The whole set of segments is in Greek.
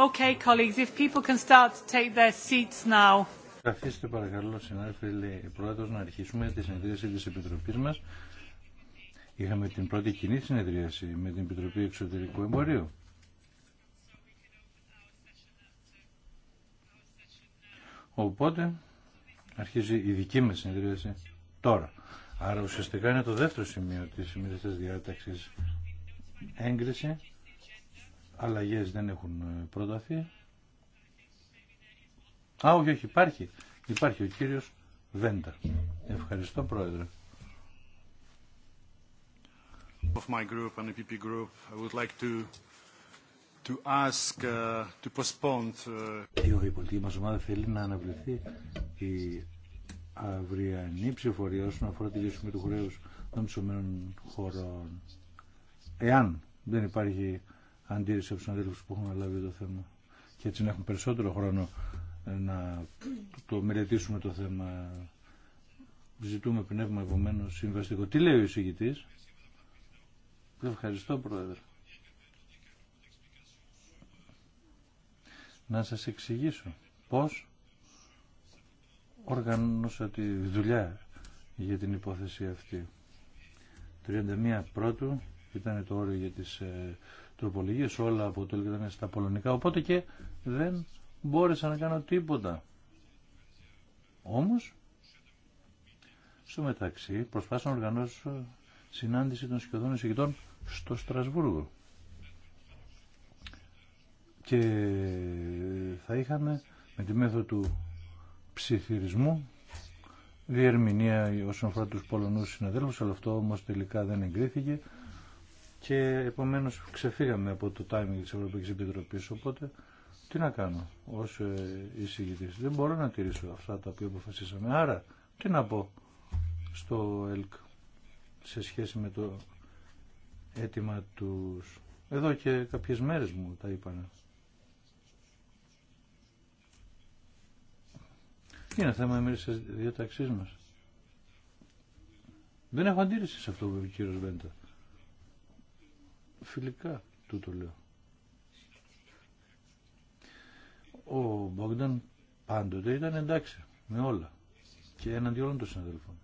Okay, colleagues, if people can start to take their seats now. Καθίστε παρακαλώ, συνάδελφοι, λέει η Πρόεδρος, να αρχίσουμε τη συνεδρίαση της Επιτροπής μας. Είχαμε την πρώτη κοινή συνεδρίαση με την Επιτροπή Εξωτερικού Εμπορίου. Οπότε αρχίζει η δική μας συνεδρίαση τώρα. Άρα ουσιαστικά είναι το δεύτερο σημείο της σημερινής διάταξης έγκριση Αλλαγές δεν έχουν ε, προταθεί. Α, όχι, όχι, υπάρχει. Υπάρχει ο κύριος Βέντα. Ευχαριστώ, Πρόεδρε. Of Η πολιτική μας ομάδα θέλει να αναβληθεί η αυριανή ψηφορία όσον αφορά τη λύση του χρέους των ψωμένων χωρών. Εάν δεν υπάρχει αντίρρηση από του συναδέλφου που έχουν λάβει το θέμα. Και έτσι να έχουμε περισσότερο χρόνο ε, να το μελετήσουμε το θέμα. Ζητούμε πνεύμα επομένω συμβαστικό. Τι λέει ο εισηγητή. Ευχαριστώ, Πρόεδρε. Να σας εξηγήσω πώς οργανώσα τη δουλειά για την υπόθεση αυτή. 31 πρώτου ήταν το όριο για τις ε, τροπολογίες, όλα από το ήταν στα πολωνικά, οπότε και δεν μπόρεσα να κάνω τίποτα. Όμως, στο μεταξύ προσπάθησα να οργανώσω συνάντηση των σχεδόν εισηγητών στο Στρασβούργο. Και θα είχαμε με τη μέθοδο του ψιθυρισμού διερμηνία όσον αφορά τους Πολωνούς συναδέλφους, αλλά αυτό όμως τελικά δεν εγκρίθηκε και επομένως ξεφύγαμε από το timing της Ευρωπαϊκής Επιτροπής οπότε τι να κάνω ως ε, εισηγητής δεν μπορώ να τηρήσω αυτά τα οποία αποφασίσαμε άρα τι να πω στο ΕΛΚ σε σχέση με το αίτημα τους εδώ και κάποιες μέρες μου τα είπανε είναι θέμα εμείς της διαταξής μας δεν έχω αντίρρηση σε αυτό που είπε ο κύριος Βέντα φιλικά του το λέω. Ο Μπόγκταν πάντοτε ήταν εντάξει με όλα και έναντι όλων των συναδελφών.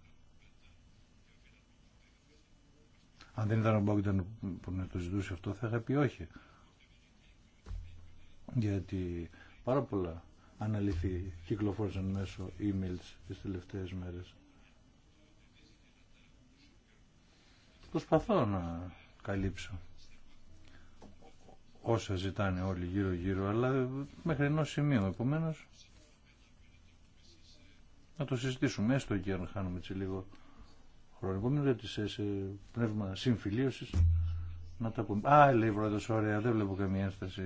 Αν δεν ήταν ο Μπόγκταν που να το ζητούσε αυτό θα είχα πει όχι. Γιατί πάρα πολλά αναλυθεί κυκλοφόρησαν μέσω emails τις τελευταίες μέρες. Προσπαθώ να καλύψω όσα ζητάνε όλοι γύρω γύρω αλλά μέχρι ενός σημείου επομένω. να το συζητήσουμε έστω και αν χάνουμε έτσι λίγο χρόνο επομένως γιατί σε, πνεύμα συμφιλίωσης να τα πούμε α λέει πρόεδρος ωραία δεν βλέπω καμία ένσταση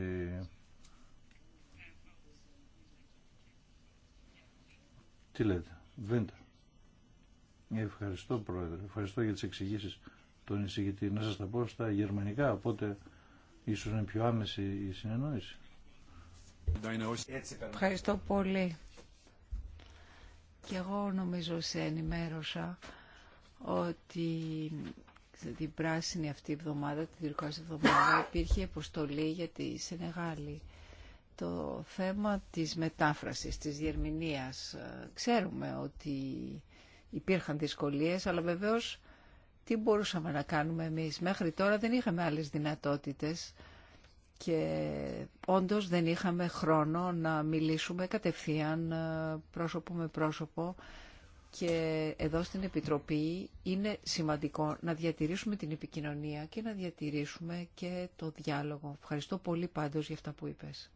τι λέτε Βέντα Ευχαριστώ πρόεδρε, ευχαριστώ για τις εξηγήσει τον εισηγητή. Να σας τα πω στα γερμανικά, οπότε Ίσως είναι πιο άμεση η συνεννόηση. Ευχαριστώ πολύ. Και εγώ νομίζω σε ενημέρωσα ότι την πράσινη αυτή εβδομάδα, την τυρκόσα εβδομάδα, υπήρχε αποστολή για τη Σενεγάλη. Το θέμα της μετάφρασης, της διερμηνίας, ε, ξέρουμε ότι υπήρχαν δυσκολίες, αλλά βεβαίως τι μπορούσαμε να κάνουμε εμείς. Μέχρι τώρα δεν είχαμε άλλες δυνατότητες και όντως δεν είχαμε χρόνο να μιλήσουμε κατευθείαν ε, πρόσωπο με πρόσωπο και εδώ στην Επιτροπή είναι σημαντικό να διατηρήσουμε την επικοινωνία και να διατηρήσουμε και το διάλογο. Ευχαριστώ πολύ πάντως για αυτά που είπες.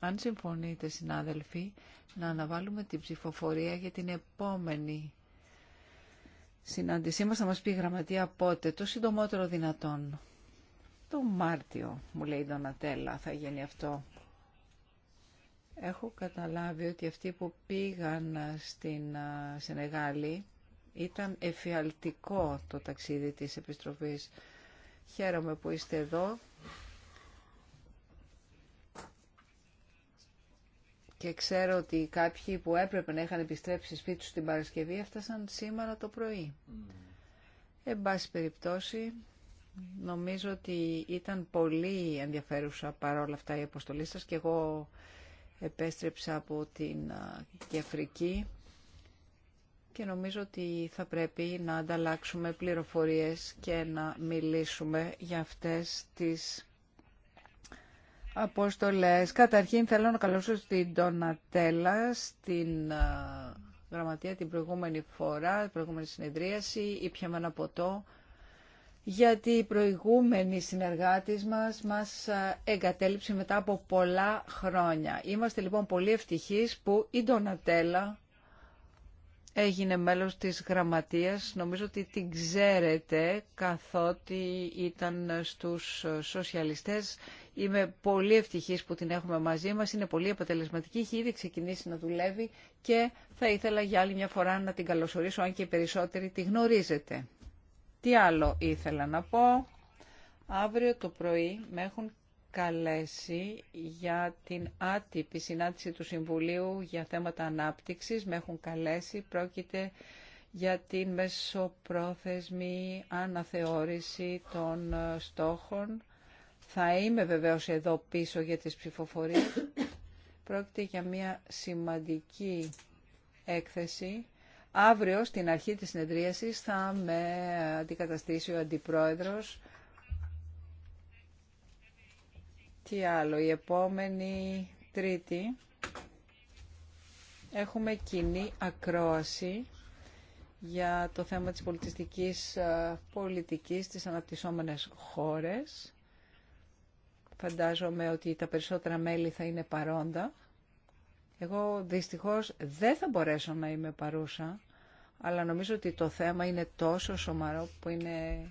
Αν συμφωνείτε συνάδελφοι, να αναβάλουμε την ψηφοφορία για την επόμενη συνάντησή μας. Θα μας πει η γραμματεία πότε, το συντομότερο δυνατόν. Το Μάρτιο, μου λέει η Ντονατέλα, θα γίνει αυτό. Έχω καταλάβει ότι αυτοί που πήγαν στην Σενεγάλη ήταν εφιαλτικό το ταξίδι της επιστροφής. Χαίρομαι που είστε εδώ Και ξέρω ότι κάποιοι που έπρεπε να είχαν επιστρέψει σπίτι τους την Παρασκευή έφτασαν σήμερα το πρωί. Mm. Εν πάση περιπτώσει, νομίζω ότι ήταν πολύ ενδιαφέρουσα παρόλα αυτά η αποστολή σας και εγώ επέστρεψα από την Κεφρική και νομίζω ότι θα πρέπει να ανταλλάξουμε πληροφορίες και να μιλήσουμε για αυτές τις αποστολές. Καταρχήν θέλω να καλώσω την Ντονατέλα στην ε, γραμματεία την προηγούμενη φορά, την προηγούμενη συνεδρίαση, ήπιαμε ένα ποτό, γιατί η προηγούμενη συνεργατη μας μας ε, εγκατέλειψε μετά από πολλά χρόνια. Είμαστε λοιπόν πολύ ευτυχείς που η Ντονατέλα έγινε μέλος της γραμματείας. Νομίζω ότι την ξέρετε καθότι ήταν στους σοσιαλιστές Είμαι πολύ ευτυχή που την έχουμε μαζί μας, είναι πολύ αποτελεσματική, έχει ήδη ξεκινήσει να δουλεύει και θα ήθελα για άλλη μια φορά να την καλωσορίσω, αν και οι περισσότεροι τη γνωρίζετε. Τι άλλο ήθελα να πω. Αύριο το πρωί με έχουν καλέσει για την άτυπη συνάντηση του Συμβουλίου για θέματα ανάπτυξης. Με έχουν καλέσει, πρόκειται για την μεσοπρόθεσμη αναθεώρηση των στόχων θα είμαι βεβαίως εδώ πίσω για τις ψηφοφορίες. Πρόκειται για μια σημαντική έκθεση. Αύριο στην αρχή της συνεδρίασης θα με αντικαταστήσει ο Αντιπρόεδρος. Τι άλλο, η επόμενη Τρίτη έχουμε κοινή ακρόαση για το θέμα της πολιτιστικής ε, πολιτικής στις αναπτυσσόμενες χώρες. Φαντάζομαι ότι τα περισσότερα μέλη θα είναι παρόντα. Εγώ δυστυχώς δεν θα μπορέσω να είμαι παρούσα, αλλά νομίζω ότι το θέμα είναι τόσο σομαρό που είναι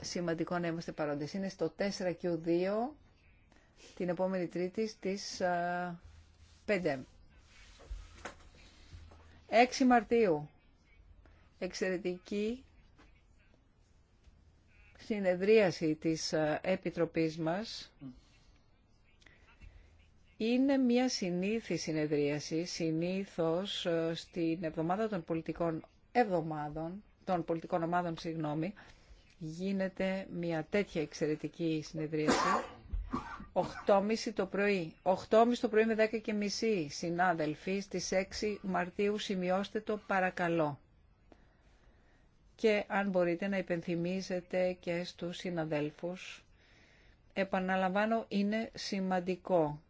σημαντικό να είμαστε παρόντες. Είναι στο 4Q2 την επόμενη Τρίτη στις 5. 6 Μαρτίου. Εξαιρετική συνεδρίαση της ε, Επιτροπής μας είναι μια συνήθη συνεδρίαση, συνήθως ε, στην εβδομάδα των πολιτικών εβδομάδων, των πολιτικών ομάδων, συγγνώμη, γίνεται μια τέτοια εξαιρετική συνεδρίαση. 8.30 το πρωί. 8.30 το πρωί με 10.30 συνάδελφοι στις 6 Μαρτίου σημειώστε το παρακαλώ και αν μπορείτε να υπενθυμίζετε και στους συναδέλφους. Επαναλαμβάνω, είναι σημαντικό,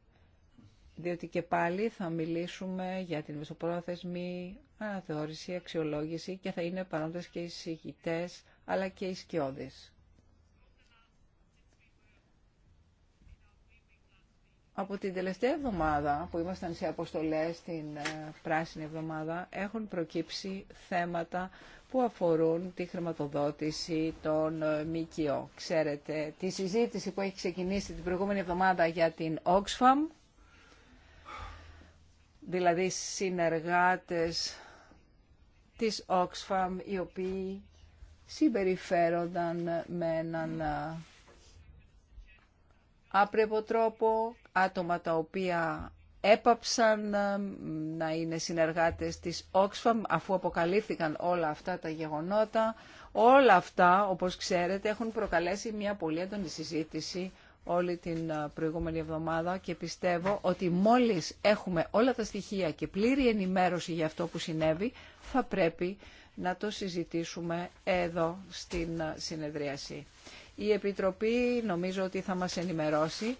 διότι και πάλι θα μιλήσουμε για την μεσοπρόθεσμη αναθεώρηση, αξιολόγηση και θα είναι παρόντες και οι συγητές, αλλά και οι σκιώδεις. από την τελευταία εβδομάδα που ήμασταν σε αποστολές την ε, Πράσινη Εβδομάδα έχουν προκύψει θέματα που αφορούν τη χρηματοδότηση των ε, ΜΚΟ. Ξέρετε, τη συζήτηση που έχει ξεκινήσει την προηγούμενη εβδομάδα για την Oxfam, δηλαδή συνεργάτες της Oxfam οι οποίοι συμπεριφέρονταν με έναν ε, άπρεπο τρόπο, άτομα τα οποία έπαψαν ε, να είναι συνεργάτες της Oxfam αφού αποκαλύφθηκαν όλα αυτά τα γεγονότα. Όλα αυτά, όπως ξέρετε, έχουν προκαλέσει μια πολύ έντονη συζήτηση όλη την ε, προηγούμενη εβδομάδα και πιστεύω ότι μόλις έχουμε όλα τα στοιχεία και πλήρη ενημέρωση για αυτό που συνέβη, θα πρέπει να το συζητήσουμε εδώ στην ε, συνεδρίαση. Η Επιτροπή νομίζω ότι θα μας ενημερώσει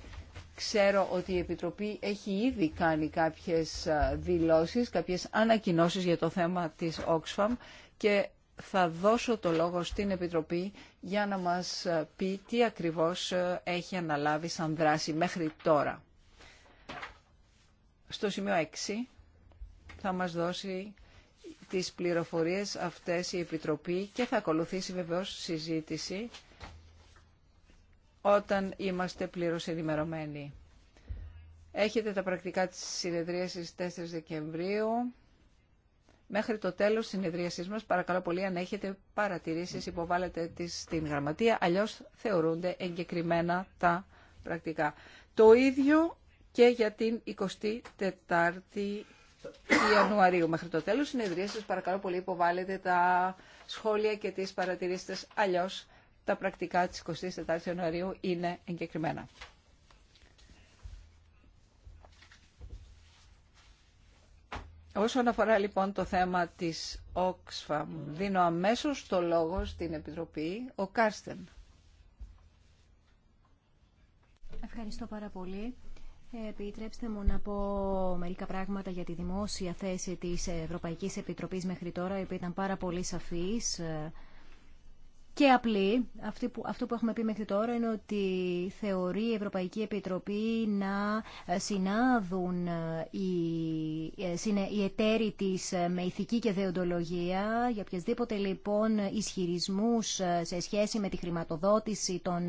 Ξέρω ότι η Επιτροπή έχει ήδη κάνει κάποιες ε, δηλώσεις, κάποιες ανακοινώσεις για το θέμα της Oxfam και θα δώσω το λόγο στην Επιτροπή για να μας ε, πει τι ακριβώς ε, έχει αναλάβει σαν δράση μέχρι τώρα. Στο σημείο 6 θα μας δώσει τις πληροφορίες αυτές η Επιτροπή και θα ακολουθήσει βεβαίως συζήτηση όταν είμαστε πλήρως ενημερωμένοι. Έχετε τα πρακτικά της συνεδρίασης 4 Δεκεμβρίου. Μέχρι το τέλος συνεδρίασής μας, παρακαλώ πολύ, αν έχετε παρατηρήσεις, υποβάλλετε τις στην γραμματεία, αλλιώς θεωρούνται εγκεκριμένα τα πρακτικά. Το ίδιο και για την 24η Ιανουαρίου. Μέχρι το τέλος συνεδρίασης, παρακαλώ πολύ, υποβάλλετε τα σχόλια και τις παρατηρήσεις, αλλιώς τα πρακτικά της 24 Ιανουαρίου είναι εγκεκριμένα. Όσον αφορά λοιπόν το θέμα της Oxfam, δίνω αμέσως το λόγο στην Επιτροπή, ο Κάρστεν. Ευχαριστώ πάρα πολύ. Ε, επιτρέψτε μου να πω μερικά πράγματα για τη δημόσια θέση της Ευρωπαϊκής Επιτροπής μέχρι τώρα, η οποία ήταν πάρα πολύ σαφής ε, και απλή. Αυτή που, αυτό που έχουμε πει μέχρι τώρα είναι ότι θεωρεί η Ευρωπαϊκή Επιτροπή να ε, συνάδουν ε, οι, ε, οι εταίροι της με ηθική και δεοντολογία για οποιασδήποτε λοιπόν ισχυρισμούς σε σχέση με τη χρηματοδότηση των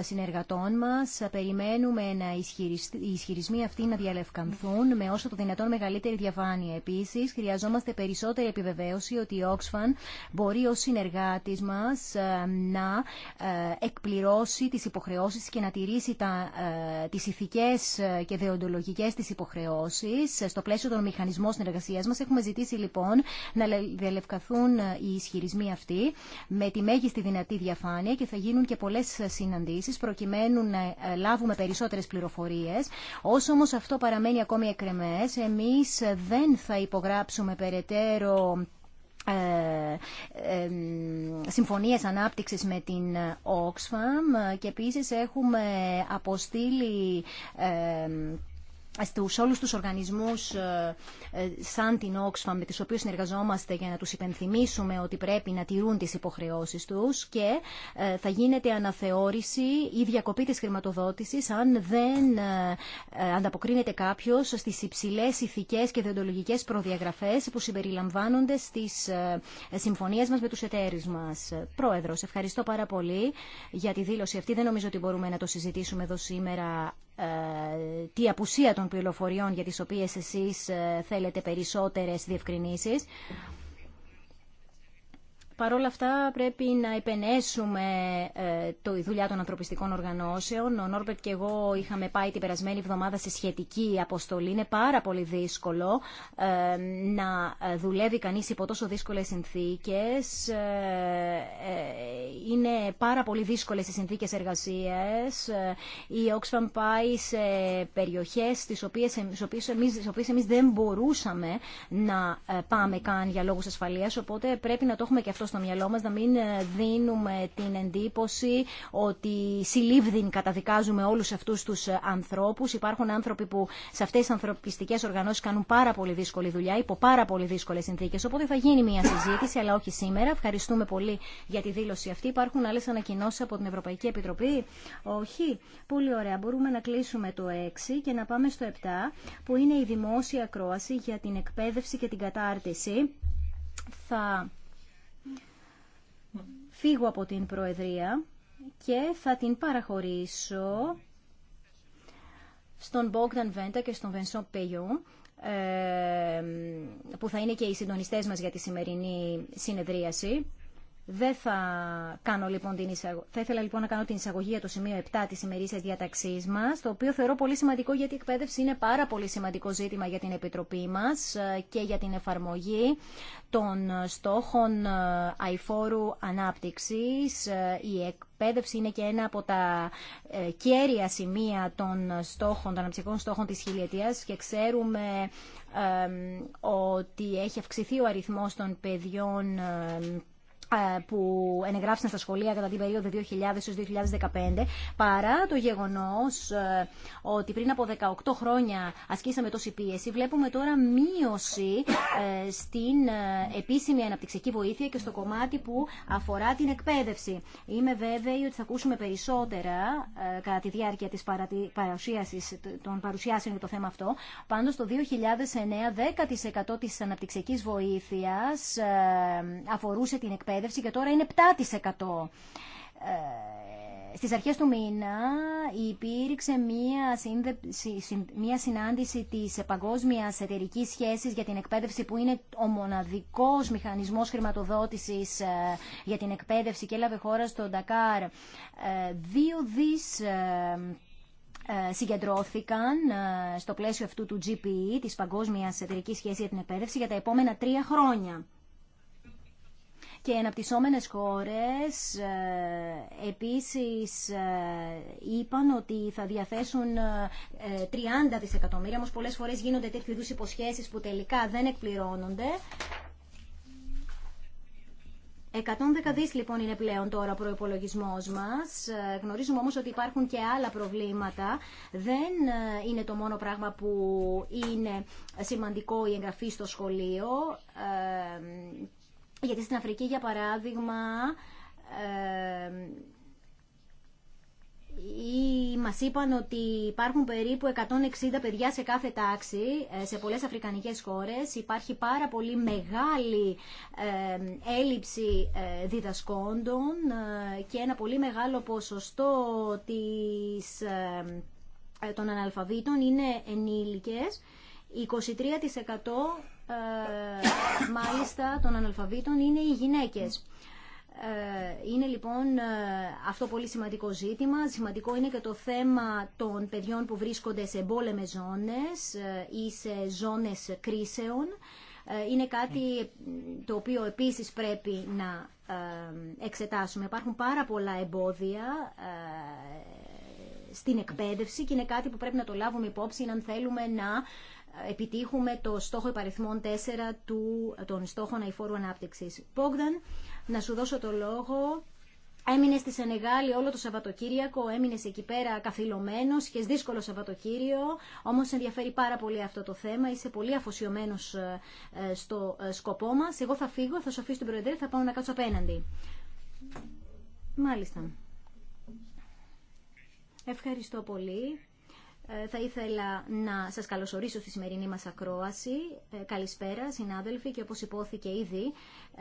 συνεργατών μας. Περιμένουμε να οι ισχυρισμοί αυτοί να διαλευκανθούν με όσο το δυνατόν μεγαλύτερη διαφάνεια. Επίσης, χρειαζόμαστε περισσότερη επιβεβαίωση ότι η Oxfam μπορεί ως συνεργάτης μας ε, να ε, εκπληρώσει τις υποχρεώσεις και να τηρήσει τα, ε, τις ηθικές και δεοντολογικές της υποχρεώσεις. Στο πλαίσιο των μηχανισμών συνεργασίας μας έχουμε ζητήσει λοιπόν να διαλευκαθούν οι ισχυρισμοί αυτοί με τη μέγιστη δυνατή διαφάνεια και θα γίνουν και πολλές συναντήσεις προκειμένου να λάβουμε περισσότερες πληροφορίες. Όσο όμως αυτό παραμένει ακόμη εκρεμές, εμείς δεν θα υπογράψουμε περαιτέρω ε, συμφωνίες ανάπτυξης με την ε, Oxfam ε, και επίσης έχουμε αποστείλει στους όλους τους οργανισμούς ε, ε, σαν την Oxfam με τις οποίες συνεργαζόμαστε για να τους υπενθυμίσουμε ότι πρέπει να τηρούν τις υποχρεώσεις τους και ε, θα γίνεται αναθεώρηση ή διακοπή της χρηματοδότησης αν δεν ανταποκρίνεται κάποιος στις υψηλές ηθικές και διοντολογικές προδιαγραφές που συμπεριλαμβάνονται στις συμφωνίες μας με τους εταίρους μας. Πρόεδρος, ευχαριστώ πάρα πολύ για τη δήλωση αυτή. Δεν νομίζω ότι μπορούμε να το συζητήσουμε εδώ σήμερα τη απουσία των πληροφοριών για τις οποίες εσείς ε, θέλετε περισσότερες διευκρινήσεις. Παρ' όλα αυτά πρέπει να επενέσουμε ε, το, η δουλειά των ανθρωπιστικών οργανώσεων. Ο Νόρμπερτ και εγώ είχαμε πάει την περασμένη εβδομάδα σε σχετική αποστολή. Είναι πάρα πολύ δύσκολο ε, να δουλεύει κανείς υπό τόσο δύσκολες συνθήκες. Ε, είναι πάρα πολύ δύσκολες οι συνθήκες εργασίας. Η Oxfam πάει σε περιοχές στις οποίες, στις εμείς, στις οποίες εμείς δεν μπορούσαμε να πάμε καν για λόγους ασφαλείας. Οπότε πρέπει να το έχουμε και αυτό στο μυαλό μας, να μην ε, δίνουμε την εντύπωση ότι συλλήβδιν καταδικάζουμε όλους αυτούς τους ε, ανθρώπους. Υπάρχουν άνθρωποι που σε αυτές τις ανθρωπιστικές οργανώσεις κάνουν πάρα πολύ δύσκολη δουλειά, υπό πάρα πολύ δύσκολες συνθήκες. Οπότε θα γίνει μια συζήτηση, αλλά όχι σήμερα. Ευχαριστούμε πολύ για τη δήλωση αυτή. Υπάρχουν άλλες ανακοινώσεις από την Ευρωπαϊκή Επιτροπή. Όχι. Πολύ ωραία. Μπορούμε να κλείσουμε το 6 και να πάμε στο 7, που είναι η δημόσια ακρόαση για την εκπαίδευση και την κατάρτιση. Θα φύγω από την Προεδρία και θα την παραχωρήσω στον Bogdan Βέντα και στον Βενσό Πεγιό ε, που θα είναι και οι συντονιστές μας για τη σημερινή συνεδρίαση. Δεν θα, κάνω, λοιπόν, την εισαγω... ήθελα λοιπόν να κάνω την εισαγωγή για το σημείο 7 τη ημερήσια διαταξή μα, το οποίο θεωρώ πολύ σημαντικό γιατί η εκπαίδευση είναι πάρα πολύ σημαντικό ζήτημα για την Επιτροπή μα ε, και για την εφαρμογή των στόχων ε, αηφόρου ανάπτυξη. Ε, η εκπαίδευση είναι και ένα από τα κέρια σημεία των στόχων, των αναπτυξιακών στόχων τη χιλιετίας και ξέρουμε ότι έχει αυξηθεί ο αριθμός των παιδιών ε, που ενεγράφησαν στα σχολεία κατά την περίοδο 2000-2015, παρά το γεγονός ε, ότι πριν από 18 χρόνια ασκήσαμε τόση πίεση, βλέπουμε τώρα μείωση ε, στην επίσημη αναπτυξιακή βοήθεια και στο κομμάτι που αφορά την εκπαίδευση. Είμαι βέβαιη ότι θα ακούσουμε περισσότερα κατά τη διάρκεια της παρουσίασης, των παρουσιάσεων για το θέμα αυτό. Πάντως το 2009 10% της αναπτυξιακής βοήθειας αφορούσε την εκπαίδευση εκπαίδευση και τώρα είναι 7%. Ε, στις αρχές του μήνα υπήρξε μία, μία συνάντηση της Παγκόσμιας εταιρική Σχέσης για την εκπαίδευση που είναι ο μοναδικός μηχανισμός χρηματοδότησης ε, για την εκπαίδευση και έλαβε χώρα στο Ντακάρ. Ε, δύο δις συγκεντρώθηκαν στο πλαίσιο αυτού του GPE, της Παγκόσμιας Εταιρικής Σχέσης για την Εκπαίδευση, για τα επόμενα τρία χρόνια και οι αναπτυσσόμενες χώρες ε, επίσης ε, είπαν ότι θα διαθέσουν 30 ε, δισεκατομμύρια, όμως πολλές φορές γίνονται τέτοιου είδους υποσχέσεις που τελικά δεν εκπληρώνονται. 110 λοιπόν λοιπόν είναι πλέον τώρα ο προϋπολογισμός μας. Γνωρίζουμε όμως ότι υπάρχουν και άλλα προβλήματα. Δεν είναι το μόνο πράγμα που είναι σημαντικό η εγγραφή στο σχολείο. Γιατί στην Αφρική, για παράδειγμα, ε, ή μας είπαν ότι υπάρχουν περίπου 160 παιδιά σε κάθε τάξη ε, σε πολλές αφρικανικές χώρες. Υπάρχει πάρα πολύ μεγάλη ε, έλλειψη διδασκόντων και ένα πολύ μεγάλο ποσοστό της, των αναλφαβήτων είναι ενήλικες. 23% ε, μάλιστα των αναλφαβήτων είναι οι γυναίκες. Ε, είναι λοιπόν ε, αυτό πολύ σημαντικό ζήτημα. Σημαντικό είναι και το θέμα των παιδιών που βρίσκονται σε εμπόλεμες ζώνες ή σε ζώνες κρίσεων. Είναι κάτι το οποίο επίσης πρέπει να εξετάσουμε. Υπάρχουν πάρα πολλά εμπόδια στην εκπαίδευση και είναι κάτι που πρέπει να το λάβουμε υπόψη αν θέλουμε να επιτύχουμε το στόχο υπαριθμών 4 του, των στόχων αηφόρου ανάπτυξης. Πόγδαν, να σου δώσω το λόγο. Έμεινε στη Σενεγάλη όλο το Σαββατοκύριακο, έμεινε εκεί πέρα καθυλωμένο, είχε δύσκολο Σαββατοκύριο. Όμω ενδιαφέρει πάρα πολύ αυτό το θέμα, είσαι πολύ αφοσιωμένο ε, ε, στο ε, σκοπό μα. Εγώ θα φύγω, θα σου αφήσω την Προεδρία, θα πάω να κάτσω απέναντι. Μάλιστα. Ευχαριστώ πολύ. Ε, θα ήθελα να σας καλωσορίσω στη σημερινή μας ακρόαση. Ε, καλησπέρα, συνάδελφοι, και όπως υπόθηκε ήδη,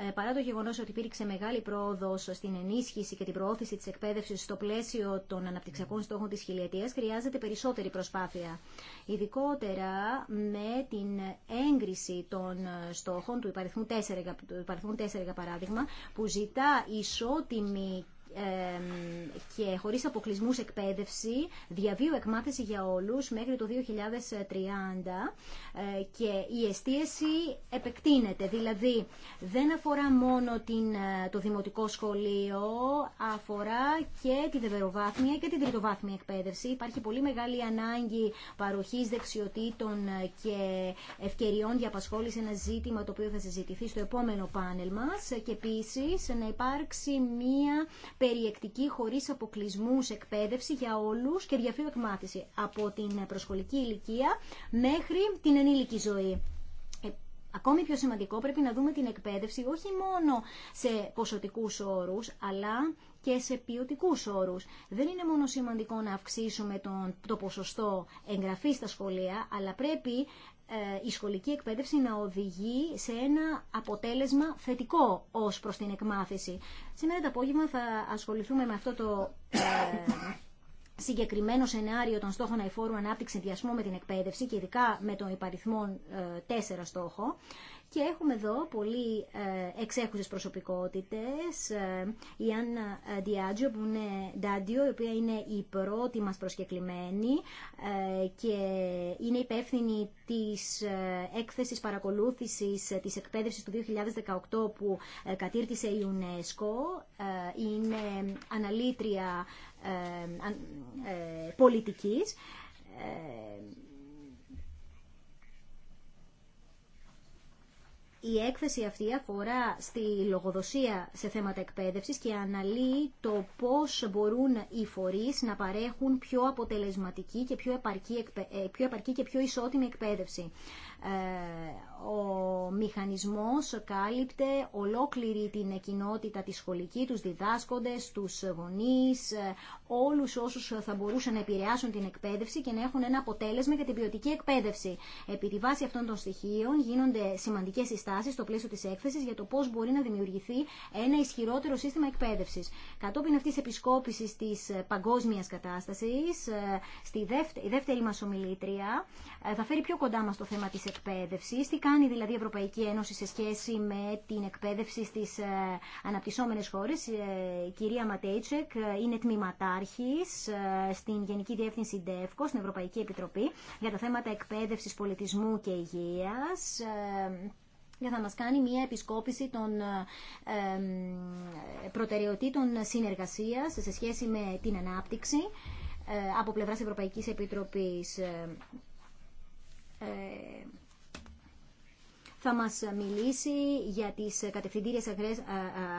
ε, παρά το γεγονός ότι υπήρξε μεγάλη πρόοδος στην ενίσχυση και την προώθηση της εκπαίδευσης στο πλαίσιο των αναπτυξιακών στόχων της χιλιετίας, χρειάζεται περισσότερη προσπάθεια. Ειδικότερα με την έγκριση των στόχων του υπαριθμού 4, του υπαριθμού 4 για παράδειγμα, που ζητά ισότιμη και χωρίς αποκλεισμούς εκπαίδευση, διαβίου εκμάθηση για όλους μέχρι το 2030 ε, και η εστίαση επεκτείνεται. Δηλαδή δεν αφορά μόνο την, ε, το δημοτικό σχολείο, αφορά και τη δευτεροβάθμια και τη τριτοβάθμια εκπαίδευση. Υπάρχει πολύ μεγάλη ανάγκη παροχής δεξιοτήτων ε, και ευκαιριών για απασχόληση ένα ζήτημα το οποίο θα συζητηθεί στο επόμενο πάνελ μας και επίσης να υπάρξει μία περιεκτική, χωρίς αποκλεισμούς εκπαίδευση για όλους και διαφύγω εκμάθηση από την προσχολική ηλικία μέχρι την ενήλικη ζωή. Ε, ακόμη πιο σημαντικό πρέπει να δούμε την εκπαίδευση όχι μόνο σε ποσοτικούς όρους, αλλά και σε ποιοτικού όρους. Δεν είναι μόνο σημαντικό να αυξήσουμε τον, το ποσοστό εγγραφή στα σχολεία, αλλά πρέπει ε, η σχολική εκπαίδευση να οδηγεί σε ένα αποτέλεσμα θετικό ως προς την εκμάθηση. Σήμερα το απόγευμα θα ασχοληθούμε με αυτό το ε, συγκεκριμένο σενάριο των στόχων αηφόρου ανάπτυξη διασμού με την εκπαίδευση και ειδικά με τον υπαριθμό 4 ε, στόχο και έχουμε εδώ πολύ ε, εξέχουσες προσωπικότητες, ε, η Άννα ε, Διάτζιο που είναι η οποία είναι η πρώτη μας προσκεκλημένη και είναι υπεύθυνη της έκθεσης παρακολούθησης της εκπαίδευσης του 2018 που κατήρτισε η UNESCO, είναι αναλήτρια πολιτικής Η έκθεση αυτή αφορά στη λογοδοσία σε θέματα εκπαίδευσης και αναλύει το πώς μπορούν οι φορείς να παρέχουν πιο αποτελεσματική και πιο επαρκή, ε, πιο επαρκή και πιο ισότιμη εκπαίδευση. Ε, ο μηχανισμός κάλυπτε ολόκληρη την κοινότητα τη σχολική, τους διδάσκοντες, τους γονείς, ε, όλους όσους θα μπορούσαν να επηρεάσουν την εκπαίδευση και να έχουν ένα αποτέλεσμα για την ποιοτική εκπαίδευση. Επί τη βάση αυτών των στοιχείων γίνονται σημαντικές συστάσεις στο πλαίσιο τη έκθεση για το πώ μπορεί να δημιουργηθεί ένα ισχυρότερο σύστημα εκπαίδευση. Κατόπιν αυτής επισκόπησης της παγκόσμιας κατάστασης, ε, στη δεύτερη, η δεύτερη μα ομιλήτρια ε, θα φέρει πιο κοντά μα το θέμα τη εκπαίδευση. Τι κάνει δηλαδή η Ευρωπαϊκή Ένωση σε σχέση με την εκπαίδευση στι ε, αναπτυσσόμενε χώρε. Η κυρία Ματέιτσεκ είναι τμήματάρχη στην Γενική Διεύθυνση ΔΕΦΚΟ, στην Ευρωπαϊκή Επιτροπή, για τα θέματα εκπαίδευση πολιτισμού και υγεία για θα μας κάνει μια επισκόπηση των ε, προτεραιοτήτων συνεργασίας σε σχέση με την ανάπτυξη ε, από πλευράς Ευρωπαϊκής Επιτροπής. Ε, θα μας μιλήσει για τις κατευθυντήριες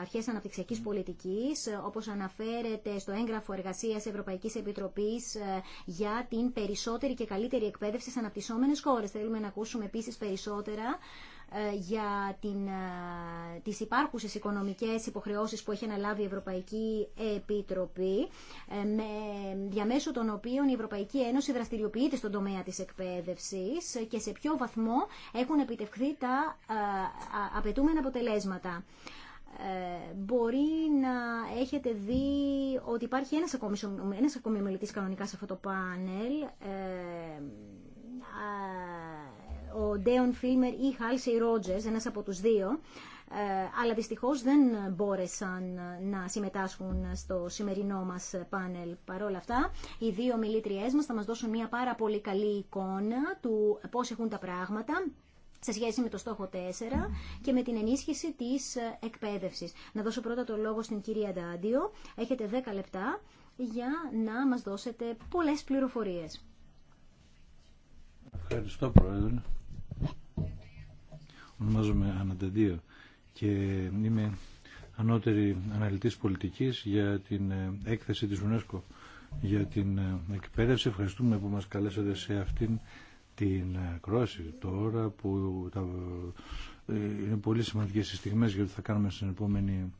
αρχές αναπτυξιακής πολιτικής, όπως αναφέρεται στο έγγραφο εργασίας Ευρωπαϊκής Επιτροπής για την περισσότερη και καλύτερη εκπαίδευση στις αναπτυσσόμενες χώρες. Θέλουμε να ακούσουμε επίσης περισσότερα ε, για την, ε, τις υπάρχουσες οικονομικές υποχρεώσεις που έχει αναλάβει η Ευρωπαϊκή Επιτροπή ε, με, διαμέσου των οποίων η Ευρωπαϊκή Ένωση δραστηριοποιείται στον τομέα της εκπαίδευσης και σε ποιο βαθμό έχουν επιτευχθεί τα απαιτούμενα αποτελέσματα. μπορεί να έχετε δει ότι υπάρχει ένας ακόμη, ένας κανονικά σε αυτό το πάνελ ο Ντέον Φίλμερ ή Χάλσι Ρότζες, ένας από τους δύο, ε, αλλά δυστυχώς δεν μπόρεσαν να συμμετάσχουν στο σημερινό μας πάνελ. Παρ' όλα αυτά, οι δύο μιλήτριές μας θα μας δώσουν μια πάρα πολύ καλή εικόνα του πώς έχουν τα πράγματα σε σχέση με το στόχο 4 και με την ενίσχυση της εκπαίδευσης. Να δώσω πρώτα το λόγο στην κυρία Ντάντιο. Έχετε 10 λεπτά για να μας δώσετε πολλές πληροφορίες. Ευχαριστώ Πρόεδρε. Ονομάζομαι Ανανταντία και είμαι ανώτερη αναλυτής πολιτικής για την ε, έκθεση της UNESCO για την ε, εκπαίδευση. Ευχαριστούμε που μας καλέσατε σε αυτήν την κρόση τώρα που τα, ε, είναι πολύ σημαντικές οι στιγμές γιατί θα κάνουμε στην επόμενη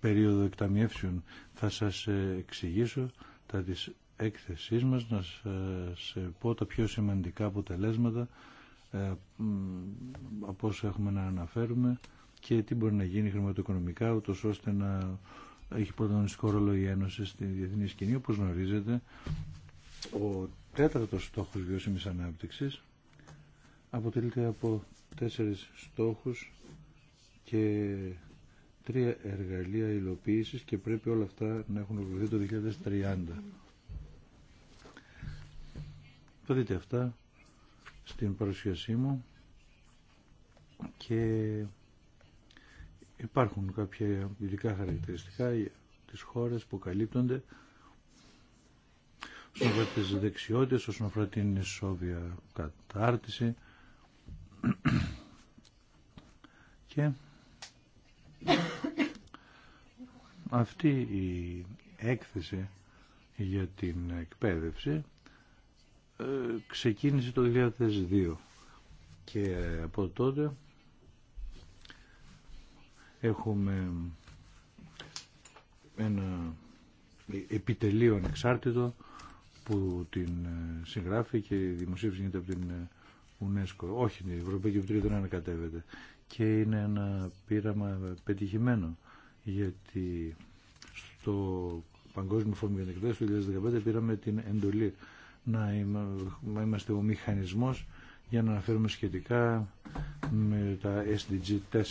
περίοδο εκταμιεύσεων. Θα σας εξηγήσω τα της έκθεσής μας, να σας πω τα πιο σημαντικά αποτελέσματα ε, από όσο έχουμε να αναφέρουμε και τι μπορεί να γίνει χρηματοοικονομικά ούτως ώστε να έχει πρωταγωνιστικό ρόλο η Ένωση στη διεθνή σκηνή. Όπως γνωρίζετε, ο τέταρτος στόχος βιώσιμης ανάπτυξης αποτελείται από τέσσερις στόχους και τρία εργαλεία υλοποίησης και πρέπει όλα αυτά να έχουν ολοκληρωθεί το 2030. Θα δείτε αυτά στην παρουσίασή μου και υπάρχουν κάποια ειδικά χαρακτηριστικά τις χώρες που καλύπτονται όσον αφορά τις δεξιότητες, όσον αφορά την ισόβια κατάρτιση και αυτή η έκθεση για την εκπαίδευση ε, ξεκίνησε το 2002 και από τότε έχουμε ένα επιτελείο ανεξάρτητο που την ε, συγγράφει και δημοσίευση γίνεται από την ε, UNESCO. Όχι, η Ευρωπαϊκή Επιτροπή δεν ανακατεύεται. Και είναι ένα πείραμα πετυχημένο, γιατί στο Παγκόσμιο την Εκδέση του 2015 πήραμε την εντολή να είμαστε ο μηχανισμός για να αναφέρουμε σχετικά με τα SDG 4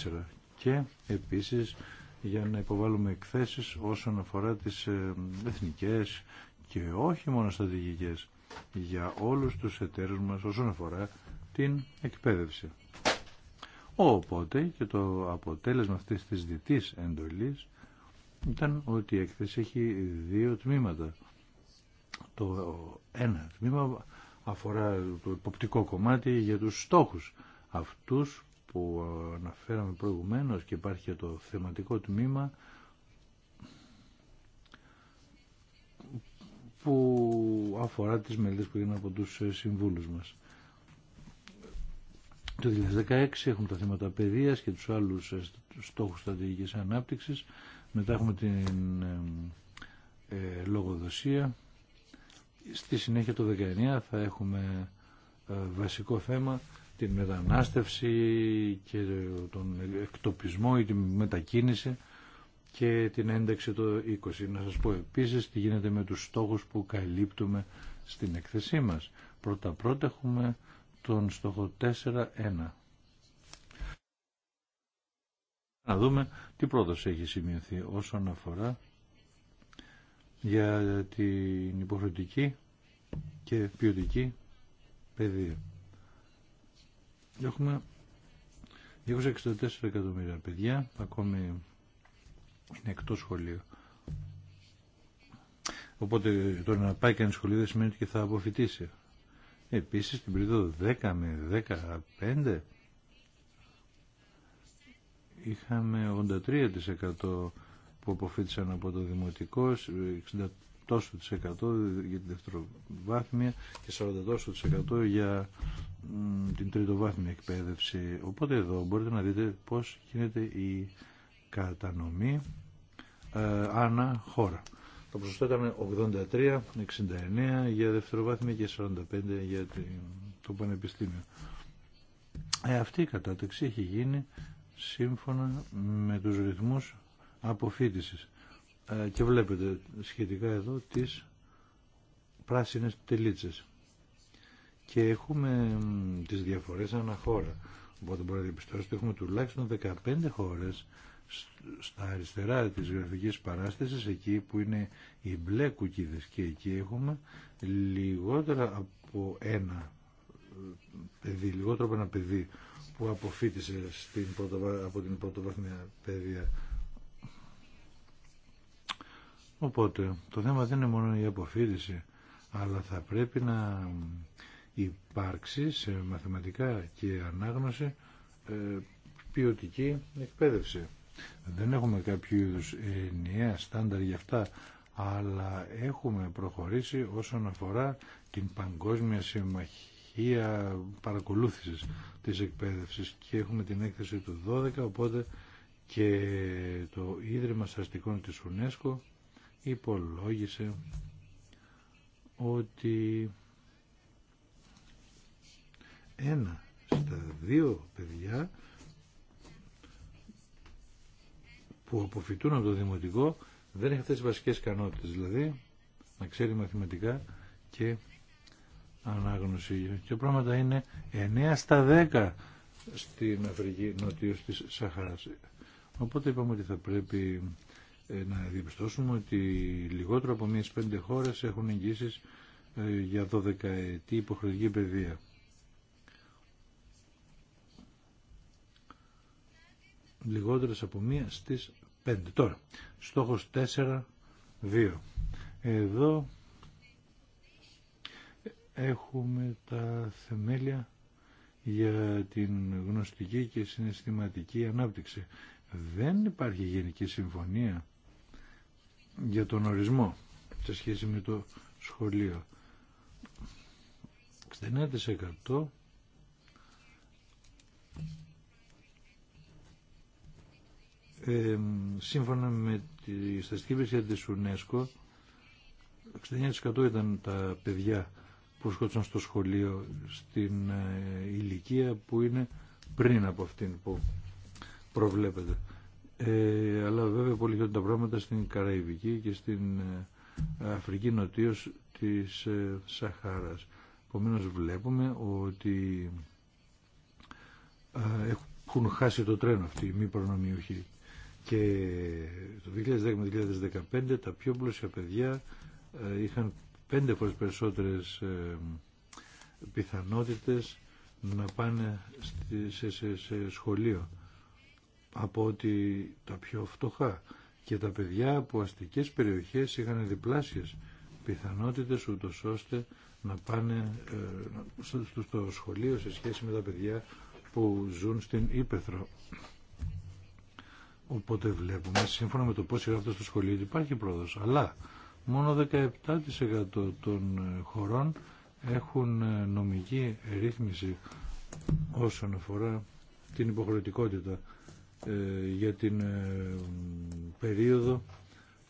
και επίσης για να υποβάλουμε εκθέσεις όσον αφορά τις ε, εθνικές και όχι μόνο στρατηγικές για όλους τους εταίρους μας όσον αφορά την εκπαίδευση. Οπότε και το αποτέλεσμα αυτής της διτής εντολής ήταν ότι η έκθεση έχει δύο τμήματα. Το ένα τμήμα αφορά το υποπτικό κομμάτι για τους στόχους αυτούς που αναφέραμε προηγουμένως και υπάρχει και το θεματικό τμήμα που αφορά τις μελέτες που γίνουν από τους συμβούλους μας. Το 2016 έχουμε τα θέματα παιδείας και τους άλλους στόχους στρατηγικής ανάπτυξης. Μετά έχουμε την ε, λογοδοσία Στη συνέχεια το 19 θα έχουμε ε, βασικό θέμα την μετανάστευση και τον εκτοπισμό ή τη μετακίνηση και την ένταξη το 20. Να σας πω επίσης τι γίνεται με τους στόχους που καλύπτουμε στην εκθεσή μας. Πρώτα πρώτα έχουμε τον στόχο 4.1. Να δούμε τι πρόοδος έχει σημειωθεί όσον αφορά για την υποχρεωτική και ποιοτική παιδεία. Έχουμε 264 εκατομμύρια παιδιά, ακόμη είναι εκτός σχολείου. Οπότε το να πάει κανείς σχολείο δεν σημαίνει ότι θα αποφυτίσει. Επίσης την περίοδο 10 με 15 είχαμε 83% που αποφύτησαν από το δημοτικό, 60 για τη δευτεροβάθμια και 40 για την τριτοβάθμια εκπαίδευση. Οπότε εδώ μπορείτε να δείτε πώς γίνεται η κατανομή ε, ανά χώρα. Το ποσοστό ήταν 83, 69 για δευτεροβάθμια και 45 για το πανεπιστήμιο. Ε, αυτή η κατάταξη έχει γίνει σύμφωνα με τους ρυθμούς ε, Και βλέπετε σχετικά εδώ τις πράσινες τελίτσες. Και έχουμε τις διαφορές χώρα Οπότε μπορείτε να διαπιστώσετε ότι έχουμε τουλάχιστον 15 χώρες στα αριστερά της γραφικής παράστασης, εκεί που είναι οι μπλε κουκίδες και εκεί έχουμε λιγότερα από ένα ε, παιδί, λιγότερο από ένα παιδί που αποφύτησε στην από την πρωτοβαθμία παιδεία. Οπότε το θέμα δεν είναι μόνο η αποφύτιση, αλλά θα πρέπει να υπάρξει σε μαθηματικά και ανάγνωση ε, ποιοτική εκπαίδευση. Δεν έχουμε κάποιο είδου ενιαία στάνταρ για αυτά, αλλά έχουμε προχωρήσει όσον αφορά την Παγκόσμια Συμμαχία Παρακολούθησης της εκπαίδευσης και έχουμε την έκθεση του 12, οπότε και το Ίδρυμα Σταστικών της UNESCO υπολόγισε ότι ένα στα δύο παιδιά που αποφυτούν από το δημοτικό δεν έχει αυτές τις βασικές ικανότητες, δηλαδή να ξέρει μαθηματικά και ανάγνωση. Και πράγματα είναι 9 στα 10 στην Αφρική νοτίου της Σαχαράς. Οπότε είπαμε ότι θα πρέπει ε, να διαπιστώσουμε ότι λιγότερο από μία πέντε χώρες έχουν εγγύσεις ε, για 12 ετή υποχρεωτική παιδεία. Λιγότερε από μία στις πέντε. Τώρα, στόχος 4, 2. Εδώ έχουμε τα θεμέλια για την γνωστική και συναισθηματική ανάπτυξη. Δεν υπάρχει γενική συμφωνία για τον ορισμό σε σχέση με το σχολείο. 69% ε, σύμφωνα με τη στατιστική της UNESCO 69% ήταν τα παιδιά που σκότωσαν στο σχολείο στην ε, ηλικία που είναι πριν από αυτήν που προβλέπεται. Ε, αλλά βέβαια πολύ χειρότερα τα πράγματα στην Καραϊβική και στην ε, Αφρική νοτίως της ε, Σαχάρας. Επομένω βλέπουμε ότι ε, έχουν χάσει το τρένο αυτοί οι μη προνομιούχοι. Και το 2010 2015 τα πιο πλούσια παιδιά είχαν πέντε φορές περισσότερες πιθανότητες να πάνε σε σχολείο από ότι τα πιο φτωχά και τα παιδιά από αστικές περιοχές είχαν διπλάσιες πιθανότητες ούτως ώστε να πάνε ε, στο σχολείο σε σχέση με τα παιδιά που ζουν στην Ήπεθρο. Οπότε βλέπουμε, σύμφωνα με το πώς γράφεται στο σχολείο, ότι υπάρχει πρόοδος. Αλλά μόνο 17% των ε, χωρών έχουν ε, νομική ρύθμιση όσον αφορά την υποχρεωτικότητα ε, για την ε, περίοδο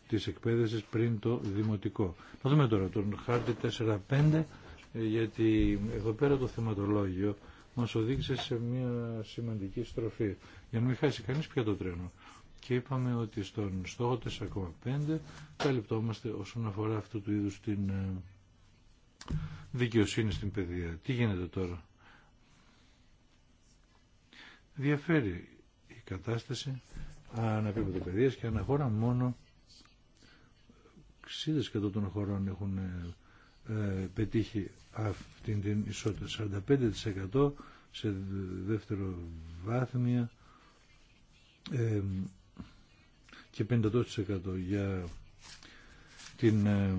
της εκπαίδευσης πριν το δημοτικό. Να δούμε τώρα τον χάρτη 4-5 ε, γιατί εδώ πέρα το θεματολόγιο μας οδήγησε σε μια σημαντική στροφή για να μην χάσει κανείς πια το τρένο. Και είπαμε ότι στον στόχο 4,5 καλυπτόμαστε όσον αφορά αυτού του είδους την δικαιοσύνη στην παιδεία. Τι γίνεται τώρα. Διαφέρει κατάσταση αναπίπεδο παιδείας και αναχώρα μόνο 60% των χωρών έχουν ε, πετύχει αυτήν την ισότητα. 45% σε δεύτερο βάθμια ε, και 50% για την ε,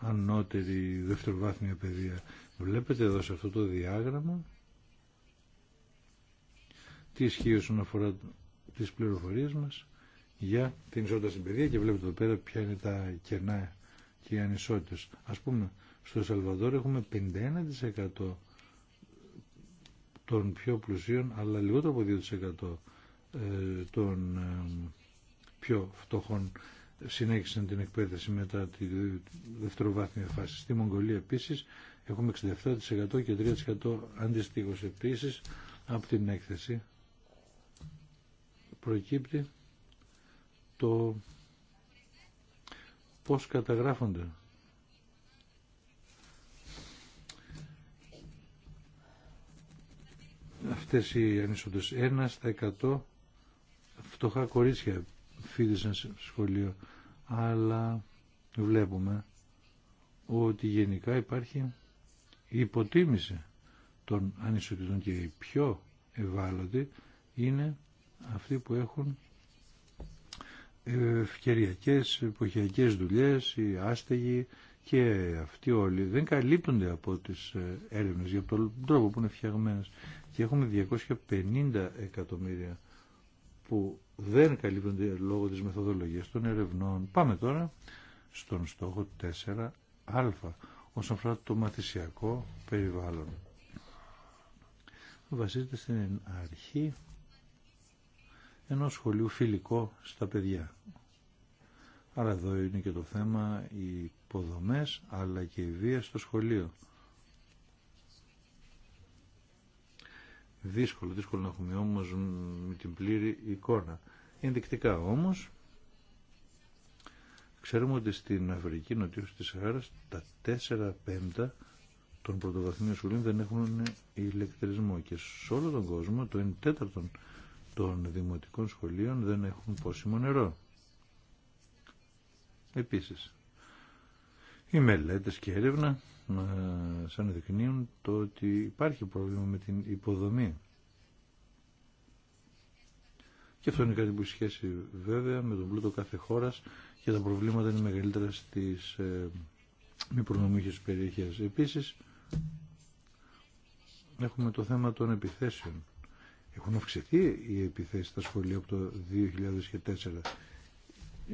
ανώτερη βάθμια παιδεία. Βλέπετε εδώ σε αυτό το διάγραμμα τι ισχύει όσον αφορά τις πληροφορίες μας για την ισότητα στην παιδεία και βλέπετε εδώ πέρα ποια είναι τα κενά και οι ανισότητες. Ας πούμε, στο Σαλβαδόρ έχουμε 51% των πιο πλουσίων, αλλά λιγότερο από 2% ε, των ε, πιο φτωχών συνέχισαν την εκπαίδευση μετά τη δευτεροβάθμια φάση. Στη Μογγολία επίσης έχουμε 67% και 3% αντιστοίχως επίσης από την έκθεση προκύπτει το πώς καταγράφονται. Αυτές οι ανισότητες. Ένα στα εκατό φτωχά κορίτσια φίδησαν σε σχολείο. Αλλά βλέπουμε ότι γενικά υπάρχει υποτίμηση των ανισοτήτων και οι πιο ευάλωτοι είναι αυτοί που έχουν ευκαιριακές, εποχιακές δουλειές, οι άστεγοι και αυτοί όλοι δεν καλύπτονται από τις ε, έρευνες για τον τρόπο που είναι φτιαγμένες. Και έχουμε 250 εκατομμύρια που δεν καλύπτονται λόγω της μεθοδολογίας των ερευνών. Πάμε τώρα στον στόχο 4α όσον αφορά το μαθησιακό περιβάλλον. Βασίζεται στην αρχή ενός σχολείου φιλικό στα παιδιά. Άρα εδώ είναι και το θέμα οι υποδομές αλλά και η βία στο σχολείο. Δύσκολο, δύσκολο να έχουμε όμως με την πλήρη εικόνα. Ενδεικτικά όμως, ξέρουμε ότι στην Αφρική, νοτιού της Σαχάρας, τα 4 πέμπτα των πρωτοβαθμίων σχολείων δεν έχουν ηλεκτρισμό και σε όλο τον κόσμο το 1 τέταρτον των δημοτικών σχολείων δεν έχουν πόσιμο νερό. Επίσης, οι μελέτες και έρευνα σαν ανεδεικνύουν το ότι υπάρχει πρόβλημα με την υποδομή. Και αυτό είναι κάτι που έχει σχέση βέβαια με τον πλούτο κάθε χώρας και τα προβλήματα είναι μεγαλύτερα στις ε, μη προνομίχες περιοχές. Επίσης, έχουμε το θέμα των επιθέσεων έχουν αυξηθεί οι επιθέσεις στα σχολεία από το 2004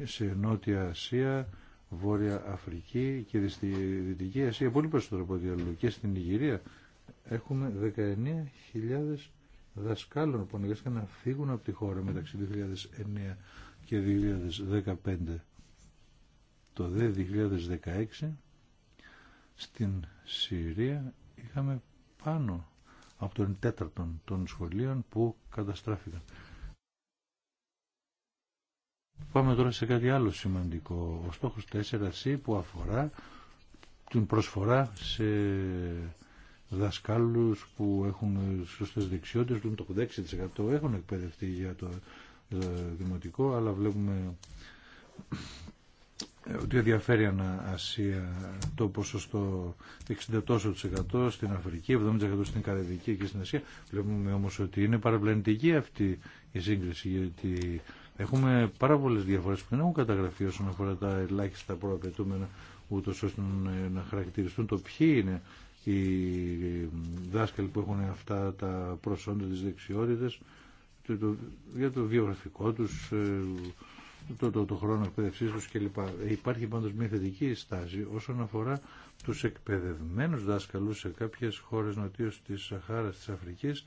σε Νότια Ασία, Βόρεια Αφρική και στη Δυτική Ασία, πολύ περισσότερο από διαλόγου και στην Ιγυρία έχουμε 19.000 δασκάλων που αναγκάστηκαν να φύγουν από τη χώρα μεταξύ 2009 και 2015. Το 2016 στην Συρία είχαμε πάνω από τον τέταρτον των σχολείων που καταστράφηκαν. Πάμε τώρα σε κάτι άλλο σημαντικό. Ο στόχος 4C που αφορά την προσφορά σε δασκάλους που έχουν σωστές δεξιότητες, που το 86% έχουν εκπαιδευτεί για το ε, δημοτικό, αλλά βλέπουμε ε, ότι διαφέρει ανά Ασία το ποσοστό 60% στην Αφρική, 70% στην Καραδική και στην Ασία. Βλέπουμε όμως ότι είναι παραπλανητική αυτή η σύγκριση γιατί έχουμε πάρα πολλές διαφορές που δεν έχουν καταγραφεί όσον αφορά τα ελάχιστα προαπαιτούμενα ούτως ώστε να χαρακτηριστούν το ποιοι είναι οι δάσκαλοι που έχουν αυτά τα προσόντα, τις δεξιότητες, για το βιογραφικό τους, ε, το, το, το χρόνο εκπαίδευσή του κλπ. Υπάρχει πάντως μια θετική στάση όσον αφορά τους εκπαιδευμένου δάσκαλου σε κάποιες χώρες νοτίω τη Σαχάρα τη Αφρικής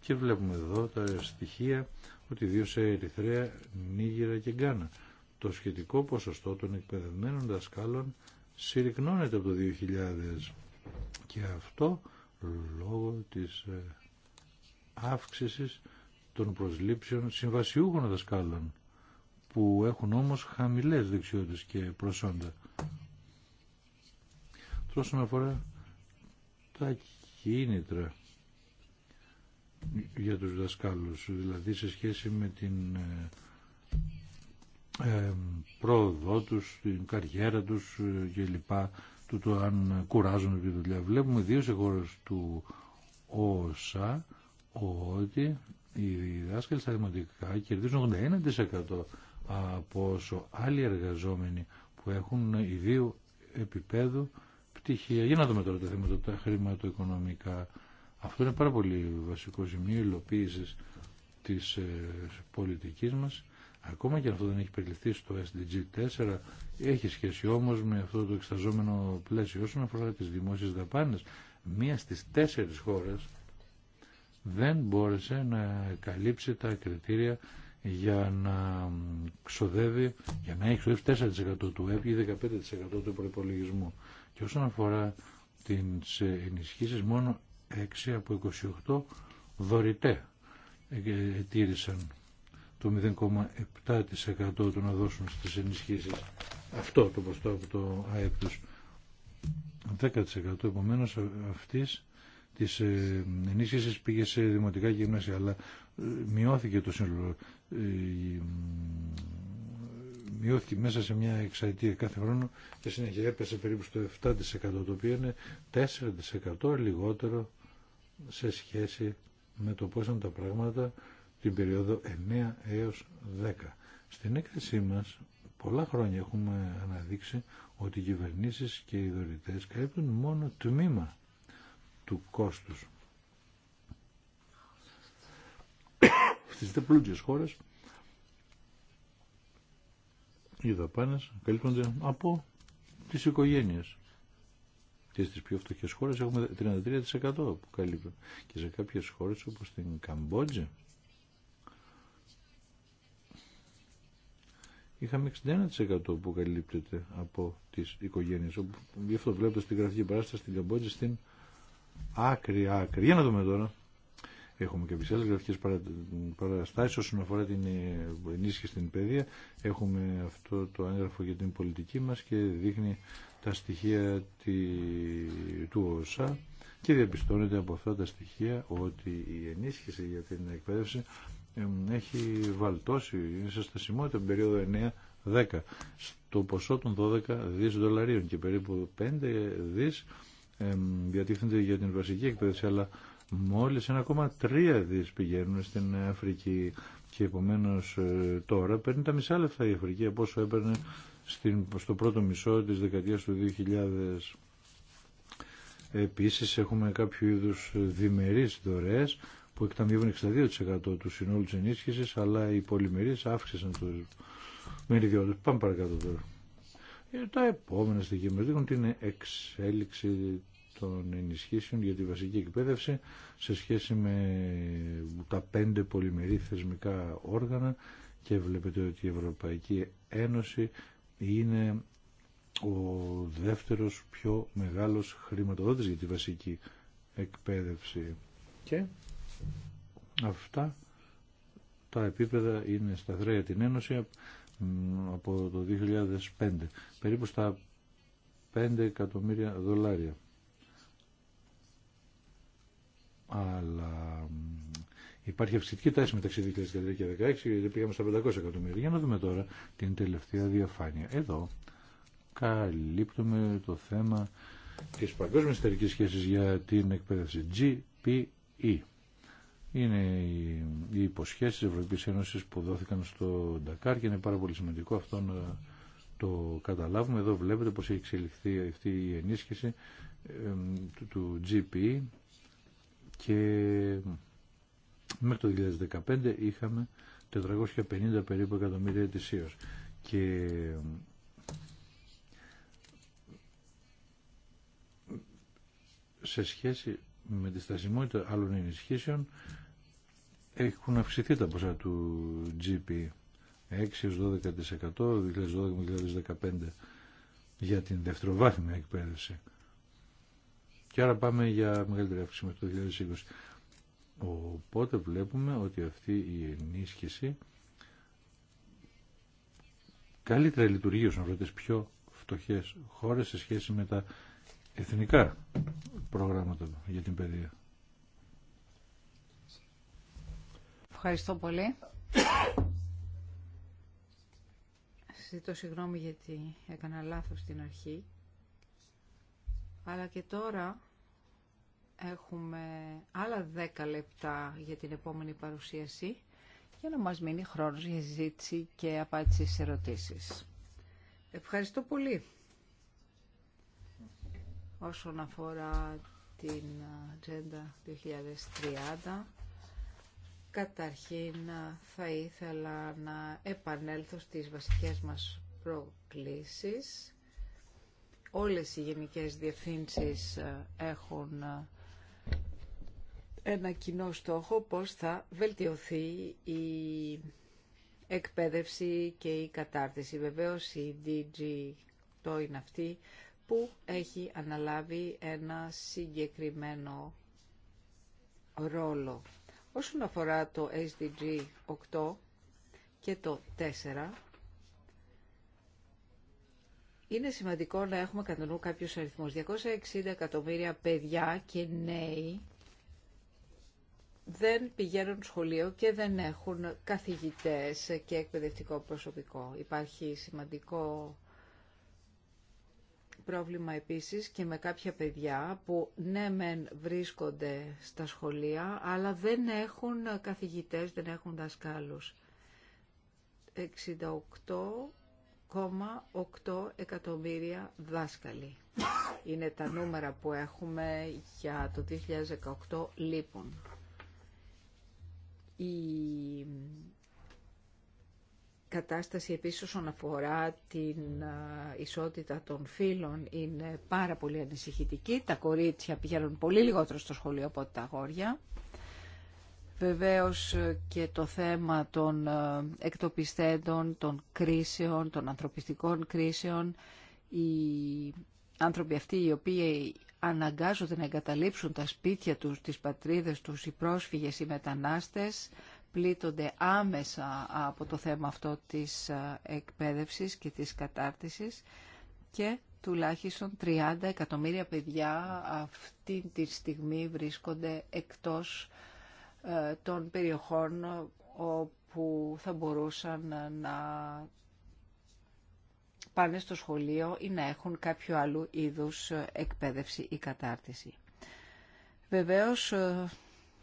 και βλέπουμε εδώ τα στοιχεία ότι ιδίω σε Ερυθρέα, Νίγηρα και Γκάνα. Το σχετικό ποσοστό των εκπαιδευμένων δασκάλων συρρυκνώνεται από το 2000 και αυτό λόγω της ε, αύξησης των προσλήψεων συμβασιούχων δασκάλων που έχουν όμως χαμηλές δεξιότητες και προσόντα. Όσον αφορά τα κίνητρα για τους δασκάλους, δηλαδή σε σχέση με την ε, ε πρόοδό τους, την καριέρα τους ε, και λοιπά, του το αν κουράζουν τη δουλειά. Βλέπουμε δύο σε χώρες του ΩΣΑ ότι οι δάσκαλοι στα δημοτικά κερδίζουν 81% από όσο άλλοι εργαζόμενοι που έχουν ιδίου επίπεδου πτυχία. Για να δούμε τώρα τα θέματα τα χρηματοοικονομικά. Αυτό είναι πάρα πολύ βασικό σημείο υλοποίηση της ε, πολιτικής μας. Ακόμα και αν αυτό δεν έχει περιληφθεί στο SDG 4, έχει σχέση όμως με αυτό το εξαζόμενο πλαίσιο όσον αφορά τι δημόσιε δαπάνε. Μία στι τέσσερι χώρε δεν μπόρεσε να καλύψει τα κριτήρια για να ξοδεύει, για να έχει 4% του ΕΠ ή 15% του προπολογισμού. Και όσον αφορά τις ενισχύσεις, μόνο 6 από 28 δωρητέ ετήρησαν το 0,7% του να δώσουν στις ενισχύσεις αυτό το ποστό από το ΑΕΠ τους. 10% επομένως αυτής της ε, ενίσχυσης πήγε σε δημοτικά γυμνάσια, αλλά ε, μειώθηκε το σύνολο. Ε, μειώθηκε μέσα σε μια εξαετία κάθε χρόνο και συνέχεια έπεσε περίπου στο 7% το οποίο είναι 4% λιγότερο σε σχέση με το πώς ήταν τα πράγματα την περίοδο 9 έως 10. Στην έκθεσή μας πολλά χρόνια έχουμε αναδείξει ότι οι κυβερνήσεις και οι δωρητές καλύπτουν μόνο τμήμα του κόστους. Στις δε πλούτιες χώρες οι δαπάνες καλύπτονται από τις οικογένειες. Και στις πιο φτωχές χώρες έχουμε 33% που καλύπτουν. Και σε κάποιες χώρες όπως την Καμπότζη είχαμε 61% που καλύπτεται από τις οικογένειες. Γι' αυτό βλέπετε στην γραφική παράσταση στην Καμπότζη στην Άκρη, άκρη. Για να δούμε τώρα. Έχουμε και τις γραφικέ γραφικές παραστάσεις όσον αφορά την ε, ενίσχυση στην παιδεία. Έχουμε αυτό το έγγραφο για την πολιτική μας και δείχνει τα στοιχεία του ΩΣΑ και διαπιστώνεται από αυτά τα στοιχεία ότι η ενίσχυση για την εκπαίδευση έχει βαλτώσει, είναι σε στασιμότητα την περίοδο 9-10 στο ποσό των 12 δις δολαρίων και περίπου 5 δις διατίθενται για την βασική εκπαίδευση, αλλά μόλις 1,3 δις πηγαίνουν στην Αφρική και επομένως ε, τώρα παίρνει τα μισά λεφτά η Αφρική από όσο έπαιρνε στο πρώτο μισό της δεκαετίας του 2000. Επίσης έχουμε κάποιο είδους διμερείς δωρεές που εκταμιεύουν 62% του συνόλου της ενίσχυσης αλλά οι πολυμερείς αύξησαν το μεριδιό. Πάμε παρακάτω τώρα. Ε, τα επόμενα στοιχεία μας δείχνουν την εξέλιξη των ενισχύσεων για τη βασική εκπαίδευση σε σχέση με τα πέντε πολυμερή θεσμικά όργανα και βλέπετε ότι η Ευρωπαϊκή Ένωση είναι ο δεύτερος πιο μεγάλος χρηματοδότης για τη βασική εκπαίδευση. Και αυτά τα επίπεδα είναι σταθερά για την Ένωση από το 2005, περίπου στα 5 εκατομμύρια δολάρια. Αλλά υπάρχει αυξητική τάση μεταξύ 2013 και 2016, γιατί πήγαμε στα 500 εκατομμύρια. Για να δούμε τώρα την τελευταία διαφάνεια. Εδώ καλύπτουμε το θέμα της παγκόσμιας εταιρικής σχέσης για την εκπαίδευση GPE είναι οι υποσχέσεις της Ευρωπαϊκής Ένωσης που δόθηκαν στο Ντακάρ και είναι πάρα πολύ σημαντικό αυτό να το καταλάβουμε. Εδώ βλέπετε πως έχει εξελιχθεί αυτή η ενίσχυση του GP και μέχρι το 2015 είχαμε 450 περίπου εκατομμύρια ετησίως και σε σχέση με τη στασιμότητα άλλων ενισχύσεων έχουν αυξηθεί τα ποσά του GP 6-12% 2012-2015 για την δευτεροβάθμια εκπαίδευση. Και άρα πάμε για μεγαλύτερη αύξηση με το 2020. Οπότε βλέπουμε ότι αυτή η ενίσχυση καλύτερα λειτουργεί όσον αφορά τις πιο φτωχές χώρες σε σχέση με τα εθνικά προγράμματα για την παιδεία. Ευχαριστώ πολύ. Ζητώ συγγνώμη γιατί έκανα λάθος στην αρχή. Αλλά και τώρα έχουμε άλλα 10 λεπτά για την επόμενη παρουσίαση για να μας μείνει χρόνος για συζήτηση και απάντηση σε ερωτήσεις. Ευχαριστώ πολύ. Όσον αφορά την Agenda 2030, Καταρχήν θα ήθελα να επανέλθω στις βασικές μας προκλήσεις. Όλες οι γενικές διευθύνσεις ε, έχουν ε, ένα κοινό στόχο πώς θα βελτιωθεί η εκπαίδευση και η κατάρτιση. Βεβαίως η DG το είναι αυτή που έχει αναλάβει ένα συγκεκριμένο ρόλο Όσον αφορά το SDG 8 και το 4, είναι σημαντικό να έχουμε κατά νου κάποιους αριθμούς. 260 εκατομμύρια παιδιά και νέοι δεν πηγαίνουν σχολείο και δεν έχουν καθηγητές και εκπαιδευτικό προσωπικό. Υπάρχει σημαντικό πρόβλημα επίσης και με κάποια παιδιά που ναι μεν βρίσκονται στα σχολεία αλλά δεν έχουν καθηγητές, δεν έχουν δασκάλους. 68,8 εκατομμύρια δάσκαλοι. Είναι τα νούμερα που έχουμε για το 2018 λοιπόν κατάσταση επίσης όσον αφορά την ισότητα των φύλων είναι πάρα πολύ ανησυχητική. Τα κορίτσια πηγαίνουν πολύ λιγότερο στο σχολείο από τα αγόρια. Βεβαίως και το θέμα των εκτοπιστέντων, των κρίσεων, των ανθρωπιστικών κρίσεων. Οι άνθρωποι αυτοί οι οποίοι αναγκάζονται να εγκαταλείψουν τα σπίτια τους, τις πατρίδες τους, οι πρόσφυγες, οι μετανάστες, πλήττονται άμεσα από το θέμα αυτό της ε, εκπαίδευσης και της κατάρτισης και τουλάχιστον 30 εκατομμύρια παιδιά αυτή τη στιγμή βρίσκονται εκτός ε, των περιοχών όπου θα μπορούσαν να πάνε στο σχολείο ή να έχουν κάποιο άλλο είδους εκπαίδευση ή κατάρτιση. Βεβαίως ε,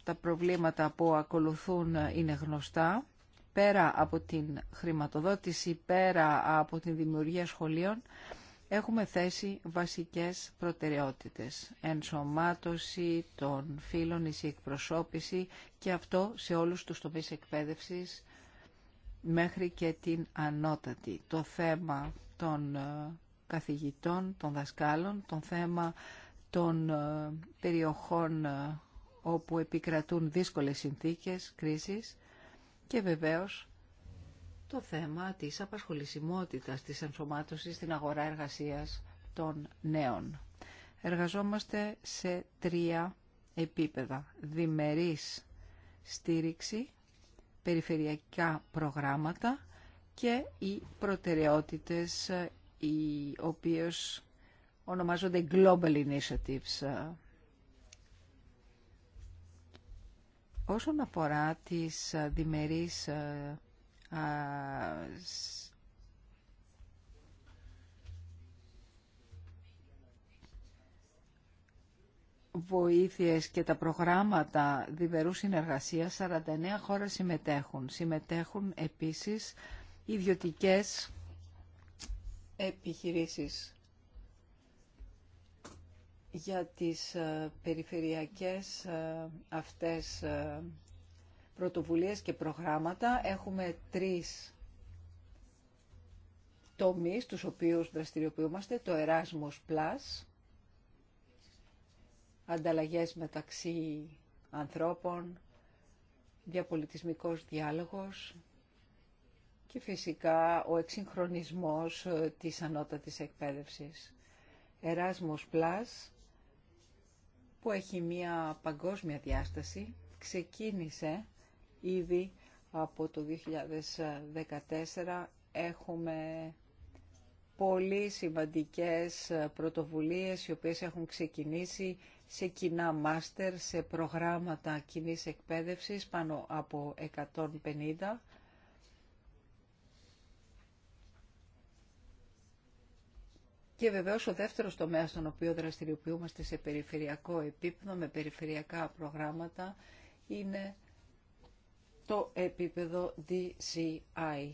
τα προβλήματα που ακολουθούν είναι γνωστά. Πέρα από την χρηματοδότηση, πέρα από την δημιουργία σχολείων, έχουμε θέσει βασικές προτεραιότητες. Ενσωμάτωση των φίλων, η εκπροσώπηση και αυτό σε όλους τους τομείς εκπαίδευσης μέχρι και την ανώτατη. Το θέμα των ε, καθηγητών, των δασκάλων, το θέμα των ε, περιοχών ε, όπου επικρατούν δύσκολες συνθήκες κρίσεις και βεβαίως το θέμα της απασχολησιμότητας της ενσωμάτωσης στην αγορά εργασίας των νέων. Εργαζόμαστε σε τρία επίπεδα. Διμερής στήριξη, περιφερειακά προγράμματα και οι προτεραιότητες οι οποίες ονομάζονται Global Initiatives Όσον αφορά τις ε, διμερείς ε, βοήθειες και τα προγράμματα διμερού συνεργασίας, 49 χώρες συμμετέχουν. Συμμετέχουν επίσης ιδιωτικές επιχειρήσεις για τις ε, περιφερειακές ε, αυτές ε, πρωτοβουλίες και προγράμματα. Έχουμε τρεις τομείς, τους οποίους δραστηριοποιούμαστε, το Erasmus Plus, ανταλλαγές μεταξύ ανθρώπων, διαπολιτισμικός διάλογος και φυσικά ο εξυγχρονισμός της ανώτατης εκπαίδευσης. Erasmus Plus που έχει μία παγκόσμια διάσταση ξεκίνησε ήδη από το 2014 έχουμε πολύ σημαντικές πρωτοβουλίες οι οποίες έχουν ξεκινήσει σε κοινά μάστερ, σε προγράμματα κοινής εκπαίδευσης πάνω από 150 Και βεβαίως ο δεύτερος τομέας στον οποίο δραστηριοποιούμαστε σε περιφερειακό επίπεδο με περιφερειακά προγράμματα είναι το επίπεδο DCI.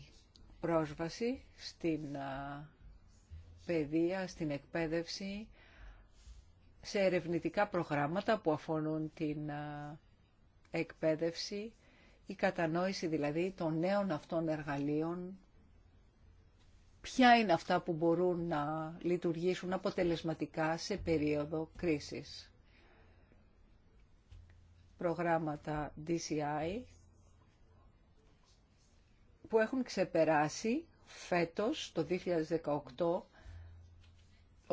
Πρόσβαση στην παιδεία, στην εκπαίδευση, σε ερευνητικά προγράμματα που αφορούν την εκπαίδευση, η κατανόηση δηλαδή των νέων αυτών εργαλείων ποια είναι αυτά που μπορούν να λειτουργήσουν αποτελεσματικά σε περίοδο κρίσης. Προγράμματα DCI που έχουν ξεπεράσει φέτος το 2018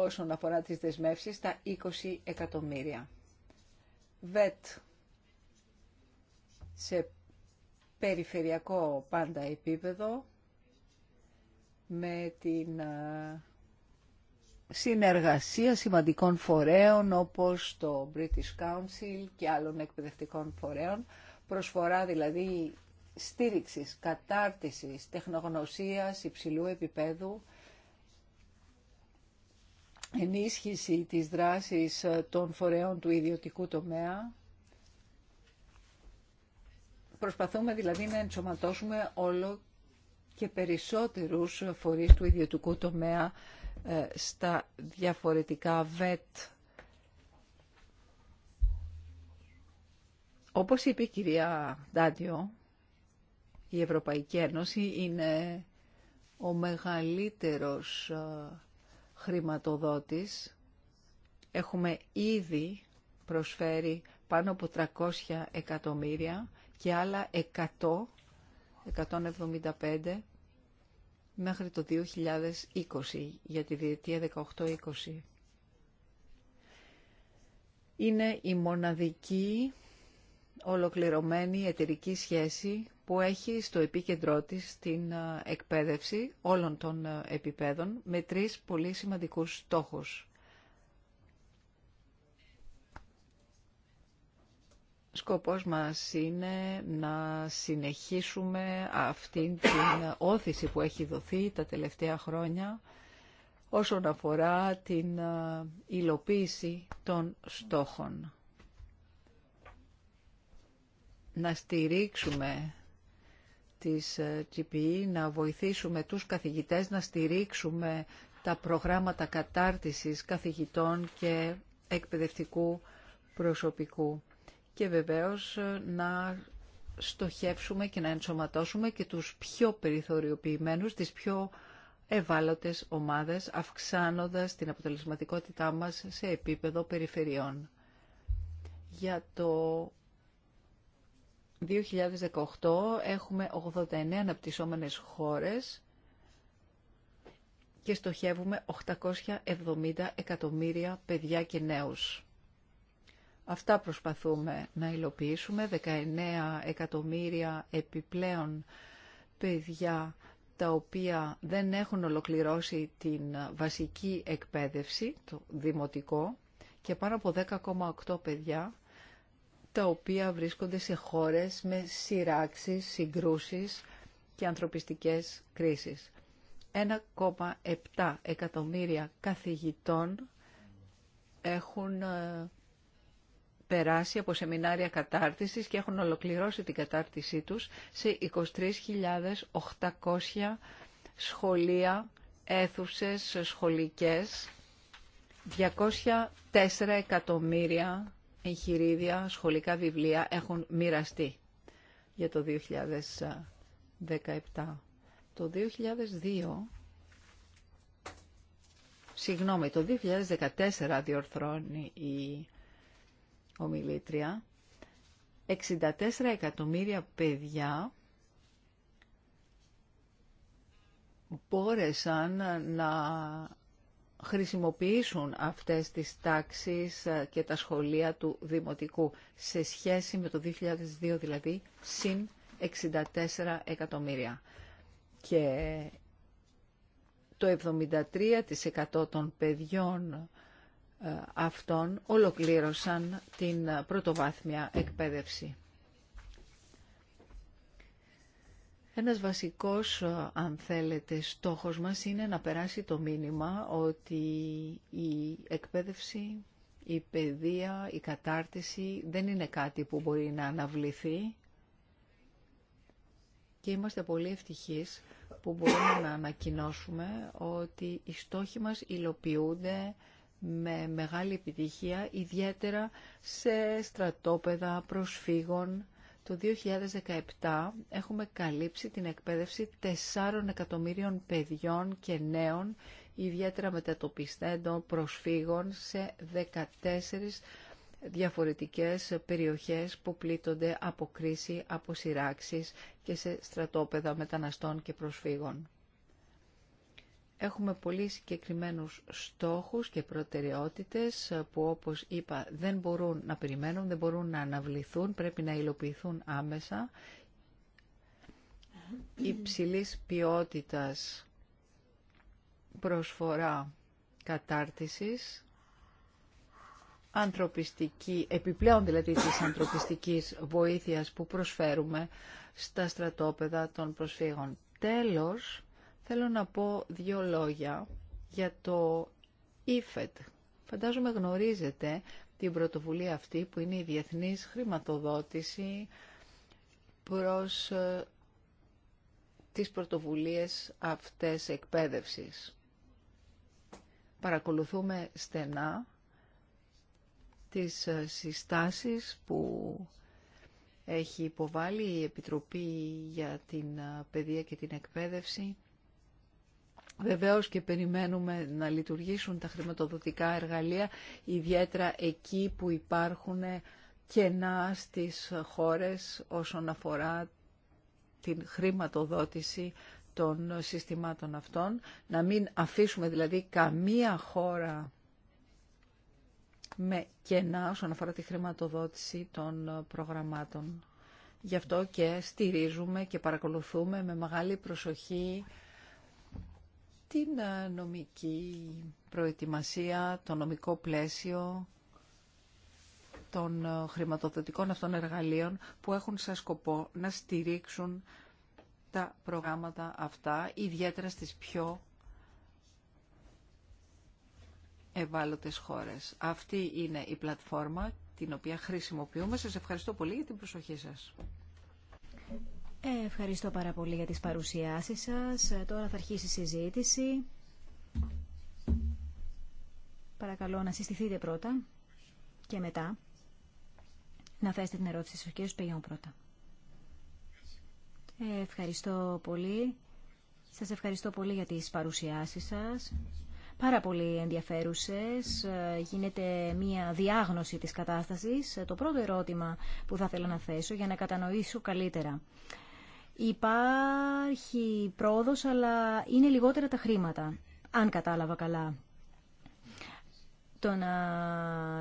όσον αφορά τις δεσμεύσεις τα 20 εκατομμύρια. ΒΕΤ σε περιφερειακό πάντα επίπεδο με την συνεργασία σημαντικών φορέων όπως το British Council και άλλων εκπαιδευτικών φορέων, προσφορά δηλαδή στήριξης, κατάρτισης, τεχνογνωσίας υψηλού επίπεδου, ενίσχυση της δράσης των φορέων του ιδιωτικού τομέα. Προσπαθούμε δηλαδή να ενσωματώσουμε όλο και περισσότερους φορείς του ιδιωτικού τομέα ε, στα διαφορετικά ΒΕΤ. Όπως είπε η κυρία Ντάντιο, η Ευρωπαϊκή Ένωση είναι ο μεγαλύτερος ε, χρηματοδότης. Έχουμε ήδη προσφέρει πάνω από 300 εκατομμύρια και άλλα 100, 175 μέχρι το 2020 για τη διετία 18-20. Είναι η μοναδική ολοκληρωμένη εταιρική σχέση που έχει στο επίκεντρό της την ε, εκπαίδευση όλων των ε, επιπέδων με τρεις πολύ σημαντικούς στόχους. Σκοπός μας είναι να συνεχίσουμε αυτή την όθηση που έχει δοθεί τα τελευταία χρόνια όσον αφορά την υλοποίηση των στόχων. Να στηρίξουμε τις GPE, να βοηθήσουμε τους καθηγητές, να στηρίξουμε τα προγράμματα κατάρτισης καθηγητών και εκπαιδευτικού προσωπικού και βεβαίως ε, να στοχεύσουμε και να ενσωματώσουμε και τους πιο περιθωριοποιημένους, τις πιο ευάλωτες ομάδες, αυξάνοντας την αποτελεσματικότητά μας σε επίπεδο περιφερειών. Για το 2018 έχουμε 89 αναπτυσσόμενες χώρες και στοχεύουμε 870 εκατομμύρια παιδιά και νέους. Αυτά προσπαθούμε να υλοποιήσουμε. 19 εκατομμύρια επιπλέον παιδιά τα οποία δεν έχουν ολοκληρώσει την βασική εκπαίδευση, το δημοτικό, και πάνω από 10,8 παιδιά τα οποία βρίσκονται σε χώρες με σειράξεις, συγκρούσεις και ανθρωπιστικές κρίσεις. 1,7 εκατομμύρια καθηγητών έχουν ε, περάσει από σεμινάρια κατάρτισης και έχουν ολοκληρώσει την κατάρτισή τους σε 23.800 σχολεία, αίθουσες σχολικές, 204 εκατομμύρια εγχειρίδια, σχολικά βιβλία έχουν μοιραστεί για το 2017. Το 2002, συγγνώμη, το 2014 διορθώνει η ομιλήτρια, 64 εκατομμύρια παιδιά μπόρεσαν να χρησιμοποιήσουν αυτές τις τάξεις και τα σχολεία του Δημοτικού σε σχέση με το 2002 δηλαδή συν 64 εκατομμύρια. Και το 73% των παιδιών ε, αυτών ολοκλήρωσαν την πρωτοβάθμια εκπαίδευση. Ένας βασικός, ε, αν θέλετε, στόχος μας είναι να περάσει το μήνυμα ότι η εκπαίδευση, η παιδεία, η κατάρτιση δεν είναι κάτι που μπορεί να αναβληθεί και είμαστε πολύ ευτυχείς που μπορούμε να ανακοινώσουμε ότι οι στόχοι μας υλοποιούνται με μεγάλη επιτυχία, ιδιαίτερα σε στρατόπεδα προσφύγων. Το 2017 έχουμε καλύψει την εκπαίδευση 4 εκατομμύριων παιδιών και νέων, ιδιαίτερα μετατοπιστέντων προσφύγων σε 14 διαφορετικές περιοχές που πλήττονται από κρίση, από σειράξεις και σε στρατόπεδα μεταναστών και προσφύγων. Έχουμε πολύ συγκεκριμένους στόχους και προτεραιότητες που όπως είπα δεν μπορούν να περιμένουν, δεν μπορούν να αναβληθούν, πρέπει να υλοποιηθούν άμεσα. Υψηλής ποιότητας προσφορά κατάρτισης, ανθρωπιστική, επιπλέον δηλαδή της ανθρωπιστικής βοήθειας που προσφέρουμε στα στρατόπεδα των προσφύγων. Τέλος, Θέλω να πω δύο λόγια για το IFED. Φαντάζομαι γνωρίζετε την πρωτοβουλία αυτή που είναι η διεθνής χρηματοδότηση προς ε, τις πρωτοβουλίες αυτές εκπαίδευσης. Παρακολουθούμε στενά τις ε, συστάσεις που έχει υποβάλει η Επιτροπή για την ε, Παιδεία και την Εκπαίδευση Βεβαίως και περιμένουμε να λειτουργήσουν τα χρηματοδοτικά εργαλεία, ιδιαίτερα εκεί που υπάρχουν κενά στις χώρες όσον αφορά την χρηματοδότηση των συστημάτων αυτών. Να μην αφήσουμε δηλαδή καμία χώρα με κενά όσον αφορά τη χρηματοδότηση των προγραμμάτων. Γι' αυτό και στηρίζουμε και παρακολουθούμε με μεγάλη προσοχή την ε, νομική προετοιμασία, το νομικό πλαίσιο των ε, χρηματοδοτικών αυτών εργαλείων που έχουν σαν σκοπό να στηρίξουν τα προγράμματα αυτά, ιδιαίτερα στις πιο ευάλωτες χώρες. Αυτή είναι η πλατφόρμα την οποία χρησιμοποιούμε. Σας ευχαριστώ πολύ για την προσοχή σας. Ευχαριστώ πάρα πολύ για τις παρουσιάσεις σας. Ε, τώρα θα αρχίσει η συζήτηση. Παρακαλώ να συστηθείτε πρώτα και μετά να θέσετε την ερώτηση στους κύριους Πεγιών πρώτα. Ευχαριστώ πολύ. Σας ευχαριστώ πολύ για τις παρουσιάσεις σας. Πάρα πολύ ενδιαφέρουσες. Ε, γίνεται μία διάγνωση της κατάστασης. Ε, το πρώτο ερώτημα που θα ήθελα να θέσω για να κατανοήσω καλύτερα. Υπάρχει πρόοδος, αλλά είναι λιγότερα τα χρήματα, αν κατάλαβα καλά. Το να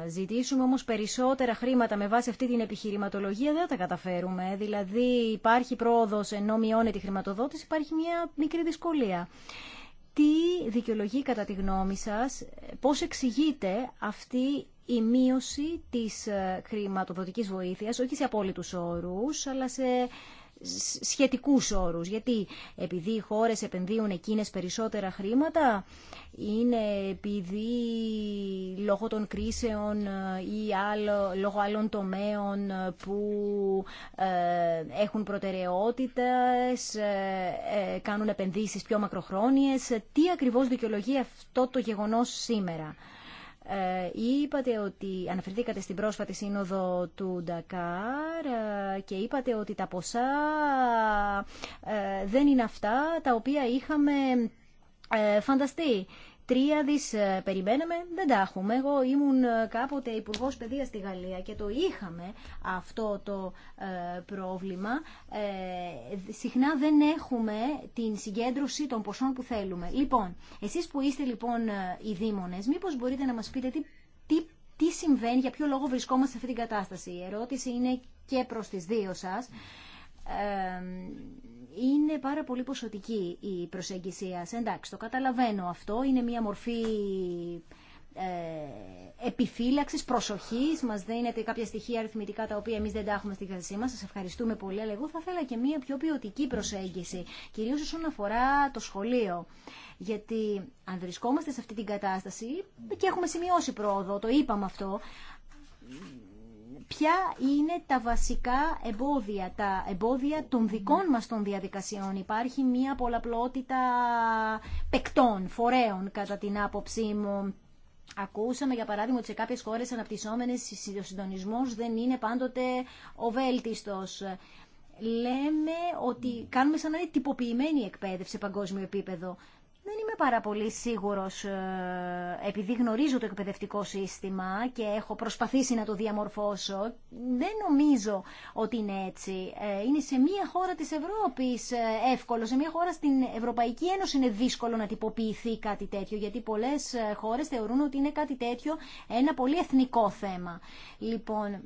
ζητήσουμε όμως περισσότερα χρήματα με βάση αυτή την επιχειρηματολογία δεν τα καταφέρουμε. Δηλαδή υπάρχει πρόοδος ενώ μειώνεται η χρηματοδότηση, υπάρχει μια μικρή δυσκολία. Τι δικαιολογεί κατά τη γνώμη σας, πώς εξηγείται αυτή η μείωση της ε, χρηματοδοτικής βοήθειας, όχι σε απόλυτους όρους, αλλά σε σχετικούς όρους. Γιατί επειδή οι χώρες επενδύουν εκείνες περισσότερα χρήματα, είναι επειδή λόγω των κρίσεων ε, ή άλλο, λόγω άλλων τομέων ε, που ε, έχουν προτεραιότητες, κάνουν επενδύσεις πιο μακροχρόνιες. Τι ακριβώς δικαιολογεί αυτό το γεγονός σήμερα. Ε, είπατε ότι αναφερθήκατε στην πρόσφατη σύνοδο του Ντακάρ ε, και είπατε ότι τα ποσά ε, δεν είναι αυτά τα οποία είχαμε φανταστεί. Τρία δις ε, περιμέναμε, δεν τα έχουμε. Εγώ ήμουν ε, κάποτε υπουργό παιδείας στη Γαλλία και το είχαμε αυτό το ε, πρόβλημα. συχνά δεν έχουμε την συγκέντρωση των ποσών που θέλουμε. Λοιπόν, εσείς που είστε λοιπόν οι δήμονες, μήπως μπορείτε να μας πείτε τι, τι, συμβαίνει, για ποιο λόγο βρισκόμαστε σε αυτή την κατάσταση. Η ερώτηση είναι και προς τις δύο σας είναι πάρα πολύ ποσοτική η προσέγγιση Εντάξει, το καταλαβαίνω αυτό. Είναι μια μορφή ε, επιφύλαξης, προσοχής. Μας δίνεται κάποια στοιχεία αριθμητικά τα οποία εμείς δεν τα έχουμε στη θέση μας. Σας ευχαριστούμε πολύ. Αλλά εγώ θα ήθελα και μια πιο ποιοτική προσέγγιση. Κυρίως όσον αφορά το σχολείο. Γιατί αν βρισκόμαστε σε αυτή την κατάσταση και έχουμε σημειώσει πρόοδο, το είπαμε αυτό ποια είναι τα βασικά εμπόδια, τα εμπόδια των δικών μας των διαδικασιών. Υπάρχει μια πολλαπλότητα παικτών, φορέων κατά την άποψή μου. Ακούσαμε για παράδειγμα ότι σε κάποιες χώρες αναπτυσσόμενες ο συντονισμός δεν είναι πάντοτε ο βέλτιστος λέμε ότι κάνουμε σαν να είναι τυποποιημένη εκπαίδευση σε παγκόσμιο επίπεδο δεν είμαι πάρα πολύ σίγουρος ε, επειδή γνωρίζω το εκπαιδευτικό σύστημα και έχω προσπαθήσει να το διαμορφώσω. Δεν νομίζω ότι είναι έτσι. Ε, είναι σε μια χώρα της Ευρώπης ε, εύκολο, σε μια χώρα στην Ευρωπαϊκή Ένωση είναι δύσκολο να τυποποιηθεί κάτι τέτοιο γιατί πολλές χώρες θεωρούν ότι είναι κάτι τέτοιο ένα πολύ εθνικό θέμα. Λοιπόν,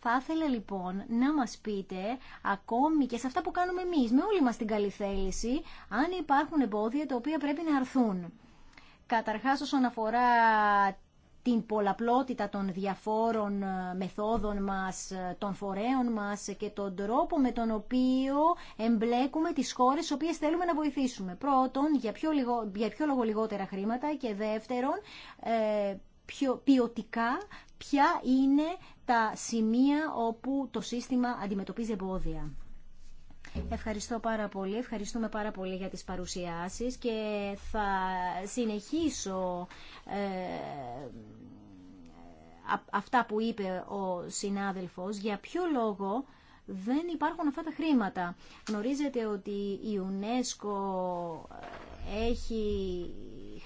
θα ήθελα λοιπόν να μας πείτε, ακόμη και σε αυτά που κάνουμε εμείς, με όλη μας την καλή θέληση, αν υπάρχουν εμπόδια τα οποία πρέπει να αρθούν. Καταρχάς όσον αφορά την πολλαπλότητα των διαφόρων ε, μεθόδων μας, ε, των φορέων μας και τον τρόπο με τον οποίο εμπλέκουμε τις χώρες στις οποίες θέλουμε να βοηθήσουμε. Πρώτον, για πιο λιγο, για λόγο λιγότερα χρήματα και δεύτερον, ε, πιο ποιοτικά ποια είναι τα σημεία όπου το σύστημα αντιμετωπίζει εμπόδια. Ευχαριστώ πάρα πολύ. Ευχαριστούμε πάρα πολύ για τις παρουσιάσεις και θα συνεχίσω ε, αυτά που είπε ο συνάδελφος. Για ποιο λόγο δεν υπάρχουν αυτά τα χρήματα. Γνωρίζετε ότι η UNESCO έχει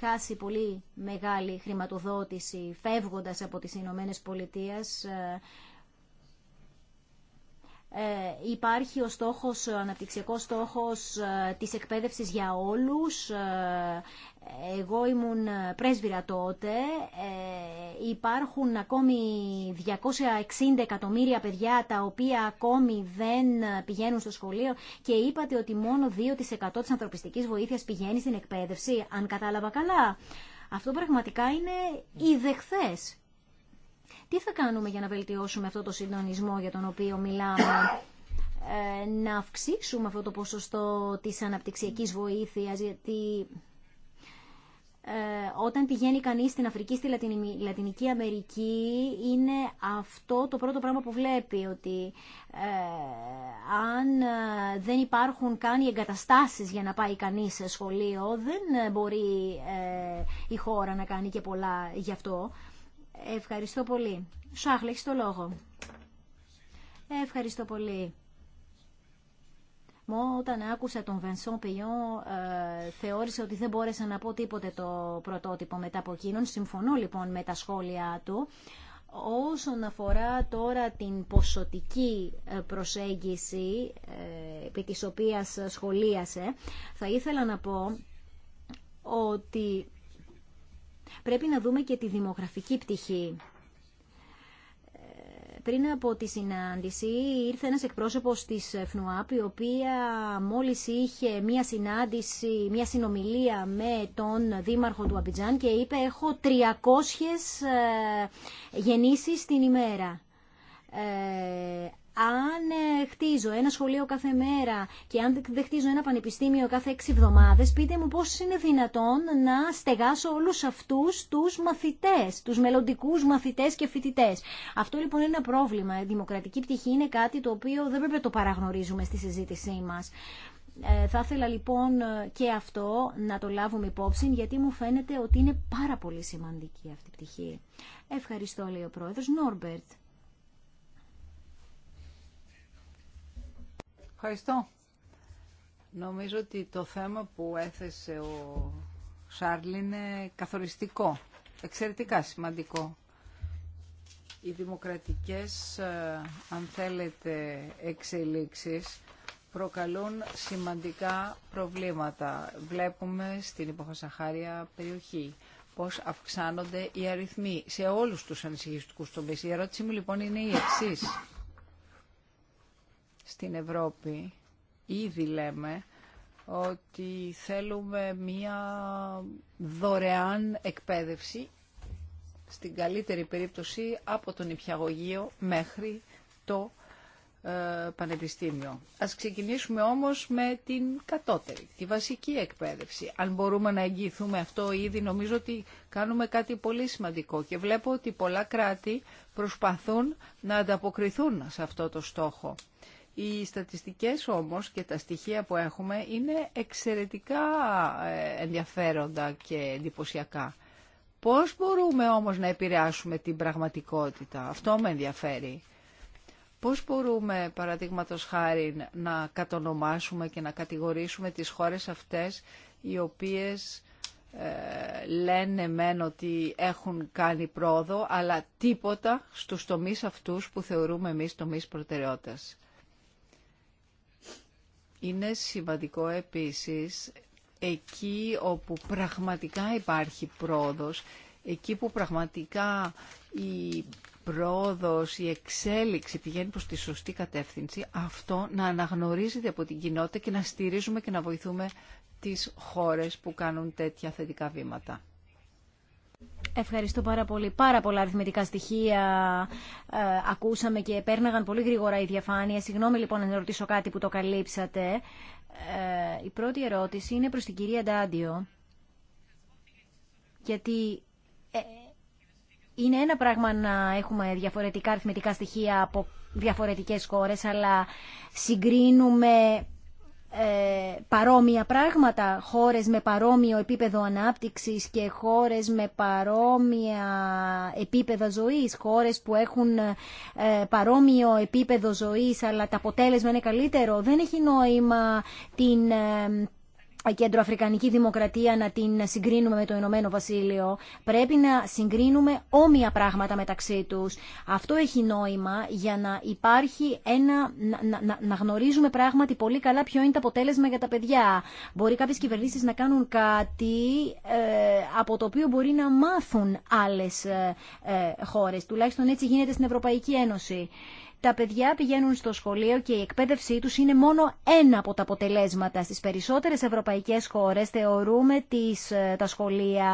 χάσει πολύ μεγάλη χρηματοδότηση φεύγοντας από τις Ηνωμένε Πολιτείες. Ε, ε, υπάρχει ο στόχος, ο αναπτυξιακός στόχος ε, της εκπαίδευσης για όλους εγώ ήμουν ε, πρέσβυρα τότε, ε, υπάρχουν ακόμη 260 εκατομμύρια παιδιά τα οποία ακόμη δεν ε, πηγαίνουν στο σχολείο και είπατε ότι μόνο 2% της ανθρωπιστικής βοήθειας πηγαίνει στην εκπαίδευση, αν κατάλαβα καλά. Αυτό πραγματικά είναι ιδεχθές. Τι θα κάνουμε για να βελτιώσουμε αυτό το συντονισμό για τον οποίο μιλάμε να αυξήσουμε αυτό το ποσοστό της αναπτυξιακής βοήθειας, γιατί ε, όταν πηγαίνει κανείς στην Αφρική, στη Λατινική Αμερική, είναι αυτό το πρώτο πράγμα που βλέπει, ότι ε, αν ε, δεν υπάρχουν καν οι εγκαταστάσεις για να πάει κανείς σε σχολείο, δεν μπορεί η χώρα να κάνει και πολλά γι' αυτό. Ευχαριστώ πολύ. Σάχλ, έχεις το λόγο. Ευχαριστώ πολύ. Μόνο όταν άκουσα τον Βενσόν ε, θεώρησε ότι δεν μπόρεσα να πω τίποτε το πρωτότυπο μετά από εκείνον. Συμφωνώ λοιπόν με τα σχόλιά του. Όσον αφορά τώρα την ποσοτική ε, προσέγγιση ε, επί της οποίας σχολίασε, θα ήθελα να πω ότι πρέπει να δούμε και τη δημογραφική πτυχή πριν από τη συνάντηση ήρθε ένας εκπρόσωπος της ΦΝΟΑΠ η οποία μόλις είχε μία συνάντηση, μία συνομιλία με τον δήμαρχο του Αμπιτζάν και είπε έχω 300 ε, γεννήσεις την ημέρα. Ε, αν ε, χτίζω ένα σχολείο κάθε μέρα και αν δεν χτίζω ένα πανεπιστήμιο κάθε έξι εβδομάδες, πείτε μου πώς είναι δυνατόν να στεγάσω όλους αυτούς τους μαθητές, τους μελλοντικού μαθητές και φοιτητές. Αυτό λοιπόν είναι ένα πρόβλημα. Η δημοκρατική πτυχή είναι κάτι το οποίο δεν πρέπει να το παραγνωρίζουμε στη συζήτησή μας. Ε, θα ήθελα λοιπόν ε, και αυτό να το λάβουμε υπόψη γιατί μου φαίνεται ότι είναι πάρα πολύ σημαντική αυτή η πτυχή. Ευχαριστώ λέει ο πρόεδρος Νόρμπερτ. Ευχαριστώ. Νομίζω ότι το θέμα που έθεσε ο Σάρλ είναι καθοριστικό, εξαιρετικά σημαντικό. Οι δημοκρατικές, ε, αν θέλετε, εξελίξεις προκαλούν σημαντικά προβλήματα. Βλέπουμε στην υποχασαχάρια περιοχή πώς αυξάνονται οι αριθμοί σε όλους τους ανησυχιστικούς τομείς. Η ερώτηση μου λοιπόν είναι η εξής στην Ευρώπη ήδη λέμε ότι θέλουμε μία δωρεάν εκπαίδευση στην καλύτερη περίπτωση από τον υπιαγωγείο μέχρι το ε, πανεπιστήμιο. Ας ξεκινήσουμε όμως με την κατώτερη, τη βασική εκπαίδευση. Αν μπορούμε να εγγυηθούμε αυτό ήδη, νομίζω ότι κάνουμε κάτι πολύ σημαντικό και βλέπω ότι πολλά κράτη προσπαθούν να ανταποκριθούν σε αυτό το στόχο. Οι στατιστικές όμως και τα στοιχεία που έχουμε είναι εξαιρετικά ε, ενδιαφέροντα και εντυπωσιακά. Πώς μπορούμε όμως να επηρεάσουμε την πραγματικότητα, αυτό με ενδιαφέρει. Πώς μπορούμε, παραδείγματο χάρη, να κατονομάσουμε και να κατηγορήσουμε τις χώρες αυτές οι οποίες ε, λένε μεν ότι έχουν κάνει πρόοδο, αλλά τίποτα στους τομείς αυτούς που θεωρούμε εμείς τομείς προτεραιότητας. Είναι σημαντικό επίσης εκεί όπου πραγματικά υπάρχει πρόοδος, εκεί που πραγματικά η πρόοδος, η εξέλιξη πηγαίνει προς τη σωστή κατεύθυνση, αυτό να αναγνωρίζεται από την κοινότητα και να στηρίζουμε και να βοηθούμε τις χώρες που κάνουν τέτοια θετικά βήματα. Ευχαριστώ πάρα πολύ. Πάρα πολλά αριθμητικά στοιχεία ε, ακούσαμε και πέρναγαν πολύ γρήγορα η διαφάνεια. Συγγνώμη λοιπόν να ρωτήσω κάτι που το καλύψατε. Ε, η πρώτη ερώτηση είναι προς την κυρία Ντάντιο. Γιατί ε, είναι ένα πράγμα να έχουμε διαφορετικά αριθμητικά στοιχεία από διαφορετικές χώρες, αλλά συγκρίνουμε ε, παρόμοια πράγματα, χώρες με παρόμοιο επίπεδο ανάπτυξης και χώρες με παρόμοια επίπεδα ζωής, χώρες που έχουν ε, παρόμοιο επίπεδο ζωής αλλά τα αποτέλεσμα είναι καλύτερο, δεν έχει νόημα την ε, κεντροαφρικανική δημοκρατία να την συγκρίνουμε με το Ηνωμένο Βασίλειο. Πρέπει να συγκρίνουμε όμοια πράγματα μεταξύ τους. Αυτό έχει νόημα για να υπάρχει ένα, να, να, να γνωρίζουμε πράγματι πολύ καλά ποιο είναι το αποτέλεσμα για τα παιδιά. Μπορεί κάποιες κυβερνήσεις να κάνουν κάτι ε, από το οποίο μπορεί να μάθουν άλλες ε, ε χώρες. Τουλάχιστον έτσι γίνεται στην Ευρωπαϊκή Ένωση τα παιδιά πηγαίνουν στο σχολείο και η εκπαίδευσή τους είναι μόνο ένα από τα αποτελέσματα. Στις περισσότερες ευρωπαϊκές χώρες θεωρούμε τις, ε, τα σχολεία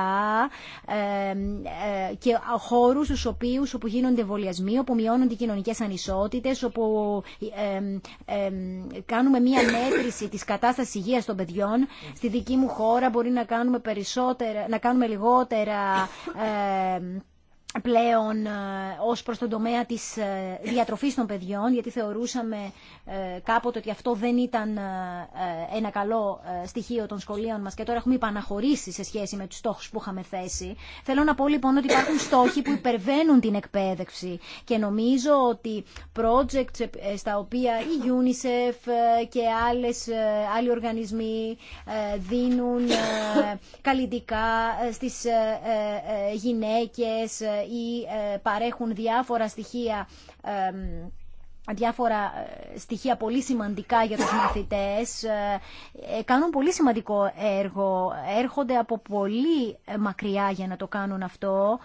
ε, ε, και χώρους στους οποίους όπου γίνονται εμβολιασμοί, όπου μειώνονται οι κοινωνικές ανισότητες, όπου κάνουμε μία μέτρηση της κατάστασης υγείας των παιδιών. Στη δική μου χώρα μπορεί να κάνουμε, περισσότερα, να κάνουμε λιγότερα πλέον ε, ως προς τον τομέα της ε, διατροφής των παιδιών, γιατί θεωρούσαμε ε, κάποτε ότι αυτό δεν ήταν ε, ε, ένα καλό στοιχείο των σχολείων μας και τώρα έχουμε υπαναχωρήσει σε σχέση με τους στόχους που είχαμε θέσει. Θέλω να πω λοιπόν ότι υπάρχουν στόχοι που υπερβαίνουν την εκπαίδευση και νομίζω ότι projects στα οποία η UNICEF και άλλες, άλλοι οργανισμοί δίνουν καλλιτικά στις γυναίκες ή παρέχουν διάφορα στοιχεία διάφορα ε, στοιχεία πολύ σημαντικά για τους μαθητές ε, ε, κάνουν πολύ σημαντικό έργο έρχονται από πολύ μακριά για να το κάνουν αυτό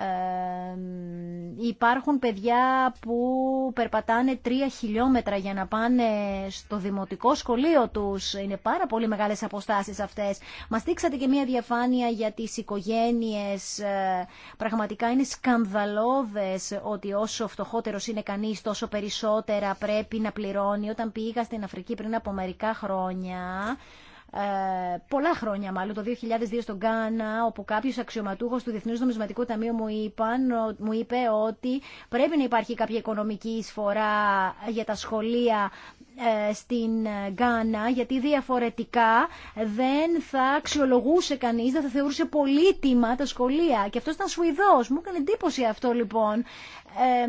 ε, υπάρχουν παιδιά που περπατάνε τρία χιλιόμετρα για να πάνε στο δημοτικό σχολείο τους. Είναι πάρα πολύ μεγάλες αποστάσεις αυτές. Μας δείξατε και μία διαφάνεια για τις οικογένειες. Ε, πραγματικά είναι σκανδαλώδες ότι όσο φτωχότερος είναι κανείς τόσο περισσότερα πρέπει να πληρώνει. Όταν πήγα στην Αφρική πριν από μερικά χρόνια... Ε, πολλά χρόνια μάλλον, το 2002 στον Γκάνα, όπου κάποιο αξιωματούχος του Διεθνού Νομισματικού Ταμείου μου, είπαν, μου είπε ότι πρέπει να υπάρχει κάποια οικονομική εισφορά για τα σχολεία ε, στην ε, Γκάνα, γιατί διαφορετικά δεν θα αξιολογούσε κανείς, δεν θα θεωρούσε πολύτιμα τα σχολεία. Και αυτός ήταν Σουηδό. Μου έκανε εντύπωση αυτό λοιπόν. Ε,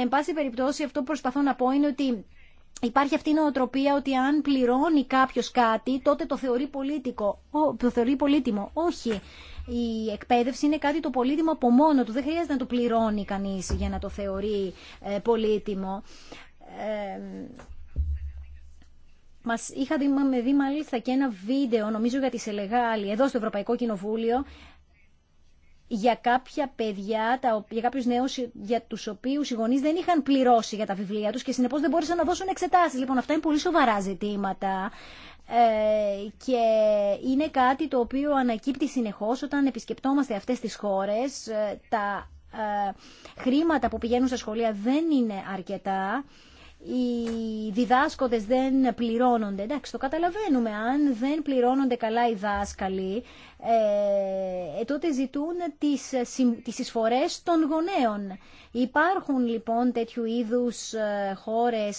εν πάση περιπτώσει αυτό που προσπαθώ να πω είναι ότι Υπάρχει αυτή η νοοτροπία ότι αν πληρώνει κάποιος κάτι, τότε το θεωρεί, πολίτικο, το θεωρεί πολύτιμο. Όχι. Η εκπαίδευση είναι κάτι το πολύτιμο από μόνο του. Δεν χρειάζεται να το πληρώνει κανείς για να το θεωρεί ε, πολύτιμο. Μα είχα δει, με δει μάλιστα και ένα βίντεο, νομίζω για τη Σελεγάλη, εδώ στο Ευρωπαϊκό Κοινοβούλιο, για κάποια παιδιά, για κάποιους νέους για τους οποίους οι γονείς δεν είχαν πληρώσει για τα βιβλία τους και συνεπώς δεν μπόρεσαν να δώσουν εξετάσεις. Λοιπόν, αυτά είναι πολύ σοβαρά ζητήματα ε, και είναι κάτι το οποίο ανακύπτει συνεχώς όταν επισκεπτόμαστε αυτές τις χώρες. Ε, τα ε, χρήματα που πηγαίνουν στα σχολεία δεν είναι αρκετά οι διδάσκοντες δεν πληρώνονται. Εντάξει, το καταλαβαίνουμε. Αν δεν πληρώνονται καλά οι δάσκαλοι, ε, ε, τότε ζητούν τις, ε, τις εισφορές των γονέων. Υπάρχουν λοιπόν τέτοιου είδους χώρες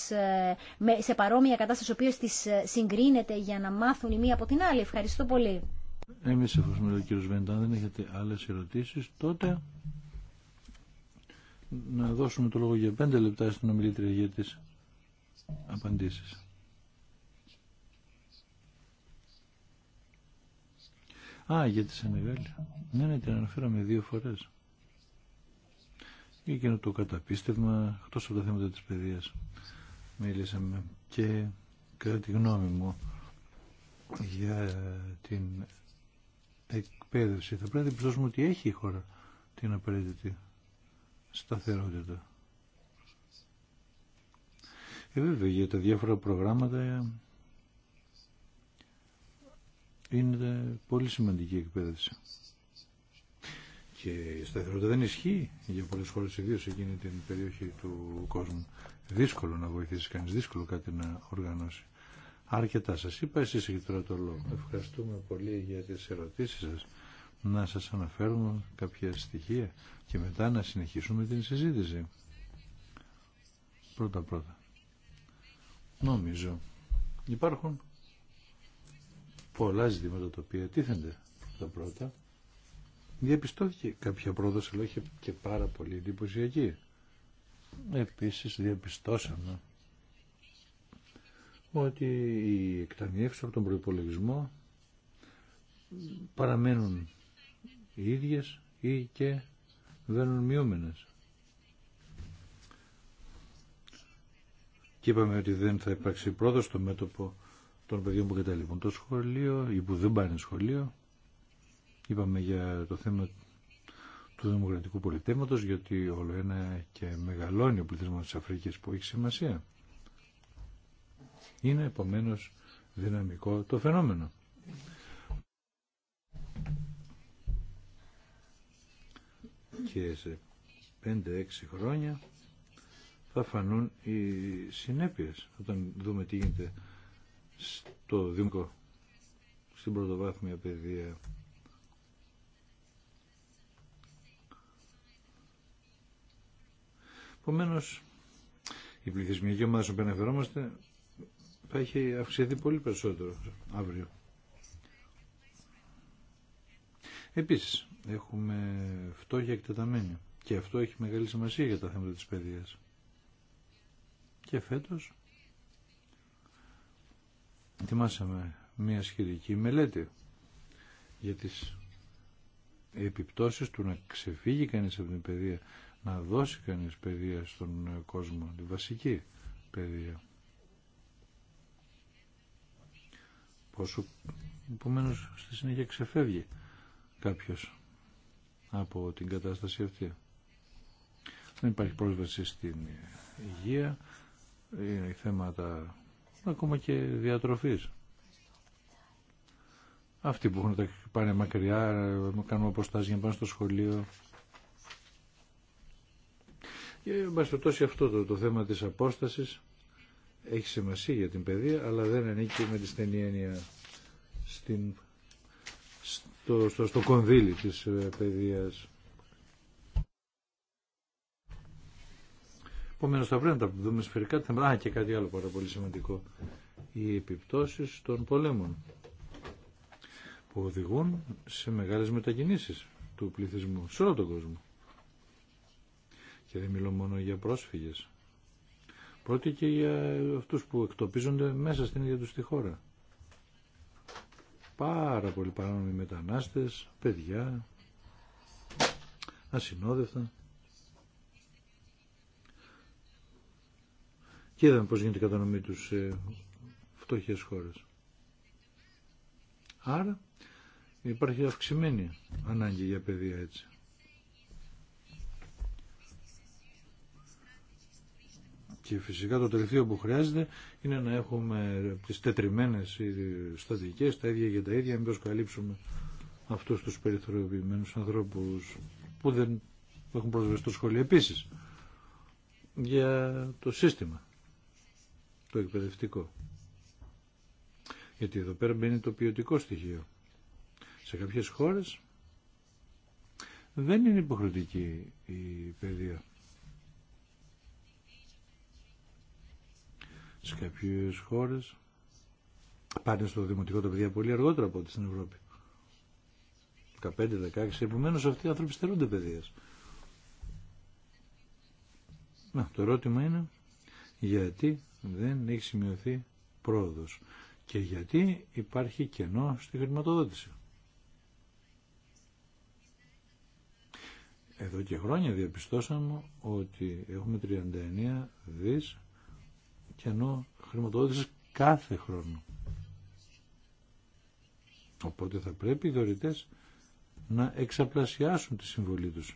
σε παρόμοια κατάσταση, οποίες τις συγκρίνεται για να μάθουν η μία από την άλλη. Ευχαριστώ πολύ. Εμείς ευχαριστούμε τον κύριο Βέντα. δεν έχετε άλλες ερωτήσεις, τότε να δώσουμε το λόγο για πέντε λεπτά στην ομιλήτρια τις απαντήσεις. Α, γιατί τη Σενεγάλη. Ναι, ναι, την αναφέραμε δύο φορές. Και εκείνο το καταπίστευμα, εκτό από τα θέματα της παιδείας, μίλησαμε και κατά τη γνώμη μου για την εκπαίδευση. Θα πρέπει να διπλώσουμε ότι έχει η χώρα την απαραίτητη σταθερότητα. Ε, βέβαια, για τα διάφορα προγράμματα είναι πολύ σημαντική η εκπαίδευση. Και η σταθερότητα δεν ισχύει για πολλές χώρες, ιδίω εκείνη την περιοχή του κόσμου. Δύσκολο να βοηθήσει κανείς, δύσκολο κάτι να οργανώσει. Αρκετά σας είπα, εσείς έχετε τώρα το λόγο. Ευχαριστούμε πολύ για τις ερωτήσεις σας. Να σας αναφέρουμε κάποια στοιχεία και μετά να συνεχίσουμε την συζήτηση. Πρώτα-πρώτα. Νομίζω υπάρχουν πολλά ζητήματα τα οποία τίθενται τα πρώτα. Διαπιστώθηκε κάποια πρόοδος, αλλά είχε και πάρα πολύ εντυπωσιακή. Επίσης διαπιστώσαμε ότι οι εκταμιεύσεις από τον προϋπολογισμό παραμένουν οι ίδιες ή και βαίνουν μειούμενες. και είπαμε ότι δεν θα υπάρξει πρόοδο στο μέτωπο των παιδιών που καταλήγουν το σχολείο ή που δεν πάνε σχολείο. Είπαμε για το θέμα του δημοκρατικού πολιτεύματος γιατί όλο ένα και μεγαλώνει ο πληθυσμό της Αφρικής που έχει σημασία. Είναι επομένως δυναμικό το φαινόμενο. Και σε 5-6 χρόνια θα φανούν οι συνέπειες όταν δούμε τι γίνεται στο δημικό, στην πρωτοβάθμια παιδεία. Επομένω, η πληθυσμιακή ομάδα στην οποία αναφερόμαστε θα έχει αυξηθεί πολύ περισσότερο αύριο. Επίσης, έχουμε φτώχεια εκτεταμένη και αυτό έχει μεγάλη σημασία για τα θέματα της παιδείας. Και φέτος ετοιμάσαμε μια σχετική μελέτη για τις επιπτώσεις του να ξεφύγει κανείς από την παιδεία, να δώσει κανείς παιδεία στον κόσμο, τη βασική παιδεία. Πόσο επομένω στη συνέχεια ξεφεύγει κάποιος από την κατάσταση αυτή. Δεν υπάρχει πρόσβαση στην υγεία, είναι θέματα ακόμα και διατροφής. Αυτοί που έχουν τα πάνε μακριά, κάνουν αποστάσεις για να πάνε στο σχολείο. Και τόσο αυτό το, το θέμα της απόστασης έχει σημασία για την παιδεία, αλλά δεν ανήκει με τη στενή έννοια στην, στο, στο, στο κονδύλι της ε, παιδείας. Επομένω θα πρέπει να τα δούμε σφαιρικά. Α, και κάτι άλλο πάρα πολύ σημαντικό. Οι επιπτώσεις των πολέμων που οδηγούν σε μεγάλες μετακίνησει του πληθυσμού σε όλο τον κόσμο. Και δεν μιλώ μόνο για πρόσφυγες. Πρώτοι και για αυτούς που εκτοπίζονται μέσα στην ίδια του τη χώρα. Πάρα πολλοί παράνομοι μετανάστες, παιδιά, ασυνόδευτα. και είδαμε πώς γίνεται η κατανομή τους σε φτωχές χώρες. Άρα υπάρχει αυξημένη ανάγκη για παιδεία έτσι. Και φυσικά το τελευταίο που χρειάζεται είναι να έχουμε τις τετριμένες στατικές, τα ίδια για τα ίδια, μήπως καλύψουμε αυτούς τους περιθωριοποιημένους ανθρώπους που δεν έχουν πρόσβαση στο σχολείο επίσης για το σύστημα το εκπαιδευτικό. Γιατί εδώ πέρα μπαίνει το ποιοτικό στοιχείο. Σε κάποιες χώρες δεν είναι υποχρεωτική η παιδεία. Σε κάποιες χώρες πάνε στο δημοτικό τα παιδιά πολύ αργότερα από ό,τι στην Ευρώπη. 15-16, επομένως αυτοί οι άνθρωποι στερούνται παιδείας. Να, το ερώτημα είναι γιατί δεν έχει σημειωθεί πρόοδος και γιατί υπάρχει κενό στη χρηματοδότηση. Εδώ και χρόνια διαπιστώσαμε ότι έχουμε 39 δις κενό χρηματοδότησης κάθε χρόνο. Οπότε θα πρέπει οι δωρητές να εξαπλασιάσουν τη συμβολή τους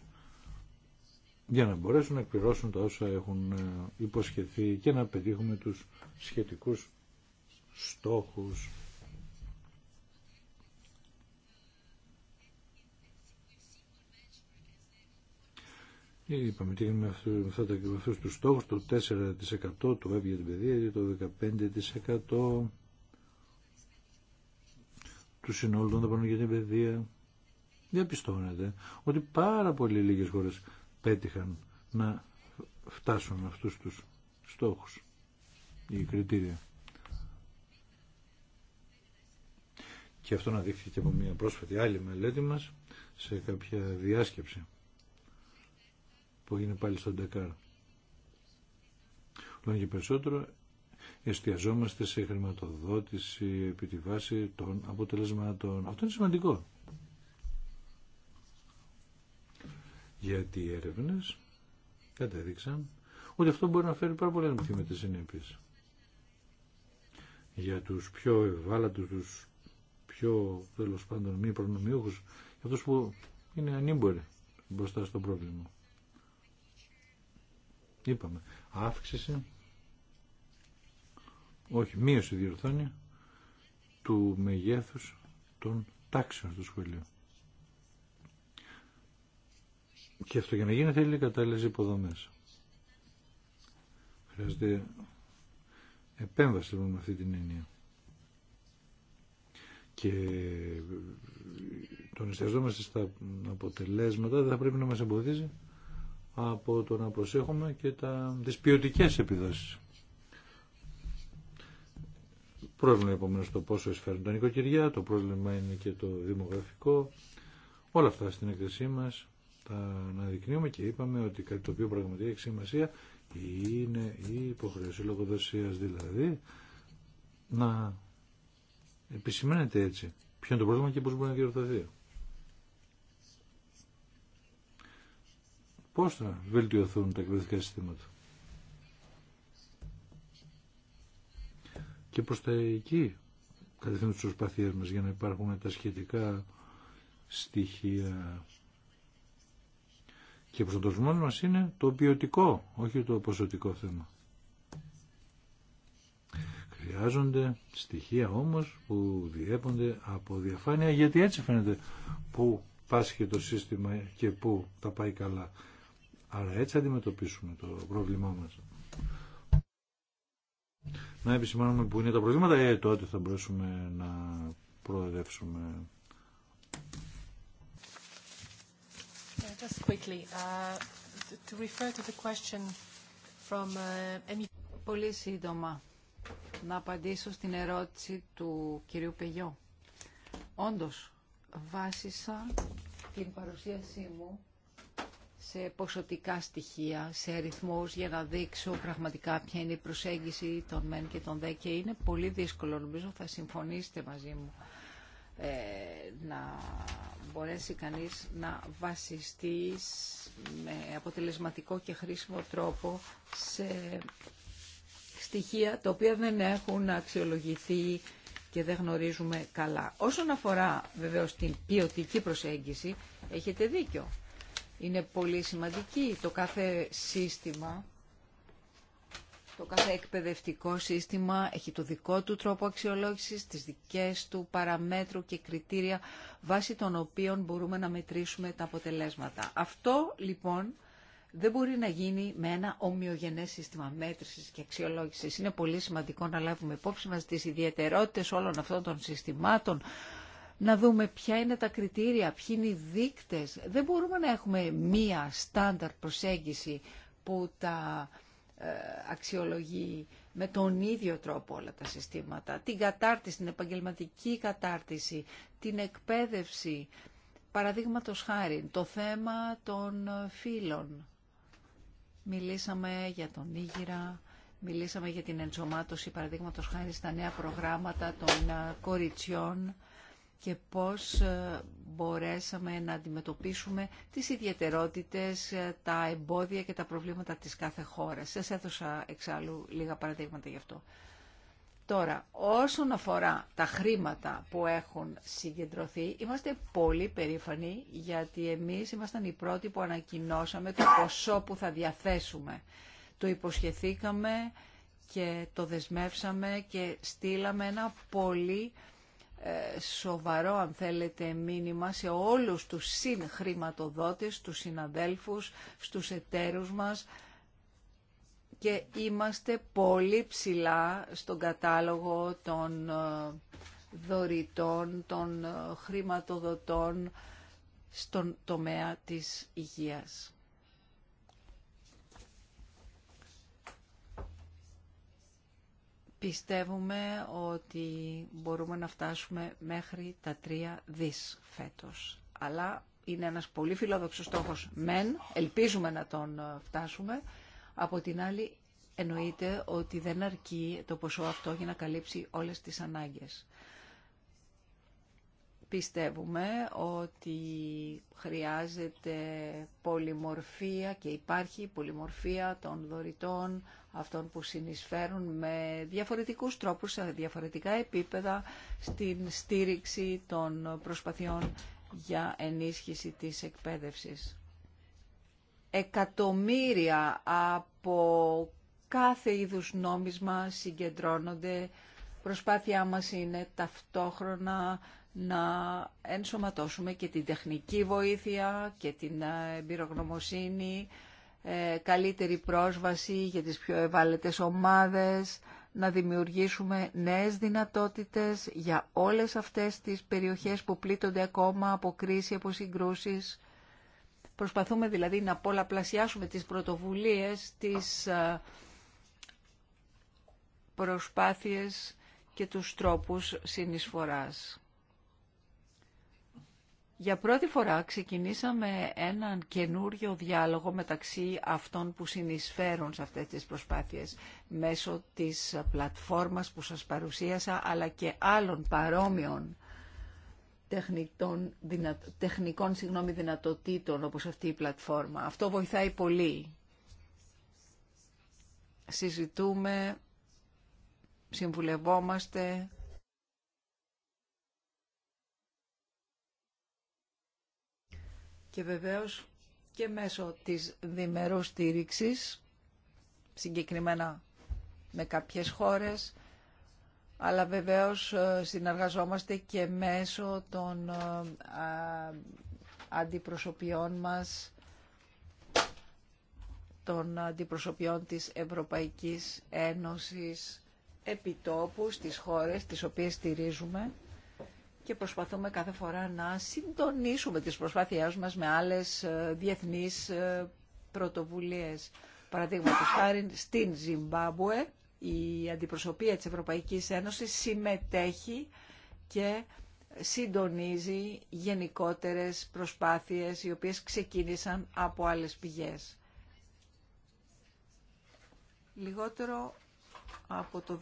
για να μπορέσουν να εκπληρώσουν τα όσα έχουν ε, υποσχεθεί και να πετύχουμε τους σχετικούς στόχους. Είπαμε τι είχαμε με αυτούς τους στόχους, το 4% του ΕΒ για την παιδεία, το 15% του συνόλου των δαπανών για την παιδεία. Διαπιστώνεται ότι πάρα πολύ λίγες χώρες πέτυχαν να φτάσουν αυτούς τους στόχους ή κριτήρια. Και αυτό να δείχνει και από μια πρόσφατη άλλη μελέτη μας σε κάποια διάσκεψη που έγινε πάλι στον Τεκάρ. Λόγω και περισσότερο εστιαζόμαστε σε χρηματοδότηση επί τη βάση των αποτελεσμάτων. Αυτό είναι σημαντικό. γιατί οι έρευνες κατέδειξαν ότι αυτό μπορεί να φέρει πάρα πολλές μαθήμετες συνέπειε. για τους πιο ευάλωτου, του πιο τέλο πάντων μη προνομιούχους, για αυτούς που είναι ανήμποροι μπροστά στο πρόβλημα. Είπαμε, αύξηση, όχι, μείωση διορθώνει, του μεγέθους των τάξεων του σχολείου. Και αυτό για να γίνει θέλει κατάλληλε υποδομές. Χρειάζεται επέμβαση λοιπόν, με αυτή την έννοια. Και τον εστιαζόμαστε στα αποτελέσματα δεν θα πρέπει να μας εμποδίζει από το να προσέχουμε και τα, τις ποιοτικές επιδόσεις. Πρόβλημα επομένως το πόσο εισφέρουν τα νοικοκυριά, το πρόβλημα είναι και το δημογραφικό, όλα αυτά στην έκθεσή μας τα αναδεικνύουμε και είπαμε ότι κάτι το οποίο πραγματικά έχει σημασία είναι η υποχρέωση λογοδοσία δηλαδή να επισημαίνεται έτσι ποιο είναι το πρόβλημα και πώ μπορεί να διορθωθεί. Πώς θα βελτιωθούν τα εκπαιδευτικά συστήματα. Και προς τα εκεί κατευθύνουν τις προσπάθειές μας για να υπάρχουν τα σχετικά στοιχεία και ο προσανατολισμός μας είναι το ποιοτικό, όχι το ποσοτικό θέμα. Χρειάζονται στοιχεία όμως που διέπονται από διαφάνεια, γιατί έτσι φαίνεται που πάσχει το σύστημα και που τα πάει καλά. Άρα έτσι αντιμετωπίσουμε το πρόβλημά μας. Να επισημάνουμε που είναι τα προβλήματα, ε, τότε θα μπορέσουμε να προοδεύσουμε. Just Πολύ σύντομα να απαντήσω στην ερώτηση του κυρίου Πεγιό. Όντως, βάσισα την παρουσίασή μου σε ποσοτικά στοιχεία, σε αριθμούς για να δείξω πραγματικά ποια είναι η προσέγγιση των ΜΕΝ και των ΔΕ και είναι πολύ δύσκολο, νομίζω θα συμφωνήσετε μαζί μου. Ε, να μπορέσει κανείς να βασιστεί με αποτελεσματικό και χρήσιμο τρόπο σε στοιχεία τα οποία δεν έχουν αξιολογηθεί και δεν γνωρίζουμε καλά. Όσον αφορά βεβαίως την ποιοτική προσέγγιση, έχετε δίκιο. Είναι πολύ σημαντική το κάθε σύστημα το κάθε εκπαιδευτικό σύστημα έχει το δικό του τρόπο αξιολόγησης, τις δικές του παραμέτρου και κριτήρια βάσει των οποίων μπορούμε να μετρήσουμε τα αποτελέσματα. Αυτό λοιπόν δεν μπορεί να γίνει με ένα ομοιογενές σύστημα μέτρησης και αξιολόγησης. Είναι πολύ σημαντικό να λάβουμε υπόψη μας τις ιδιαιτερότητες όλων αυτών των συστημάτων, να δούμε ποια είναι τα κριτήρια, ποιοι είναι οι δείκτες. Δεν μπορούμε να έχουμε μία στάνταρ προσέγγιση που τα ε, αξιολογεί με τον ίδιο τρόπο όλα τα συστήματα. Την κατάρτιση, την επαγγελματική κατάρτιση, την εκπαίδευση. Παραδείγματο χάρη, το θέμα των φύλων. Μιλήσαμε για τον Ήγηρα, μιλήσαμε για την ενσωμάτωση, παραδείγματο χάρη στα νέα προγράμματα των ε, κοριτσιών και πώς ε, μπορέσαμε να αντιμετωπίσουμε τις ιδιαιτερότητες, ε, τα εμπόδια και τα προβλήματα της κάθε χώρας. Σας έδωσα εξάλλου λίγα παραδείγματα γι' αυτό. Τώρα, όσον αφορά τα χρήματα που έχουν συγκεντρωθεί, είμαστε πολύ περήφανοι γιατί εμείς ήμασταν οι πρώτοι που ανακοινώσαμε το ποσό που θα διαθέσουμε. Το υποσχεθήκαμε και το δεσμεύσαμε και στείλαμε ένα πολύ ε, σοβαρό αν θέλετε μήνυμα σε όλους τους συγχρηματοδότες, τους συναδέλφους, στους εταίρους μας και είμαστε πολύ ψηλά στον κατάλογο των ε, δωρητών, των ε, χρηματοδοτών στον τομέα της υγείας. Πιστεύουμε ότι μπορούμε να φτάσουμε μέχρι τα τρία δις φέτος. Αλλά είναι ένας πολύ φιλόδοξος στόχος μεν, ελπίζουμε να τον ε, φτάσουμε. Από την άλλη εννοείται ότι δεν αρκεί το ποσό αυτό για να καλύψει όλες τις ανάγκες. Πιστεύουμε ότι χρειάζεται πολυμορφία και υπάρχει πολυμορφία των δωρητών, αυτών που συνεισφέρουν με διαφορετικούς τρόπους, σε διαφορετικά επίπεδα, στην στήριξη των προσπαθειών για ενίσχυση της εκπαίδευσης. Εκατομμύρια από κάθε είδους νόμισμα συγκεντρώνονται. Προσπάθειά μας είναι ταυτόχρονα να ενσωματώσουμε και την τεχνική βοήθεια και την εμπειρογνωμοσύνη ε, καλύτερη πρόσβαση για τις πιο ευάλωτες ομάδες, να δημιουργήσουμε νέες δυνατότητες για όλες αυτές τις περιοχές που πλήττονται ακόμα από κρίση, από συγκρούσεις. Προσπαθούμε δηλαδή να πολλαπλασιάσουμε τις πρωτοβουλίες, τις ε, προσπάθειες και τους τρόπους συνεισφοράς. Για πρώτη φορά ξεκινήσαμε έναν καινούριο διάλογο μεταξύ αυτών που συνεισφέρουν σε αυτές τις προσπάθειες μέσω της πλατφόρμας που σας παρουσίασα αλλά και άλλων παρόμοιων τεχνικών, δυνατοτήτων όπως αυτή η πλατφόρμα. Αυτό βοηθάει πολύ. Συζητούμε, συμβουλευόμαστε, και βεβαίως και μέσω της διμερούς στήριξης, συγκεκριμένα με κάποιες χώρες, αλλά βεβαίως ε, συνεργαζόμαστε και μέσω των ε, αντιπροσωπιών μας, των αντιπροσωπιών της Ευρωπαϊκής Ένωσης επιτόπου στις χώρες τις οποίες στηρίζουμε και προσπαθούμε κάθε φορά να συντονίσουμε τις προσπάθειές μας με άλλες ε, διεθνείς ε, πρωτοβουλίες. Παραδείγματο χάρη στην Ζιμπάμπουε η αντιπροσωπεία της Ευρωπαϊκής Ένωσης συμμετέχει και συντονίζει γενικότερες προσπάθειες οι οποίες ξεκίνησαν από άλλες πηγές. Λιγότερο από το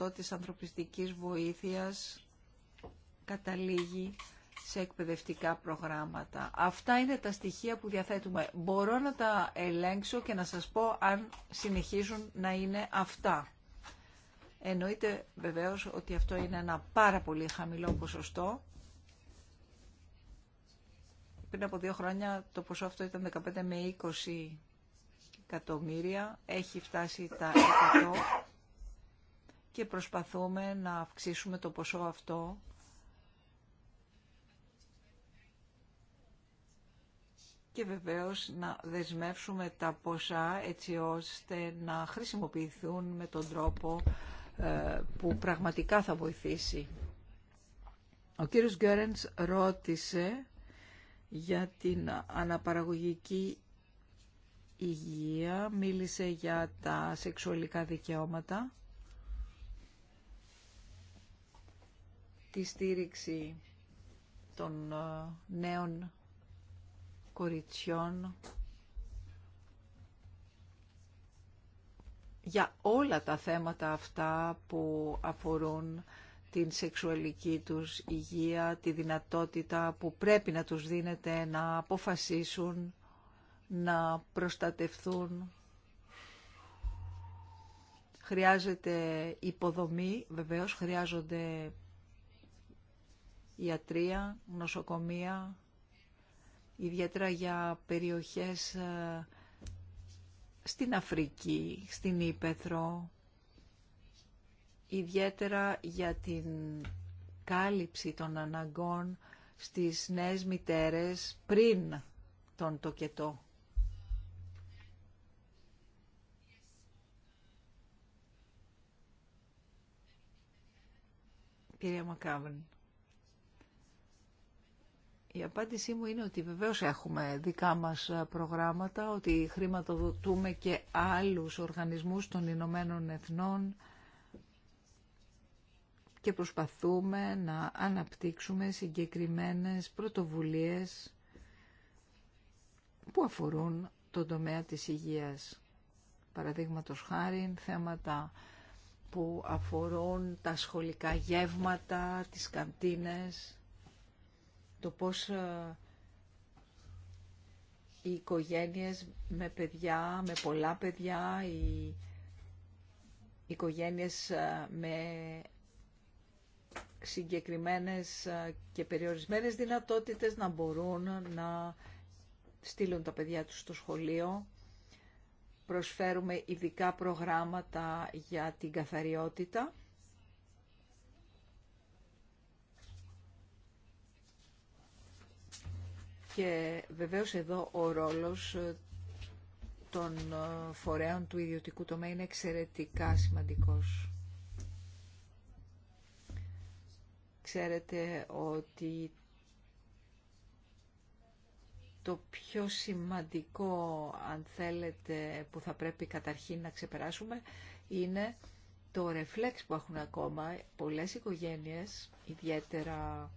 2% της ανθρωπιστικής βοήθειας καταλήγει σε εκπαιδευτικά προγράμματα. Αυτά είναι τα στοιχεία που διαθέτουμε. Μπορώ να τα ελέγξω και να σας πω αν συνεχίζουν να είναι αυτά. Εννοείται βεβαίως ότι αυτό είναι ένα πάρα πολύ χαμηλό ποσοστό. Πριν από δύο χρόνια το ποσό αυτό ήταν 15 με 20 εκατομμύρια. Έχει φτάσει τα 100 και προσπαθούμε να αυξήσουμε το ποσό αυτό και βεβαίως να δεσμεύσουμε τα ποσά έτσι ώστε να χρησιμοποιηθούν με τον τρόπο ε, που πραγματικά θα βοηθήσει. Ο κύριος Γκέρενς ρώτησε για την αναπαραγωγική υγεία, μίλησε για τα σεξουαλικά δικαιώματα, τη στήριξη των ε, νέων κοριτσιών για όλα τα θέματα αυτά που αφορούν την σεξουαλική τους υγεία, τη δυνατότητα που πρέπει να τους δίνεται να αποφασίσουν, να προστατευθούν. Χρειάζεται υποδομή, βεβαίως χρειάζονται ιατρία, νοσοκομεία, ιδιαίτερα για περιοχές ε, στην Αφρική, στην Ήπεθρο, ιδιαίτερα για την κάλυψη των αναγκών στις νέες μητέρες πριν τον τοκετό. Κυρία Μακάβριν. Η απάντησή μου είναι ότι βεβαίως έχουμε δικά μας ε, προγράμματα, ότι χρηματοδοτούμε και άλλους οργανισμούς των Ηνωμένων Εθνών και προσπαθούμε να αναπτύξουμε συγκεκριμένες πρωτοβουλίες που αφορούν τον τομέα της υγείας. Παραδείγματος χάρη θέματα που αφορούν τα σχολικά γεύματα, τις καντίνες, το πώς ε, οι οικογένειες με παιδιά, με πολλά παιδιά, οι οικογένειες ε, με συγκεκριμένες ε, και περιορισμένες δυνατότητες να μπορούν να στείλουν τα παιδιά τους στο σχολείο. Προσφέρουμε ειδικά προγράμματα για την καθαριότητα. Και βεβαίως εδώ ο ρόλος ε, των ε, φορέων του ιδιωτικού τομέα είναι εξαιρετικά σημαντικός. Ξέρετε ότι το πιο σημαντικό, αν θέλετε, που θα πρέπει καταρχήν να ξεπεράσουμε είναι το ρεφλέξ που έχουν ακόμα πολλές οικογένειες, ιδιαίτερα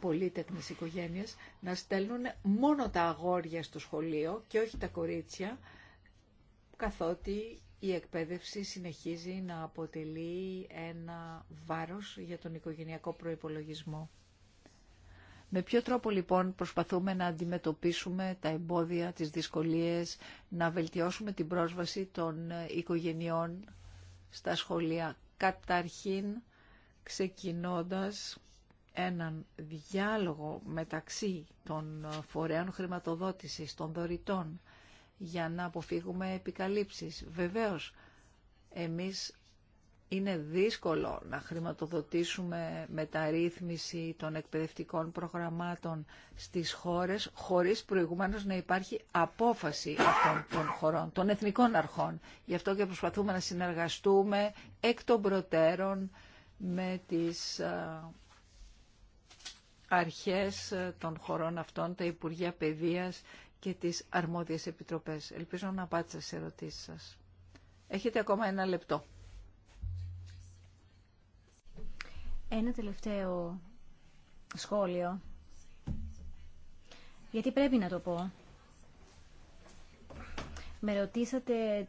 πολίτεχνες οικογένειες να στέλνουν μόνο τα αγόρια στο σχολείο και όχι τα κορίτσια, καθότι η εκπαίδευση συνεχίζει να αποτελεί ένα βάρος για τον οικογενειακό προϋπολογισμό. Με ποιο τρόπο λοιπόν προσπαθούμε να αντιμετωπίσουμε τα εμπόδια, τις δυσκολίες, να βελτιώσουμε την πρόσβαση των οικογενειών στα σχολεία. Καταρχήν ξεκινώντας έναν διάλογο μεταξύ των φορέων χρηματοδότησης, των δωρητών, για να αποφύγουμε επικαλύψεις. Βεβαίως, εμείς είναι δύσκολο να χρηματοδοτήσουμε μεταρρύθμιση των εκπαιδευτικών προγραμμάτων στις χώρες χωρίς προηγουμένως να υπάρχει απόφαση αυτών των χωρών, των εθνικών αρχών. Γι' αυτό και προσπαθούμε να συνεργαστούμε εκ των προτέρων με τις αρχές ε, των χωρών αυτών, τα Υπουργεία Παιδείας και τις αρμόδιες επιτροπές. Ελπίζω να απάντησα σε ερωτήσεις σας. Έχετε ακόμα ένα λεπτό. Ένα τελευταίο σχόλιο. Γιατί πρέπει να το πω. Με ρωτήσατε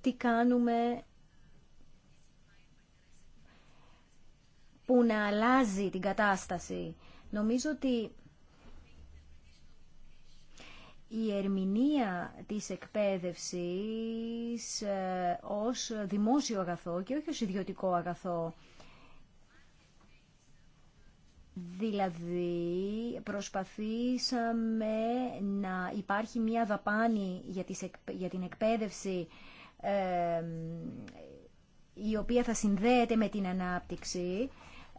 τι κάνουμε που να αλλάζει την κατάσταση. Νομίζω ότι η ερμηνεία της εκπαίδευσης ε, ως δημόσιο αγαθό και όχι ως ιδιωτικό αγαθό. Δηλαδή προσπαθήσαμε να υπάρχει μια δαπάνη για την εκπαίδευση ε, η οποία θα συνδέεται με την ανάπτυξη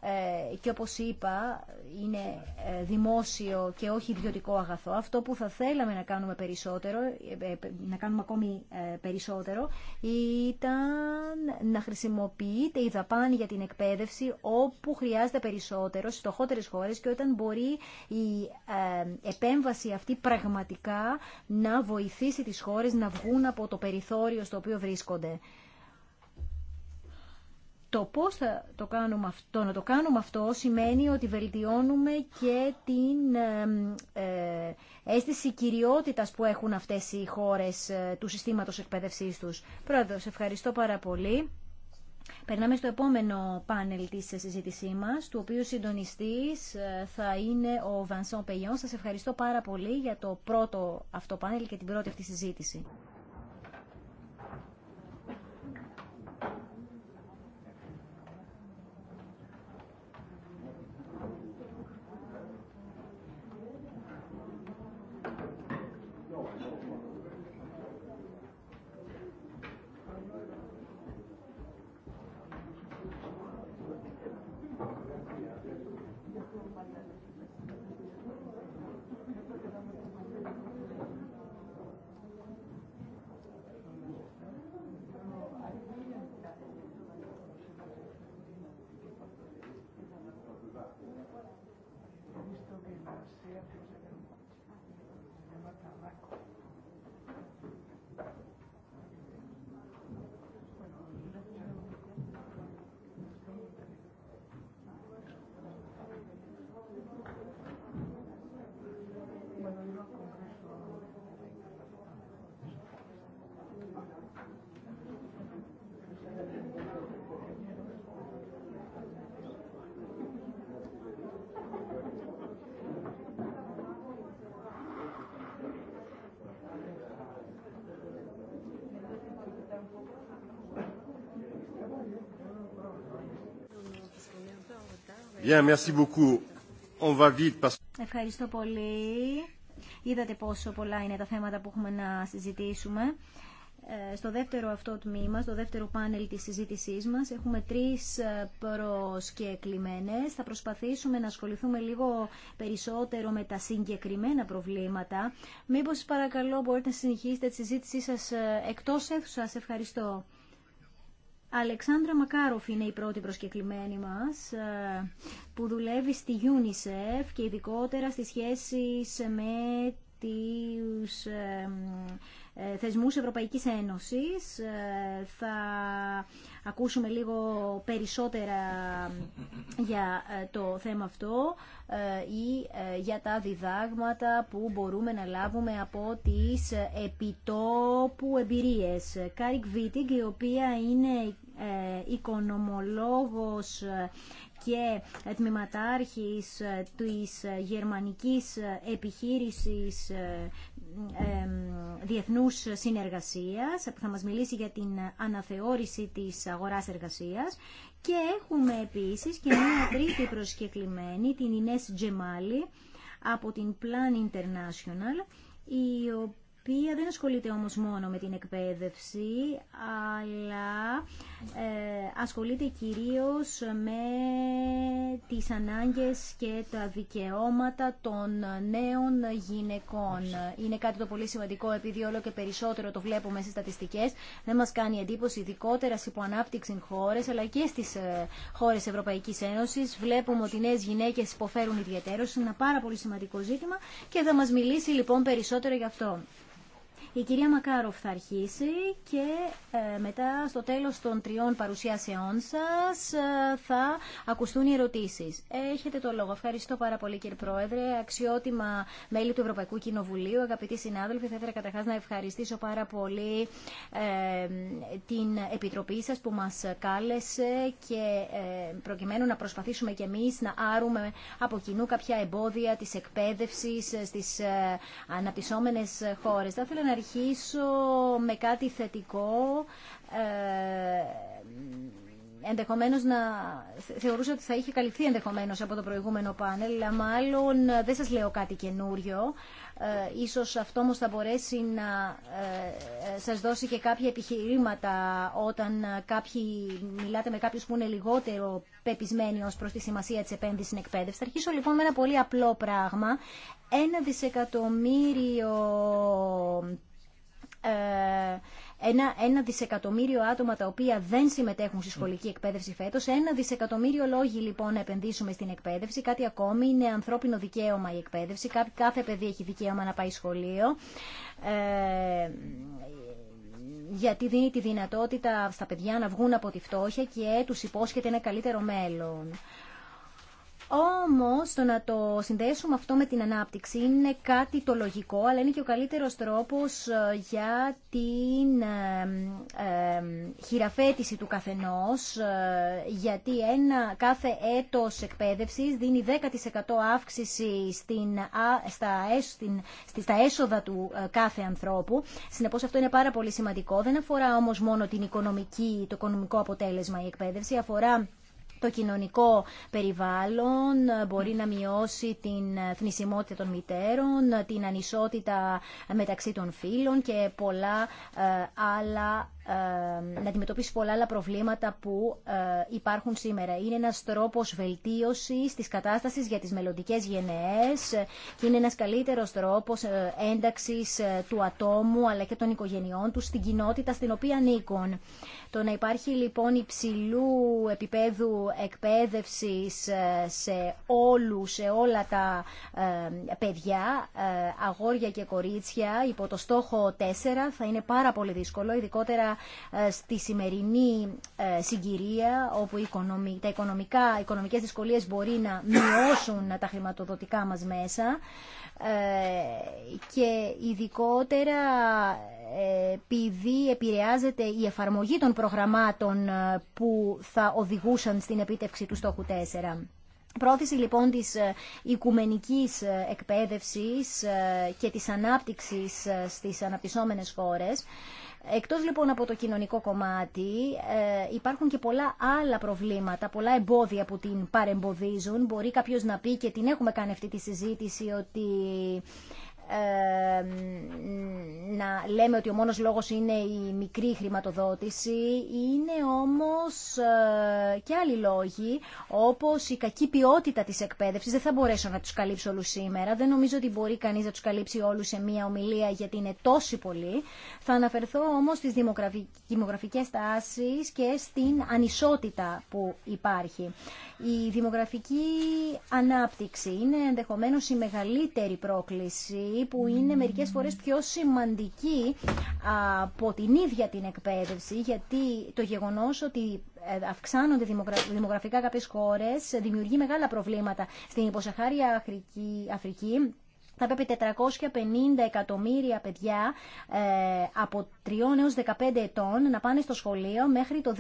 ε, και όπως είπα είναι ε, δημόσιο και όχι ιδιωτικό αγαθό. Αυτό που θα θέλαμε να κάνουμε περισσότερο, ε, να κάνουμε ακόμη περισσότερο, ήταν να χρησιμοποιείται η δαπάνη για την εκπαίδευση όπου χρειάζεται περισσότερο, στις στοχότερες χώρες και όταν μπορεί η επέμβαση αυτή πραγματικά να βοηθήσει τις χώρες να βγουν από το περιθώριο στο οποίο βρίσκονται το πώς θα το κάνουμε αυτό, να το κάνουμε αυτό σημαίνει ότι βελτιώνουμε και την ε, αίσθηση κυριότητας που έχουν αυτές οι χώρες ε, του συστήματος εκπαίδευσής τους. Πρόεδρος, ευχαριστώ πάρα πολύ. Περνάμε στο επόμενο πάνελ της συζήτησή μας, του οποίου συντονιστής ε, θα είναι ο Βανσόν Πεγιόν. Σας ευχαριστώ πάρα πολύ για το πρώτο αυτό πάνελ και την πρώτη αυτή συζήτηση. Ευχαριστώ πολύ. Είδατε πόσο πολλά είναι τα θέματα που έχουμε να συζητήσουμε. Ε, στο δεύτερο αυτό τμήμα, στο δεύτερο πάνελ της συζήτησής μας, έχουμε τρεις ε, προσκεκλημένες. Θα προσπαθήσουμε να ασχοληθούμε λίγο περισσότερο με τα συγκεκριμένα προβλήματα. Μήπως παρακαλώ μπορείτε να συνεχίσετε τη συζήτησή σας ε, εκτός αίθουσας. Ευχαριστώ. Αλεξάνδρα Μακάροφ είναι η πρώτη προσκεκλημένη μας ε, που δουλεύει στη UNICEF και ειδικότερα στις σχέσεις με τους ε, ε, θεσμούς Ευρωπαϊκής Ένωσης. Θα ακούσουμε λίγο περισσότερα για το θέμα αυτό ή για τα διδάγματα που μπορούμε να λάβουμε από τις επιτόπου εμπειρίες. Κάρικ Βίτιγκ, η οποία είναι ε, οικονομολόγος ε, και τμήματάρχης ε, της γερμανικής επιχείρησης διεθνούς συνεργασίας που θα μας μιλήσει για την αναθεώρηση της αγοράς εργασίας και έχουμε επίσης και μία τρίτη προσκεκλημένη, την Ινές Τζεμάλη από την Plan International η οποία δεν ασχολείται όμως μόνο με την εκπαίδευση αλλά ε, ασχολείται κυρίως με τις ανάγκες και τα δικαιώματα των νέων γυναικών. Είναι κάτι το πολύ σημαντικό επειδή όλο και περισσότερο το βλέπουμε στις στατιστικές. Δεν μας κάνει εντύπωση ειδικότερα σε υποανάπτυξη χώρες αλλά και στις ε, χώρες Ευρωπαϊκής Ένωσης. Βλέπουμε ότι οι νέες γυναίκες υποφέρουν ιδιαίτερως. Είναι ένα πάρα πολύ σημαντικό ζήτημα και θα μας μιλήσει λοιπόν περισσότερο γι' αυτό. Η κυρία Μακάροφ θα αρχίσει και ε, μετά στο τέλος των τριών παρουσιάσεών σας ε, θα ακουστούν οι ερωτήσεις. Έχετε το λόγο. Ευχαριστώ πάρα πολύ κύριε Πρόεδρε. Αξιότιμα μέλη του Ευρωπαϊκού Κοινοβουλίου, αγαπητοί συνάδελφοι, θα ήθελα καταρχά να ευχαριστήσω πάρα πολύ ε, την Επιτροπή σας που μας κάλεσε και προκειμένου να προσπαθήσουμε κι εμείς να άρουμε από κοινού κάποια εμπόδια της εκπαίδευσης στις αναπτυσσόμενες χώρες. Θα ήθελα να συνεχίσω με κάτι θετικό. Ε, ενδεχομένως να θεωρούσα ότι θα είχε καλυφθεί ενδεχομένως από το προηγούμενο πάνελ, αλλά μάλλον ε, δεν σας λέω κάτι καινούριο. Ε, ίσως αυτό όμως θα μπορέσει να ε, ε σας δώσει και κάποια επιχειρήματα όταν κάποιοι, μιλάτε με κάποιους που είναι λιγότερο πεπισμένοι ως προς τη σημασία της επένδυσης στην εκπαίδευση. Θα αρχίσω λοιπόν με ένα πολύ απλό πράγμα. Ένα δισεκατομμύριο ε, ένα, ένα δισεκατομμύριο άτομα τα οποία δεν συμμετέχουν στη σχολική εκπαίδευση φέτο. Ένα δισεκατομμύριο λόγοι λοιπόν να επενδύσουμε στην εκπαίδευση. Κάτι ακόμη είναι ανθρώπινο δικαίωμα η εκπαίδευση. Κάθε παιδί έχει δικαίωμα να πάει σχολείο. Ε, γιατί δίνει τη δυνατότητα στα παιδιά να βγουν από τη φτώχεια και τους υπόσχεται ένα καλύτερο μέλλον. Όμως το να το συνδέσουμε αυτό με την ανάπτυξη είναι κάτι το λογικό, αλλά είναι και ο καλύτερος τρόπος ε, για την ε, ε, χειραφέτηση του καθενός, γιατί ένα κάθε έτος εκπαίδευσης δίνει 10% αύξηση στην, στα, στα έσοδα του κάθε ανθρώπου. Συνεπώς αυτό είναι πάρα πολύ σημαντικό. Δεν αφορά όμως μόνο την οικονομική, το οικονομικό αποτέλεσμα η εκπαίδευση, αφορά το κοινωνικό περιβάλλον, μπορεί να μειώσει την θνησιμότητα των μητέρων, την ανισότητα μεταξύ των φίλων και πολλά ε, άλλα ε, να αντιμετωπίσει πολλά άλλα προβλήματα που ε, υπάρχουν σήμερα. Είναι ένας τρόπος βελτίωσης της κατάστασης για τις μελλοντικέ γενναίες και είναι ένας καλύτερος τρόπος ε, ένταξης του ατόμου αλλά και των οικογενειών του στην κοινότητα στην οποία ανήκουν. Το να υπάρχει λοιπόν υψηλού επίπεδου εκπαίδευσης σε όλους, σε όλα τα παιδιά, αγόρια και κορίτσια υπό το στόχο 4 θα είναι πάρα πολύ δύσκολο, ειδικότερα ε, στη σημερινή ε, συγκυρία όπου τα οικονομικά, οικονομικές δυσκολίες μπορεί να μειώσουν τα χρηματοδοτικά μας μέσα ε, και ειδικότερα επειδή επηρεάζεται η εφαρμογή των προγραμμάτων που θα οδηγούσαν στην επίτευξη του στόχου 4. Πρόθεση λοιπόν της οικουμενικής εκπαίδευσης και της ανάπτυξης στις αναπτυσσόμενες χώρες Εκτός λοιπόν από το κοινωνικό κομμάτι ε, υπάρχουν και πολλά άλλα προβλήματα, πολλά εμπόδια που την παρεμποδίζουν. Μπορεί κάποιος να πει και την έχουμε κάνει αυτή τη συζήτηση ότι να λέμε ότι ο μόνος λόγος είναι η μικρή χρηματοδότηση. Είναι όμως ε, και άλλοι λόγοι, όπως η κακή ποιότητα της εκπαίδευσης. Δεν θα μπορέσω να τους καλύψω όλους σήμερα. Δεν νομίζω ότι μπορεί κανείς να τους καλύψει όλους σε μία ομιλία, γιατί είναι τόσοι πολλοί. Θα αναφερθώ όμως στις δημογραφικές τάσεις και στην ανισότητα που υπάρχει. Η δημογραφική ανάπτυξη είναι ενδεχομένως η μεγαλύτερη πρόκληση που είναι μερικές φορές πιο σημαντική από την ίδια την εκπαίδευση γιατί το γεγονός ότι ε, αυξάνονται δημογραφικά κάποιες χώρες δημιουργεί μεγάλα προβλήματα. Στην υποσαχάρια Αφρική θα πρέπει 450 εκατομμύρια παιδιά ε, από έως 15 ετών να πάνε στο σχολείο μέχρι το 2030.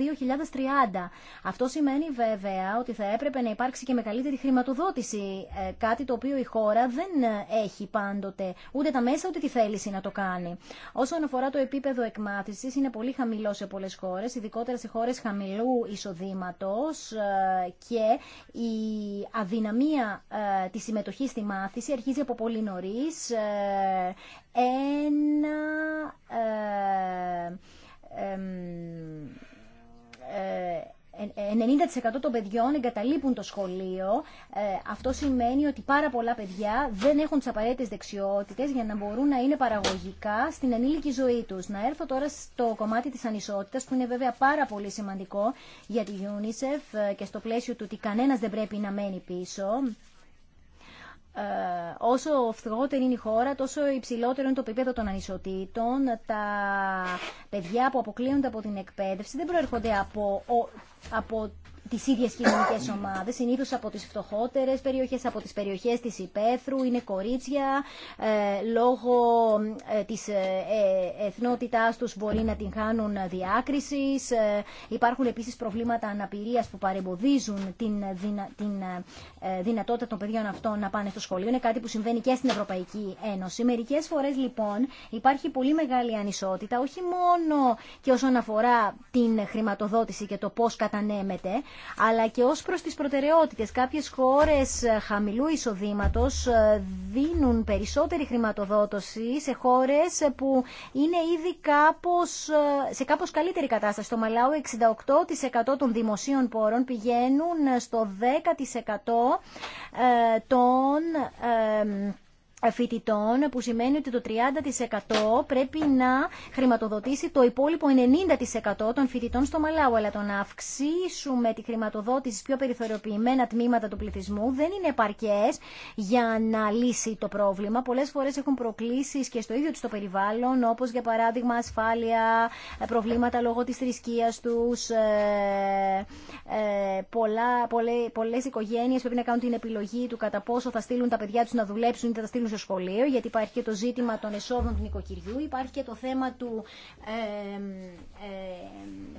Αυτό σημαίνει βέβαια ότι θα έπρεπε να υπάρξει και μεγαλύτερη χρηματοδότηση, ε, κάτι το οποίο η χώρα δεν ε, έχει πάντοτε ούτε τα μέσα ούτε τη θέληση να το κάνει. Όσον αφορά το επίπεδο εκμάθησης, είναι πολύ χαμηλό σε πολλές χώρες, ειδικότερα σε χώρες χαμηλού εισοδήματος ε, και η αδυναμία της συμμετοχής στη μάθηση αρχίζει από πολύ νωρίς ένα ε, 90% ε, ε, ε, των παιδιών εγκαταλείπουν το σχολείο. αυτό σημαίνει ότι πάρα πολλά παιδιά δεν έχουν τι απαραίτητε δεξιότητε για να μπορούν να είναι παραγωγικά στην ενήλικη ζωή του. Να έρθω τώρα στο κομμάτι τη ανισότητα, που είναι βέβαια πάρα πολύ σημαντικό για τη UNICEF και στο πλαίσιο του ότι κανένα δεν πρέπει να μένει πίσω. Ε, όσο φθηγότερη είναι η χώρα, τόσο υψηλότερο είναι το επίπεδο των ανισοτήτων. Τα παιδιά που αποκλείονται από την εκπαίδευση δεν προέρχονται από, από τι ίδιε κοινωνικέ ομάδε, συνήθω από τι φτωχότερε περιοχέ από τι περιοχέ τη υπαίθρου, είναι κορίτσια, ε, λόγω ε, της ε, εθνότητά του μπορεί να την χάνουν Ε, Υπάρχουν επίση προβλήματα αναπηρία που παρεμποδίζουν την, δυνα... την δυνατότητα των παιδιών αυτών να πάνε στο σχολείο. Είναι κάτι που συμβαίνει και στην Ευρωπαϊκή Ένωση. Μερικέ φορέ λοιπόν υπάρχει πολύ μεγάλη ανισότητα, όχι μόνο και όσον αφορά την χρηματοδότηση και το πώ κατανέμεται, αλλά και ως προς τις προτεραιότητες. Κάποιες χώρες ε, χαμηλού εισοδήματος ε, δίνουν περισσότερη χρηματοδότηση σε χώρες ε, που είναι ήδη κάπως, σε κάπως καλύτερη κατάσταση. Στο Μαλάου 68% των δημοσίων πόρων πηγαίνουν στο 10% των φοιτητών που σημαίνει ότι το 30% πρέπει να χρηματοδοτήσει το υπόλοιπο 90% των φοιτητών στο Μαλάου. Αλλά το να αυξήσουμε τη χρηματοδότηση πιο περιθωριοποιημένα τμήματα του πληθυσμού δεν είναι επαρκέ για να λύσει το πρόβλημα. Πολλέ φορέ έχουν προκλήσει και στο ίδιο του το περιβάλλον όπω για παράδειγμα ασφάλεια, προβλήματα λόγω τη θρησκεία του. Ε, ε, πολλέ πολλές, οικογένειες πρέπει να κάνουν την επιλογή του κατά πόσο θα στείλουν τα παιδιά του να δουλέψουν ή θα τα στείλουν στο σχολείο, γιατί υπάρχει και το ζήτημα των εσόδων του νοικοκυριού, υπάρχει και το θέμα του ε,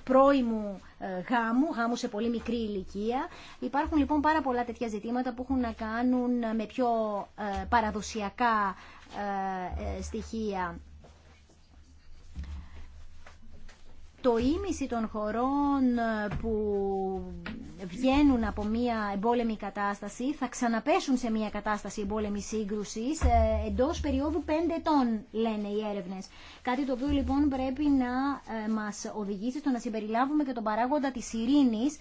πρώιμου γάμου, γάμου σε πολύ μικρή ηλικία. Υπάρχουν λοιπόν πάρα πολλά τέτοια ζητήματα που έχουν να κάνουν με πιο ε, παραδοσιακά ε, ε, στοιχεία. το ίμιση των χωρών ε, που βγαίνουν από μια εμπόλεμη κατάσταση θα ξαναπέσουν σε μια κατάσταση εμπόλεμη σύγκρουση ε, εντός περίοδου 5 ετών, λένε οι έρευνες. Κάτι το οποίο λοιπόν πρέπει να ε, μας οδηγήσει στο να συμπεριλάβουμε και τον παράγοντα της ειρήνης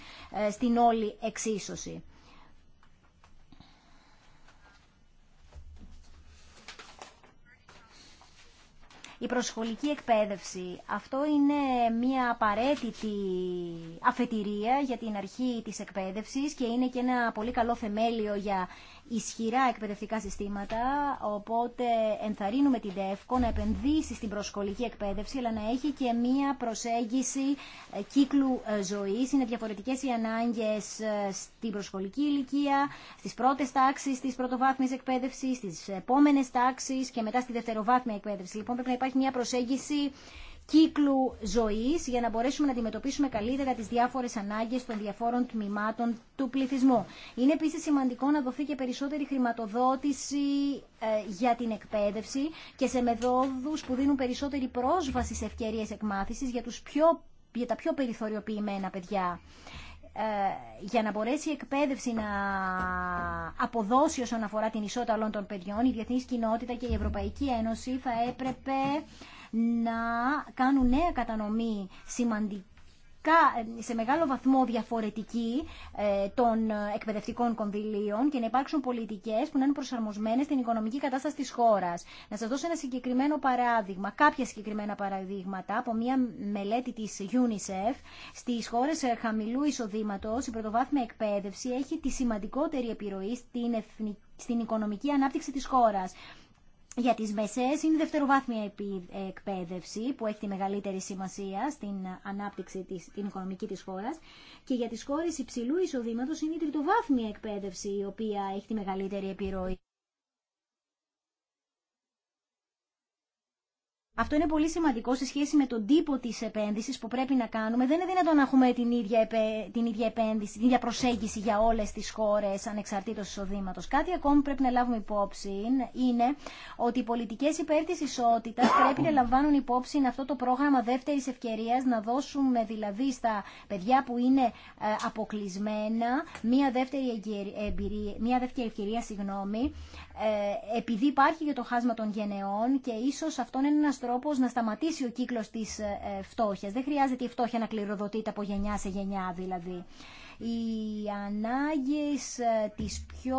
στην όλη εξίσωση. η προσχολική εκπαίδευση. Αυτό είναι μια απαραίτητη αφετηρία για την αρχή της εκπαίδευσης και είναι και ένα πολύ καλό θεμέλιο για ισχυρά εκπαιδευτικά συστήματα, οπότε ενθαρρύνουμε την ΔΕΦΚΟ να επενδύσει στην προσχολική εκπαίδευση, αλλά να έχει και μία προσέγγιση ε, κύκλου ε, ζωής. Είναι διαφορετικές οι ανάγκες ε, στην προσχολική ηλικία, στις πρώτες τάξεις τη πρωτοβάθμιας εκπαίδευσης, στις επόμενες τάξεις και μετά στη δευτεροβάθμια εκπαίδευση. Λοιπόν, πρέπει να υπάρχει μία προσέγγιση κύκλου ζωής για να μπορέσουμε να αντιμετωπίσουμε καλύτερα τις διάφορες ανάγκες των διαφόρων τμήματων του πληθυσμού. Είναι επίσης σημαντικό να δοθεί και περισσότερη χρηματοδότηση ε, για την εκπαίδευση και σε μεθόδους που δίνουν περισσότερη πρόσβαση σε ευκαιρίες εκμάθησης για, τους πιο, για τα πιο περιθωριοποιημένα παιδιά ε, για να μπορέσει η εκπαίδευση να αποδώσει όσον αφορά την ισότητα όλων των παιδιών, η διεθνή κοινότητα και η Ευρωπαϊκή Ένωση θα έπρεπε να κάνουν νέα κατανομή σημαντική σε μεγάλο βαθμό διαφορετική ε, των εκπαιδευτικών κονδυλίων και να υπάρξουν πολιτικέ που να είναι προσαρμοσμένε στην οικονομική κατάσταση τη χώρα. Να σα δώσω ένα συγκεκριμένο παράδειγμα, κάποια συγκεκριμένα παραδείγματα από μια μελέτη τη UNICEF. Στι χώρε ε, χαμηλού εισοδήματο, η πρωτοβάθμια εκπαίδευση έχει τη σημαντικότερη επιρροή στην στην οικονομική ανάπτυξη της χώρας για τις ΜΕΣΕΣ είναι η δευτεροβάθμια εκπαίδευση που έχει τη μεγαλύτερη σημασία στην ανάπτυξη της, την οικονομική της χώρας και για τις χώρες υψηλού εισοδήματος είναι η τριτοβάθμια εκπαίδευση η οποία έχει τη μεγαλύτερη επιρροή. Αυτό είναι πολύ σημαντικό σε σχέση με τον τύπο τη επένδυση που πρέπει να κάνουμε. Δεν είναι δυνατόν να έχουμε την ίδια, την ίδια επένδυση, την ίδια προσέγγιση για όλες τις χώρε ανεξαρτήτως εισοδήματο. Κάτι ακόμη πρέπει να λάβουμε υπόψη είναι ότι οι πολιτικέ υπέρ τη ισότητας πρέπει να λαμβάνουν υπόψη αυτό το πρόγραμμα δεύτερη ευκαιρία, να δώσουμε δηλαδή στα παιδιά που είναι ε, αποκλεισμένα μία δεύτερη, εμπειρία, μια δεύτερη ευκαιρία, συγγνώμη, ε, επειδή υπάρχει και το χάσμα των γενεών και ίσως αυτό είναι ένας τρόπος να σταματήσει ο κύκλος της ε, ε, φτώχειας. Δεν χρειάζεται η φτώχεια να κληροδοτείται από γενιά σε γενιά δηλαδή οι ανάγκες ε, της πιο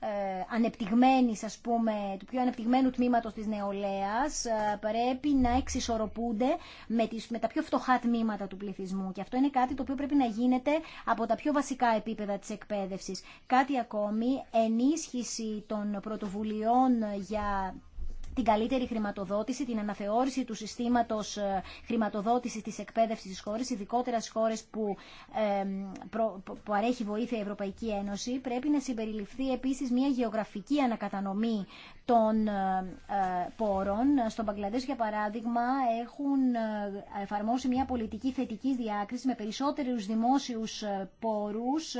ε, ανεπτυγμένης, ας πούμε, του πιο ανεπτυγμένου τμήματος της νεολαίας ε, πρέπει να εξισορροπούνται με, τις, τα πιο φτωχά τμήματα του πληθυσμού και αυτό είναι κάτι το οποίο πρέπει να γίνεται από τα πιο βασικά επίπεδα της εκπαίδευσης. Κάτι ακόμη, ενίσχυση των πρωτοβουλειών για την καλύτερη χρηματοδότηση, την αναθεώρηση του συστήματος ε, χρηματοδότησης της εκπαίδευση της χώρας, ειδικότερα στι χώρες που, που αρέχει βοήθεια η Ευρωπαϊκή Ένωση. Πρέπει να συμπεριληφθεί επίσης μια γεωγραφική ανακατανομή των ε, ε, πόρων. στο Μπαγκλαντέ, για παράδειγμα, έχουν εφαρμόσει μια πολιτική θετική διάκριση με περισσότερους δημόσιους πόρους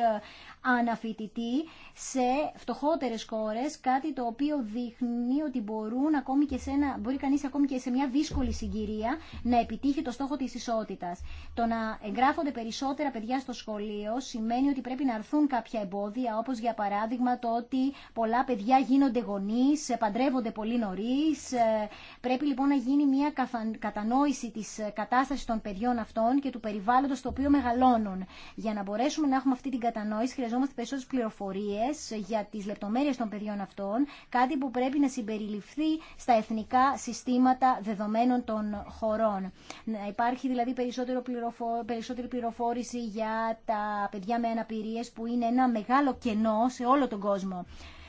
αναφοιτητή σε φτωχότερε χώρε, κάτι το οποίο δείχνει ότι μπορούν ακόμη και σε μπορεί κανείς ακόμη και σε μια δύσκολη συγκυρία να επιτύχει το στόχο της ισότητας. Το να εγγράφονται περισσότερα παιδιά στο σχολείο σημαίνει ότι πρέπει να αρθούν κάποια εμπόδια, όπως για παράδειγμα το ότι πολλά παιδιά γίνονται γονείς, ε, παντρεύονται πολύ νωρί. Ε, πρέπει λοιπόν να γίνει μια κατανόηση της ε, κατάστασης των παιδιών αυτών και του περιβάλλοντος στο οποίο μεγαλώνουν. Για να μπορέσουμε να έχουμε αυτή την κατανόηση χρειαζόμαστε περισσότερες πληροφορίες για τις λεπτομέρειες των παιδιών αυτών, κάτι που πρέπει να συμπεριληφθεί στα εθνικά συστήματα δεδομένων των χωρών. Να υπάρχει δηλαδή περισσότερο πληροφο... περισσότερη πληροφόρηση για τα παιδιά με αναπηρίες που είναι ένα μεγάλο κενό σε όλο τον κόσμο.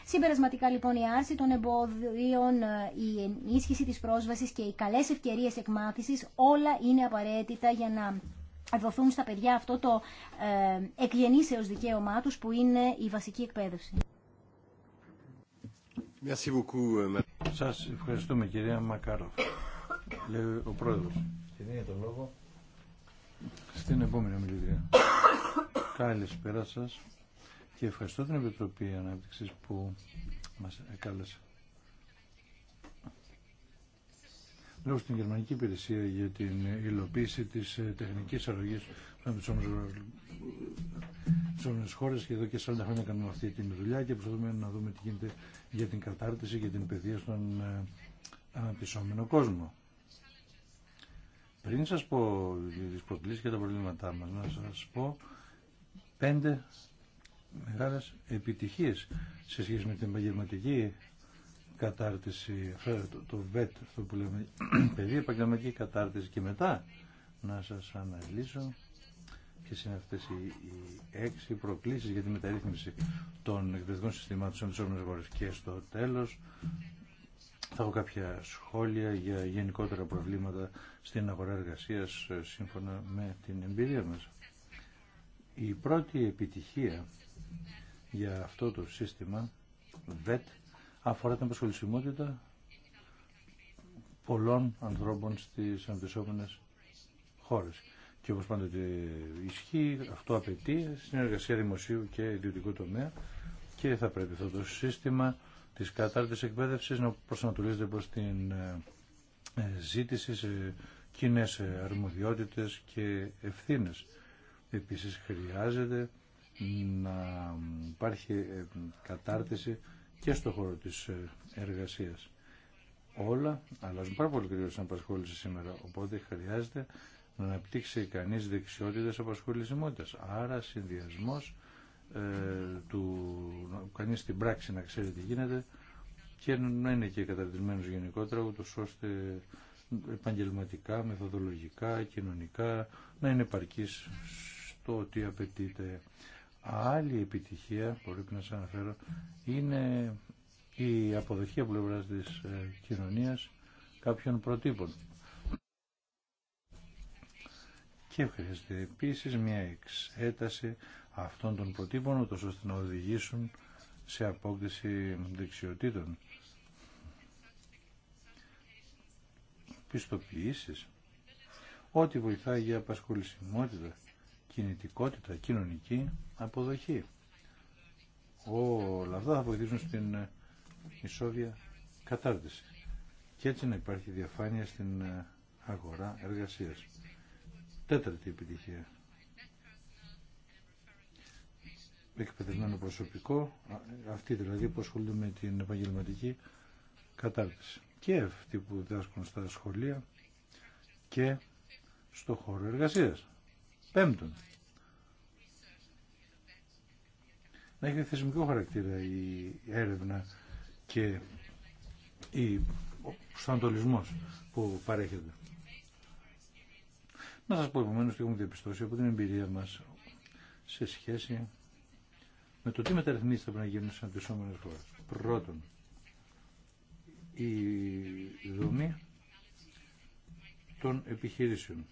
Συμπερασματικά λοιπόν η άρση των εμποδίων, η ενίσχυση της πρόσβασης και οι καλές ευκαιρίες εκμάθησης όλα είναι απαραίτητα για να δοθούν στα παιδιά αυτό το ε, εκγενήσεως δικαίωμά τους που είναι η βασική εκπαίδευση. Merci euh, Σας ευχαριστούμε κυρία Μακάροφ. Λέει ο πρόεδρος. Και δίνει τον λόγο στην επόμενη ομιλία. Καλησπέρα σας και ευχαριστώ την Επιτροπή Ανάπτυξης που μας κάλεσε. Λέω στην Γερμανική Υπηρεσία για την υλοποίηση της ε, τεχνικής αρρωγής στις όμορες ε, χώρες και εδώ και 40 χρόνια κάνουμε αυτή τη δουλειά και προσπαθούμε να δούμε τι γίνεται για την κατάρτιση και την παιδεία στον ε, αναπτυσσόμενο κόσμο. Πριν σας πω τις και τα προβλήματά μας, να σας πω πέντε μεγάλες επιτυχίες σε σχέση με την επαγγελματική κατάρτιση, το ΒΕΤ, αυτό που λέμε, παιδεία επαγγελματική κατάρτιση και μετά να σας αναλύσω ποιε είναι αυτέ οι, έξι προκλήσεις για τη μεταρρύθμιση των εκπαιδευτικών συστημάτων σε όλες χώρες. Και στο τέλος θα έχω κάποια σχόλια για γενικότερα προβλήματα στην αγορά εργασίας ε, σύμφωνα με την εμπειρία μας. Η πρώτη επιτυχία για αυτό το σύστημα ΒΕΤ αφορά την απασχολησιμότητα πολλών ανθρώπων στις αντισόμενες χώρες και όπως πάντοτε ισχύει, αυτό απαιτεί συνεργασία δημοσίου και ιδιωτικού τομέα και θα πρέπει αυτό το σύστημα της κατάρτισης εκπαίδευσης να προσανατολίζεται προς την ε, ε, ζήτηση σε κοινέ αρμοδιότητες και ευθύνες. Επίσης χρειάζεται να υπάρχει ε, κατάρτιση και στο χώρο της εργασίας. Όλα αλλάζουν πάρα πολύ γρήγορα στην απασχόληση σήμερα, οπότε χρειάζεται να αναπτύξει κανείς δεξιότητες απασχολησιμότητας. Άρα συνδυασμός ε, του κανείς στην πράξη να ξέρει τι γίνεται και να είναι και καταρτισμένος γενικότερα ούτως ώστε επαγγελματικά, μεθοδολογικά, κοινωνικά να είναι παρκής στο ότι απαιτείται. Άλλη επιτυχία, μπορεί να σας αναφέρω, είναι η αποδοχή από πλευράς της ε, κοινωνίας κάποιων προτύπων και χρειάζεται επίση μια εξέταση αυτών των προτύπων, ώστε να οδηγήσουν σε απόκτηση δεξιοτήτων. Πιστοποιήσεις, ό,τι βοηθάει για απασχολησιμότητα, κινητικότητα, κοινωνική αποδοχή. Όλα αυτά θα βοηθήσουν στην ισόβια κατάρτιση. Και έτσι να υπάρχει διαφάνεια στην αγορά εργασίας. Τέταρτη επιτυχία. Εκπαιδευμένο προσωπικό, αυτή δηλαδή που ασχολούνται με την επαγγελματική κατάρτιση. Και αυτοί που διδάσκουν στα σχολεία και στο χώρο εργασίας. Πέμπτον, να έχει θεσμικό χαρακτήρα η έρευνα και η, ο που παρέχεται. Να σας πω επομένως τι έχουμε διαπιστώσει από την εμπειρία μας σε σχέση με το τι μεταρρυθμίσεις θα πρέπει να γίνουν στις αντισόμενες χώρες. Πρώτον, η δομή των επιχειρήσεων.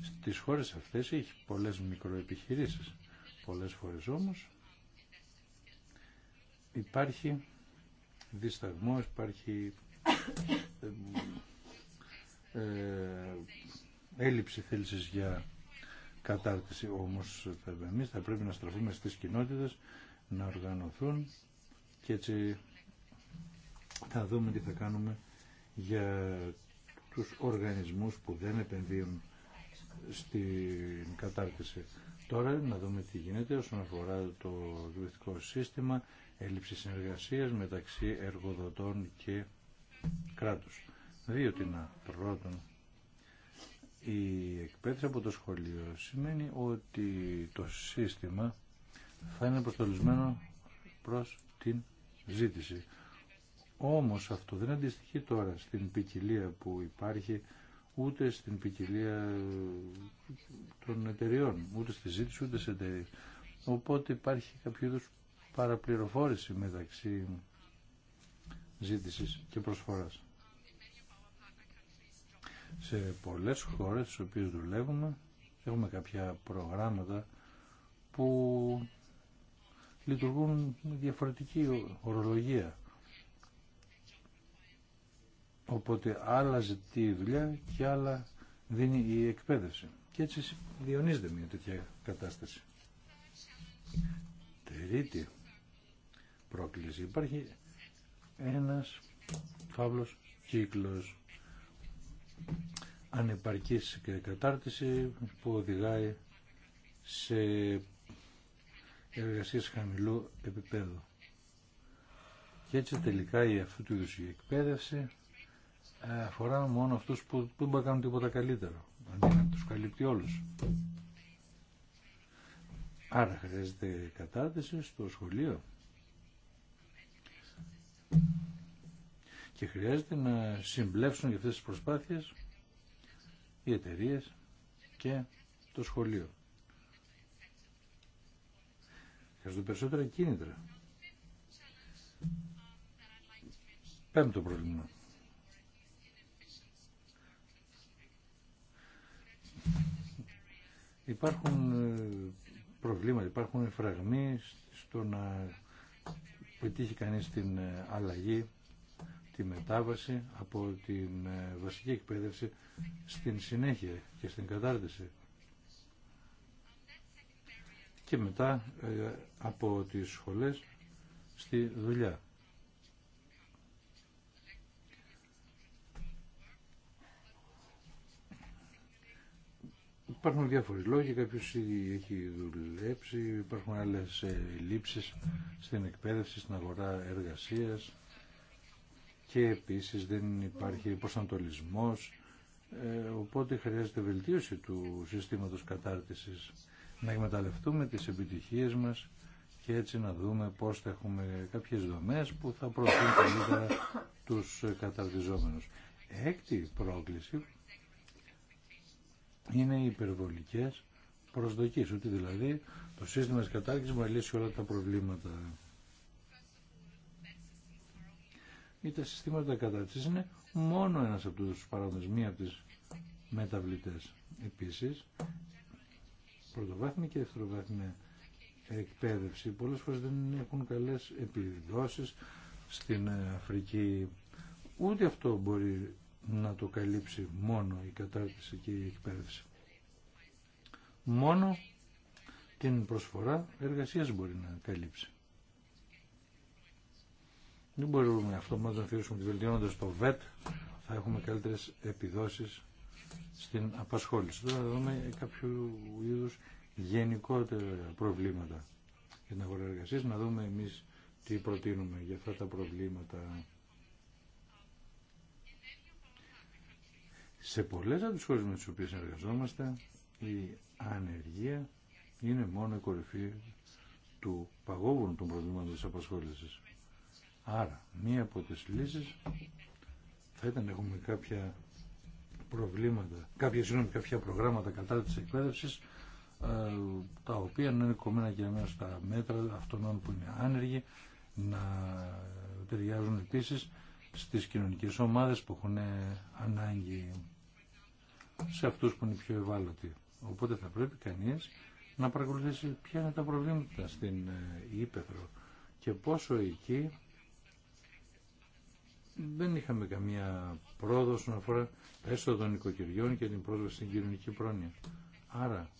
Στις χώρες αυτές έχει πολλές μικροεπιχειρήσεις. Πολλές φορές όμως υπάρχει δισταγμός, υπάρχει ε, ε έλλειψη θέλησης για κατάρτιση. Όμως εμεί θα πρέπει να στραφούμε στις κοινότητες, να οργανωθούν και έτσι θα δούμε τι θα κάνουμε για τους οργανισμούς που δεν επενδύουν στην κατάρτιση. Τώρα να δούμε τι γίνεται όσον αφορά το δουλευτικό σύστημα, έλλειψη συνεργασίας μεταξύ εργοδοτών και κράτους. Δύο τινά. Πρώτον, η εκπαίδευση από το σχολείο σημαίνει ότι το σύστημα θα είναι προσταλισμένο προς την ζήτηση. Όμως αυτό δεν αντιστοιχεί τώρα στην ποικιλία που υπάρχει ούτε στην ποικιλία των εταιριών, ούτε στη ζήτηση, ούτε σε εταιρείε. Οπότε υπάρχει κάποιο είδους παραπληροφόρηση μεταξύ ζήτησης και προσφοράς σε πολλές χώρες στις οποίες δουλεύουμε έχουμε κάποια προγράμματα που λειτουργούν με διαφορετική ορολογία. Οπότε άλλα ζητεί η δουλειά και άλλα δίνει η εκπαίδευση. Και έτσι διονύζεται μια τέτοια κατάσταση. τερίτη πρόκληση. Υπάρχει ένας φαύλος κύκλος ανεπαρκής κατάρτιση που οδηγάει σε εργασίες χαμηλού επίπεδου. Και έτσι τελικά η αυτού του είδους εκπαίδευση ε, αφορά μόνο αυτούς που δεν μπορούν να κάνουν τίποτα καλύτερο, αντί να τους καλύπτει όλους. Άρα χρειάζεται κατάρτιση στο σχολείο. Και χρειάζεται να συμπλέψουν για αυτές τις προσπάθειες οι εταιρείε και το σχολείο. Χρειάζονται περισσότερα κίνητρα. Πέμπτο πρόβλημα. Υπάρχουν ε, προβλήματα, υπάρχουν φραγμοί στο να πετύχει κανείς την ε, αλλαγή τη μετάβαση από την ε, βασική εκπαίδευση στην συνέχεια και στην κατάρτιση. Και μετά ε, από τις σχολές στη δουλειά. Υπάρχουν διάφοροι λόγοι, κάποιος έχει δουλέψει, υπάρχουν άλλες ε, λήψεις στην εκπαίδευση, στην αγορά εργασίας και επίσης δεν υπάρχει προσανατολισμός, ε, οπότε χρειάζεται βελτίωση του συστήματος κατάρτισης, να εκμεταλλευτούμε τις επιτυχίες μας και έτσι να δούμε πώς θα έχουμε κάποιες δομές που θα προωθούν καλύτερα τους καταρτιζόμενους. Έκτη πρόκληση είναι οι υπερβολικές προσδοκίες, ότι δηλαδή το σύστημα της κατάρτισης μου λύσει όλα τα προβλήματα. ή τα συστήματα κατάρτισης είναι μόνο ένας από τους παράγοντες, μία από τις μεταβλητές. Επίσης, πρωτοβάθμια και δευτεροβάθμια εκπαίδευση πολλές φορές δεν έχουν καλές επιδόσεις στην Αφρική. Ούτε αυτό μπορεί να το καλύψει μόνο η κατάρτιση και η εκπαίδευση. Μόνο την προσφορά εργασίας μπορεί να καλύψει. Δεν μπορούμε αυτό μόνο να θεωρήσουμε ότι βελτιώνοντας το ΒΕΤ θα έχουμε καλύτερε επιδόσεις στην απασχόληση. Τώρα θα δούμε κάποιου είδους γενικότερα προβλήματα για την αγορά εργασία να δούμε εμεί τι προτείνουμε για αυτά τα προβλήματα. Σε πολλέ από τις χώρε με τις οποίες εργαζόμαστε η ανεργία είναι μόνο η κορυφή του παγόβουνου των προβλήματων τη απασχόλησης. Άρα, μία από τις λύσεις θα ήταν να έχουμε κάποια προβλήματα, κάποια, συγγνώμη, κάποια προγράμματα κατά της εκπαίδευσης, ε, τα οποία να είναι κομμένα και μέσα στα μέτρα αυτών που είναι άνεργοι, να ταιριάζουν επίσης στις κοινωνικές ομάδες που έχουν ανάγκη σε αυτούς που είναι πιο ευάλωτοι. Οπότε θα πρέπει κανείς να παρακολουθήσει ποια είναι τα προβλήματα στην ε, Ήπεθρο και πόσο εκεί δεν είχαμε καμία πρόοδο όσον αφορά τα έσοδα των οικοκυριών και την πρόσβαση στην κοινωνική πρόνοια. Άρα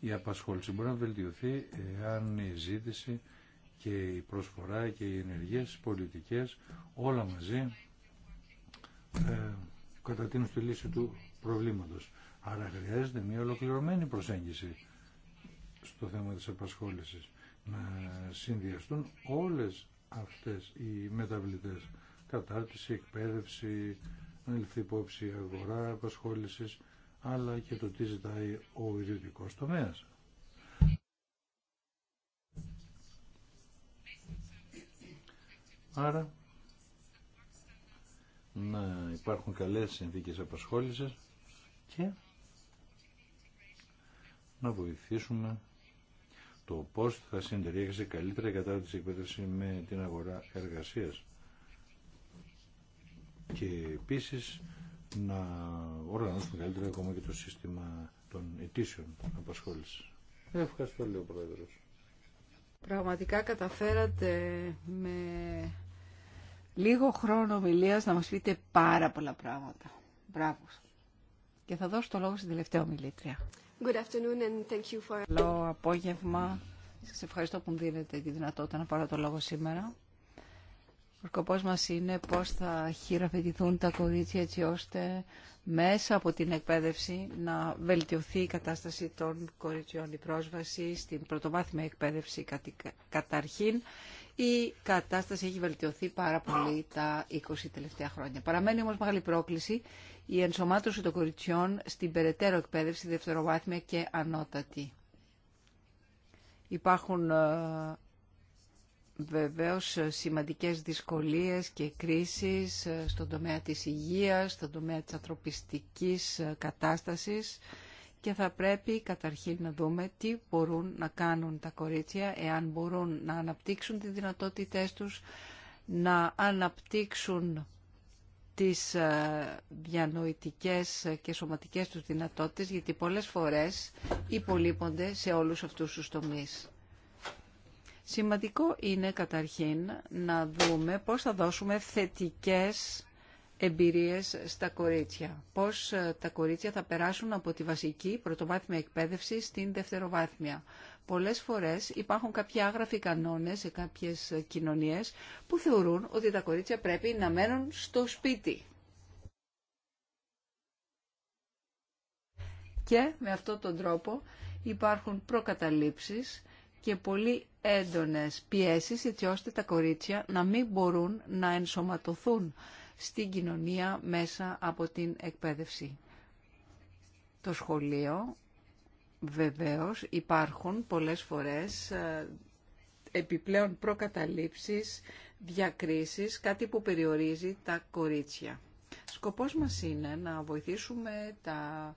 η απασχόληση μπορεί να βελτιωθεί εάν η ζήτηση και η προσφορά και οι ενεργές πολιτικές όλα μαζί ε, κατατείνουν στη λύση του προβλήματος. Άρα χρειάζεται μια ολοκληρωμένη προσέγγιση στο θέμα της απασχόλησης. Να συνδυαστούν όλες αυτές οι μεταβλητές. Κατάρτιση, εκπαίδευση, να ληφθεί υπόψη αγορά απασχόληση, αλλά και το τι ζητάει ο ιδιωτικό τομέα. Άρα, να υπάρχουν καλές συνθήκες απασχόλησης και να βοηθήσουμε το πώς θα συντεριέξει καλύτερα η κατάρτιση της εκπαίδευση με την αγορά εργασίας. Και επίσης να οργανώσουμε καλύτερα ακόμα και το σύστημα των αιτήσεων απασχόληση. Ευχαριστώ, λέει ο Πρόεδρος. Πραγματικά καταφέρατε με λίγο χρόνο ομιλίας να μας πείτε πάρα πολλά πράγματα. Μπράβο και θα δώσω το λόγο στην τελευταία ομιλήτρια. Good afternoon Καλό απόγευμα. σα ευχαριστώ που μου δίνετε τη δυνατότητα να πάρω το λόγο σήμερα. Ο σκοπό μα είναι πω θα χειραφετηθούν τα κορίτσια έτσι ώστε μέσα από την εκπαίδευση να βελτιωθεί η κατάσταση των κοριτσιών, η πρόσβαση στην πρωτοβάθμια εκπαίδευση καταρχήν η κατάσταση έχει βελτιωθεί πάρα πολύ τα 20 τελευταία χρόνια. Παραμένει όμως μεγάλη πρόκληση η ενσωμάτωση των κοριτσιών στην περαιτέρω εκπαίδευση δευτεροβάθμια και ανώτατη. Υπάρχουν ε, βεβαίως σημαντικές δυσκολίες και κρίσεις ε, στον τομέα της υγείας, στον τομέα της ανθρωπιστικής ε, κατάστασης και θα πρέπει καταρχήν να δούμε τι μπορούν να κάνουν τα κορίτσια, εάν μπορούν να αναπτύξουν τις δυνατότητές τους, να αναπτύξουν τις ε, διανοητικές και σωματικές τους δυνατότητες, γιατί πολλές φορές υπολείπονται σε όλους αυτούς τους τομείς. Σημαντικό είναι καταρχήν να δούμε πώς θα δώσουμε θετικές εμπειρίες στα κορίτσια. Πώς ε, τα κορίτσια θα περάσουν από τη βασική πρωτοβάθμια εκπαίδευση στην δευτεροβάθμια. Πολλές φορές υπάρχουν κάποιοι άγραφοι κανόνες σε κάποιες ε, κοινωνίες που θεωρούν ότι τα κορίτσια πρέπει να μένουν στο σπίτι. Και με αυτόν τον τρόπο υπάρχουν προκαταλήψεις και πολύ έντονες πιέσεις έτσι ώστε τα κορίτσια να μην μπορούν να ενσωματωθούν στην κοινωνία μέσα από την εκπαίδευση. Το σχολείο, βεβαίως, υπάρχουν πολλές φορές ε, επιπλέον προκαταλήψεις, διακρίσεις, κάτι που περιορίζει τα κορίτσια. Σκοπός μας είναι να βοηθήσουμε τα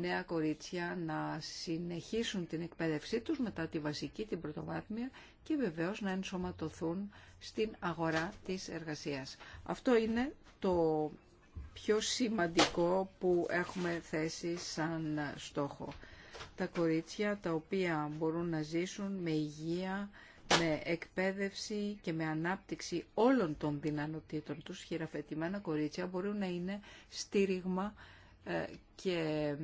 νέα κορίτσια να συνεχίσουν την εκπαίδευσή τους μετά τη βασική, την πρωτοβάθμια και βεβαίως να ενσωματωθούν στην αγορά της εργασίας. Αυτό είναι το πιο σημαντικό που έχουμε θέσει σαν στόχο. Τα κορίτσια τα οποία μπορούν να ζήσουν με υγεία, με εκπαίδευση και με ανάπτυξη όλων των δυνατοτήτων τους, χειραφετημένα κορίτσια μπορούν να είναι στήριγμα ε, και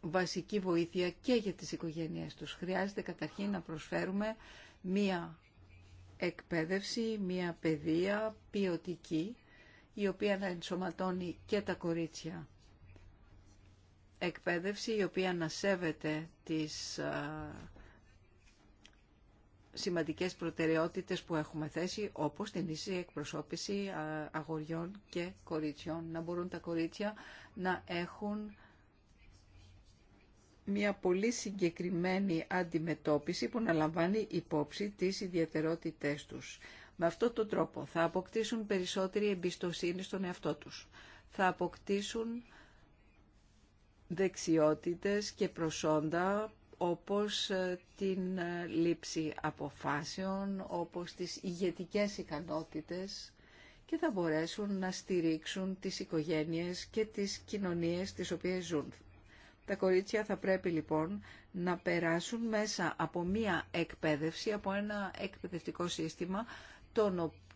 βασική βοήθεια και για τις οικογένειές τους. Χρειάζεται καταρχήν να προσφέρουμε μία εκπαίδευση, μία παιδεία ποιοτική, η οποία να ενσωματώνει και τα κορίτσια. Εκπαίδευση η οποία να σέβεται τις σημαντικές προτεραιότητες που έχουμε θέσει, όπως την ίση εκπροσώπηση αγοριών και κοριτσιών. Να μπορούν τα κορίτσια να έχουν μια πολύ συγκεκριμένη αντιμετώπιση που να λαμβάνει υπόψη τις ιδιαιτερότητές τους. Με αυτόν τον τρόπο θα αποκτήσουν περισσότερη εμπιστοσύνη στον εαυτό τους. Θα αποκτήσουν δεξιότητες και προσόντα όπως ε, την ε, λήψη αποφάσεων, όπως τις ηγετικές ικανότητες και θα μπορέσουν να στηρίξουν τις οικογένειες και τις κοινωνίες τις οποίες ζουν. Τα κορίτσια θα πρέπει λοιπόν να περάσουν μέσα από μία εκπαίδευση, από ένα εκπαιδευτικό σύστημα,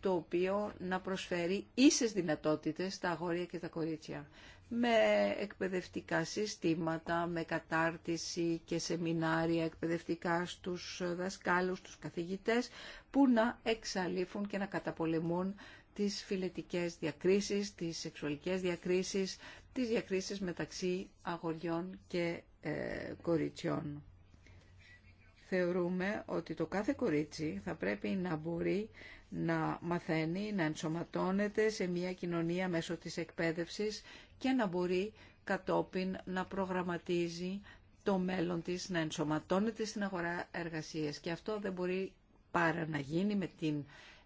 το οποίο να προσφέρει ίσες δυνατότητες στα αγόρια και τα κορίτσια με εκπαιδευτικά συστήματα, με κατάρτιση και σεμινάρια εκπαιδευτικά στους δασκάλους, στους καθηγητές, που να εξαλείφουν και να καταπολεμούν τις φιλετικές διακρίσεις, τις σεξουαλικές διακρίσεις, τις διακρίσεις μεταξύ αγοριών και ε, κοριτσιών. Θεωρούμε ότι το κάθε κορίτσι θα πρέπει να μπορεί να μαθαίνει, να ενσωματώνεται σε μια κοινωνία μέσω της εκπαίδευσης και να μπορεί κατόπιν να προγραμματίζει το μέλλον της, να ενσωματώνεται στην αγορά εργασίας. Και αυτό δεν μπορεί παρά να γίνει με την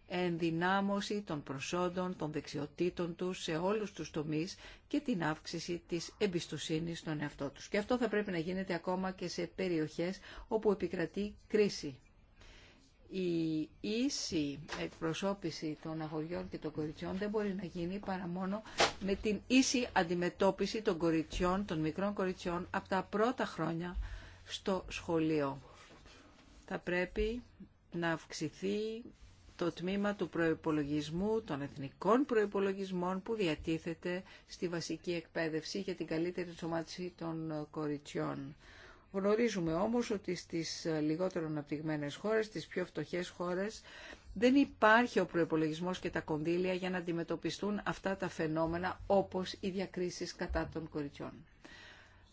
ενδυνάμωση των προσόντων, των δεξιοτήτων τους σε όλους τους τομείς και την αύξηση της εμπιστοσύνης στον εαυτό τους. Και αυτό θα πρέπει να γίνεται ακόμα και σε περιοχές όπου επικρατεί κρίση η ίση εκπροσώπηση των αγοριών και των κοριτσιών δεν μπορεί να γίνει παρά μόνο με την ίση αντιμετώπιση των κοριτσιών, των μικρών κοριτσιών από τα πρώτα χρόνια στο σχολείο. Θα πρέπει να αυξηθεί το τμήμα του προϋπολογισμού, των εθνικών προϋπολογισμών που διατίθεται στη βασική εκπαίδευση για την καλύτερη σωμάτιση των κοριτσιών. Γνωρίζουμε όμως ότι στις λιγότερο αναπτυγμένε χώρες, στις πιο φτωχές χώρες, δεν υπάρχει ο προϋπολογισμός και τα κονδύλια για να αντιμετωπιστούν αυτά τα φαινόμενα όπως οι διακρίσεις κατά των κοριτσιών.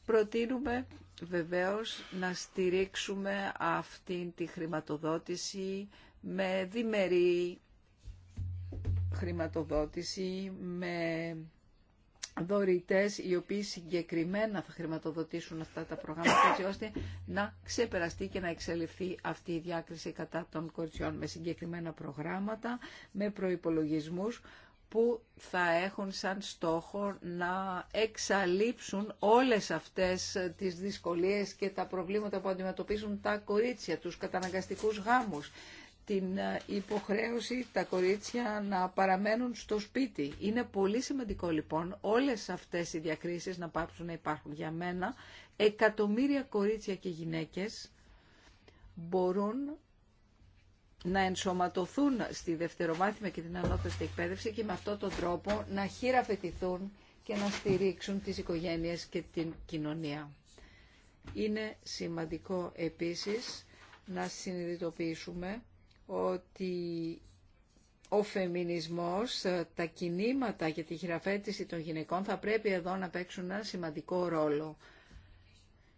Προτείνουμε βεβαίως να στηρίξουμε αυτή τη χρηματοδότηση με διμερή χρηματοδότηση, με δωρητές οι οποίοι συγκεκριμένα θα χρηματοδοτήσουν αυτά τα προγράμματα έτσι ώστε να ξεπεραστεί και να εξελιχθεί αυτή η διάκριση κατά των κοριτσιών με συγκεκριμένα προγράμματα, με προϋπολογισμούς που θα έχουν σαν στόχο να εξαλείψουν όλες αυτές τις δυσκολίες και τα προβλήματα που αντιμετωπίζουν τα κορίτσια, τους καταναγκαστικούς γάμους, την ε, υποχρέωση τα κορίτσια να παραμένουν στο σπίτι. Είναι πολύ σημαντικό λοιπόν όλες αυτές οι διακρίσεις να πάψουν να υπάρχουν. Για μένα εκατομμύρια κορίτσια και γυναίκες μπορούν να ενσωματωθούν στη δευτερομάθημα και την ανώτατη εκπαίδευση και με αυτόν τον τρόπο να χειραφετηθούν και να στηρίξουν τις οικογένειες και την κοινωνία. Είναι σημαντικό επίσης να συνειδητοποιήσουμε ότι ο φεμινισμός, τα κινήματα για τη χειραφέτηση των γυναικών θα πρέπει εδώ να παίξουν ένα σημαντικό ρόλο.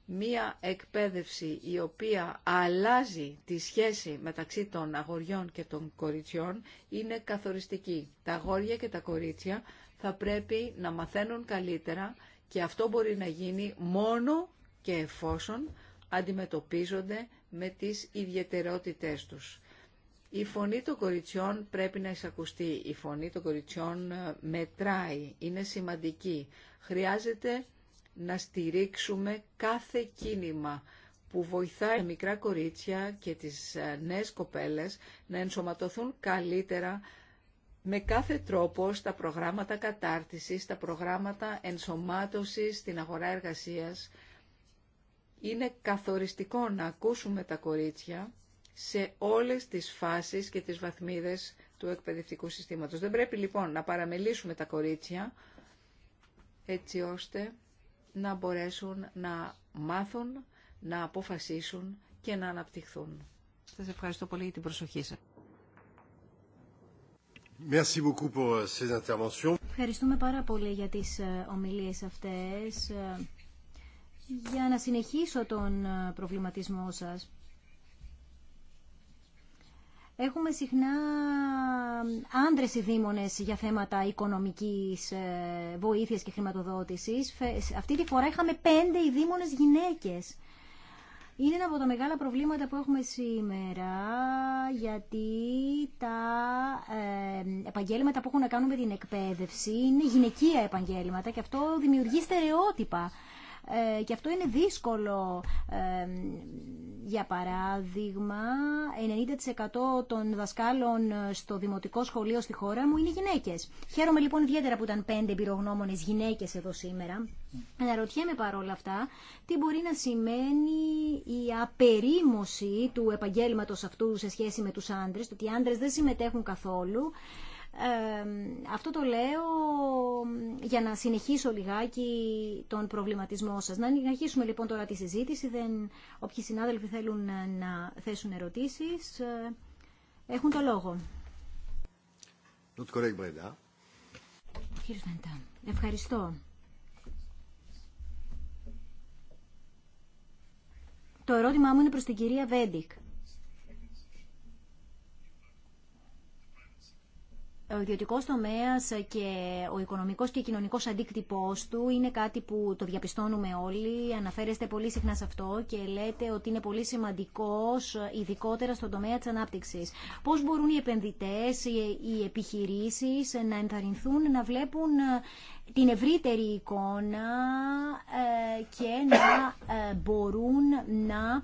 Μία εκπαίδευση η οποία αλλάζει τη σχέση μεταξύ των αγοριών και των κοριτσιών είναι καθοριστική. Τα αγόρια και τα κορίτσια θα πρέπει να μαθαίνουν καλύτερα και αυτό μπορεί να γίνει μόνο και εφόσον αντιμετωπίζονται με τις ιδιαιτερότητές τους. Η φωνή των κοριτσιών πρέπει να εισακουστεί. Η φωνή των κοριτσιών ε, μετράει, είναι σημαντική. Χρειάζεται να στηρίξουμε κάθε κίνημα που βοηθάει μικρά κορίτσια και τις ε, νέες κοπέλες να ενσωματωθούν καλύτερα με κάθε τρόπο στα προγράμματα κατάρτισης, στα προγράμματα ενσωμάτωσης στην αγορά εργασίας. Είναι καθοριστικό να ακούσουμε τα κορίτσια σε όλες τις φάσεις και τις βαθμίδες του εκπαιδευτικού συστήματος. Δεν πρέπει λοιπόν να παραμελήσουμε τα κορίτσια έτσι ώστε να μπορέσουν να μάθουν, να αποφασίσουν και να αναπτυχθούν. Σας ευχαριστώ πολύ για την προσοχή σας. Merci beaucoup pour euh, ces interventions. Ευχαριστούμε πάρα πολύ για τις ε, ομιλίες αυτές. Ε, για να συνεχίσω τον ε, προβληματισμό σας, Έχουμε συχνά άντρες οι δήμονες για θέματα οικονομικής ε, βοήθειας και χρηματοδότησης. Αυτή τη φορά είχαμε πέντε οι δήμονες γυναίκες. Είναι ένα από τα μεγάλα προβλήματα που έχουμε σήμερα, γιατί τα ε, επαγγέλματα που έχουν να κάνουν με την εκπαίδευση είναι γυναικεία επαγγέλματα και αυτό δημιουργεί στερεότυπα. Ε, και αυτό είναι δύσκολο. Για παράδειγμα, 90% των δασκάλων στο δημοτικό σχολείο στη χώρα μου είναι γυναίκες. Χαίρομαι λοιπόν ιδιαίτερα που ήταν πέντε εμπειρογνώμονες γυναίκες εδώ σήμερα. Αναρωτιέμαι παρόλα αυτά τι μπορεί να σημαίνει η απερίμωση του επαγγέλματος αυτού σε σχέση με τους άντρες, ότι οι άντρες δεν συμμετέχουν καθόλου αυτό το λέω για να συνεχίσω λιγάκι τον προβληματισμό σας. Να αρχίσουμε λοιπόν τώρα τη συζήτηση. Δεν, όποιοι συνάδελφοι θέλουν ε, να θέσουν ερωτήσεις ε, έχουν το λόγο. Κύριε Βεντά, ευχαριστώ. Το ερώτημά μου είναι προς την κυρία Βέντικ. ο ιδιωτικό τομέα και ο οικονομικός και κοινωνικός αντίκτυπός του είναι κάτι που το διαπιστώνουμε όλοι, αναφέρεστε πολύ συχνά σε αυτό και λέτε ότι είναι πολύ σημαντικό ειδικότερα στον τομέα της ανάπτυξης. Πώς μπορούν οι επενδυτές, οι επιχειρήσεις να ενθαρρυνθούν να βλέπουν ε, την ευρύτερη εικόνα ε, και να ε, μπορούν να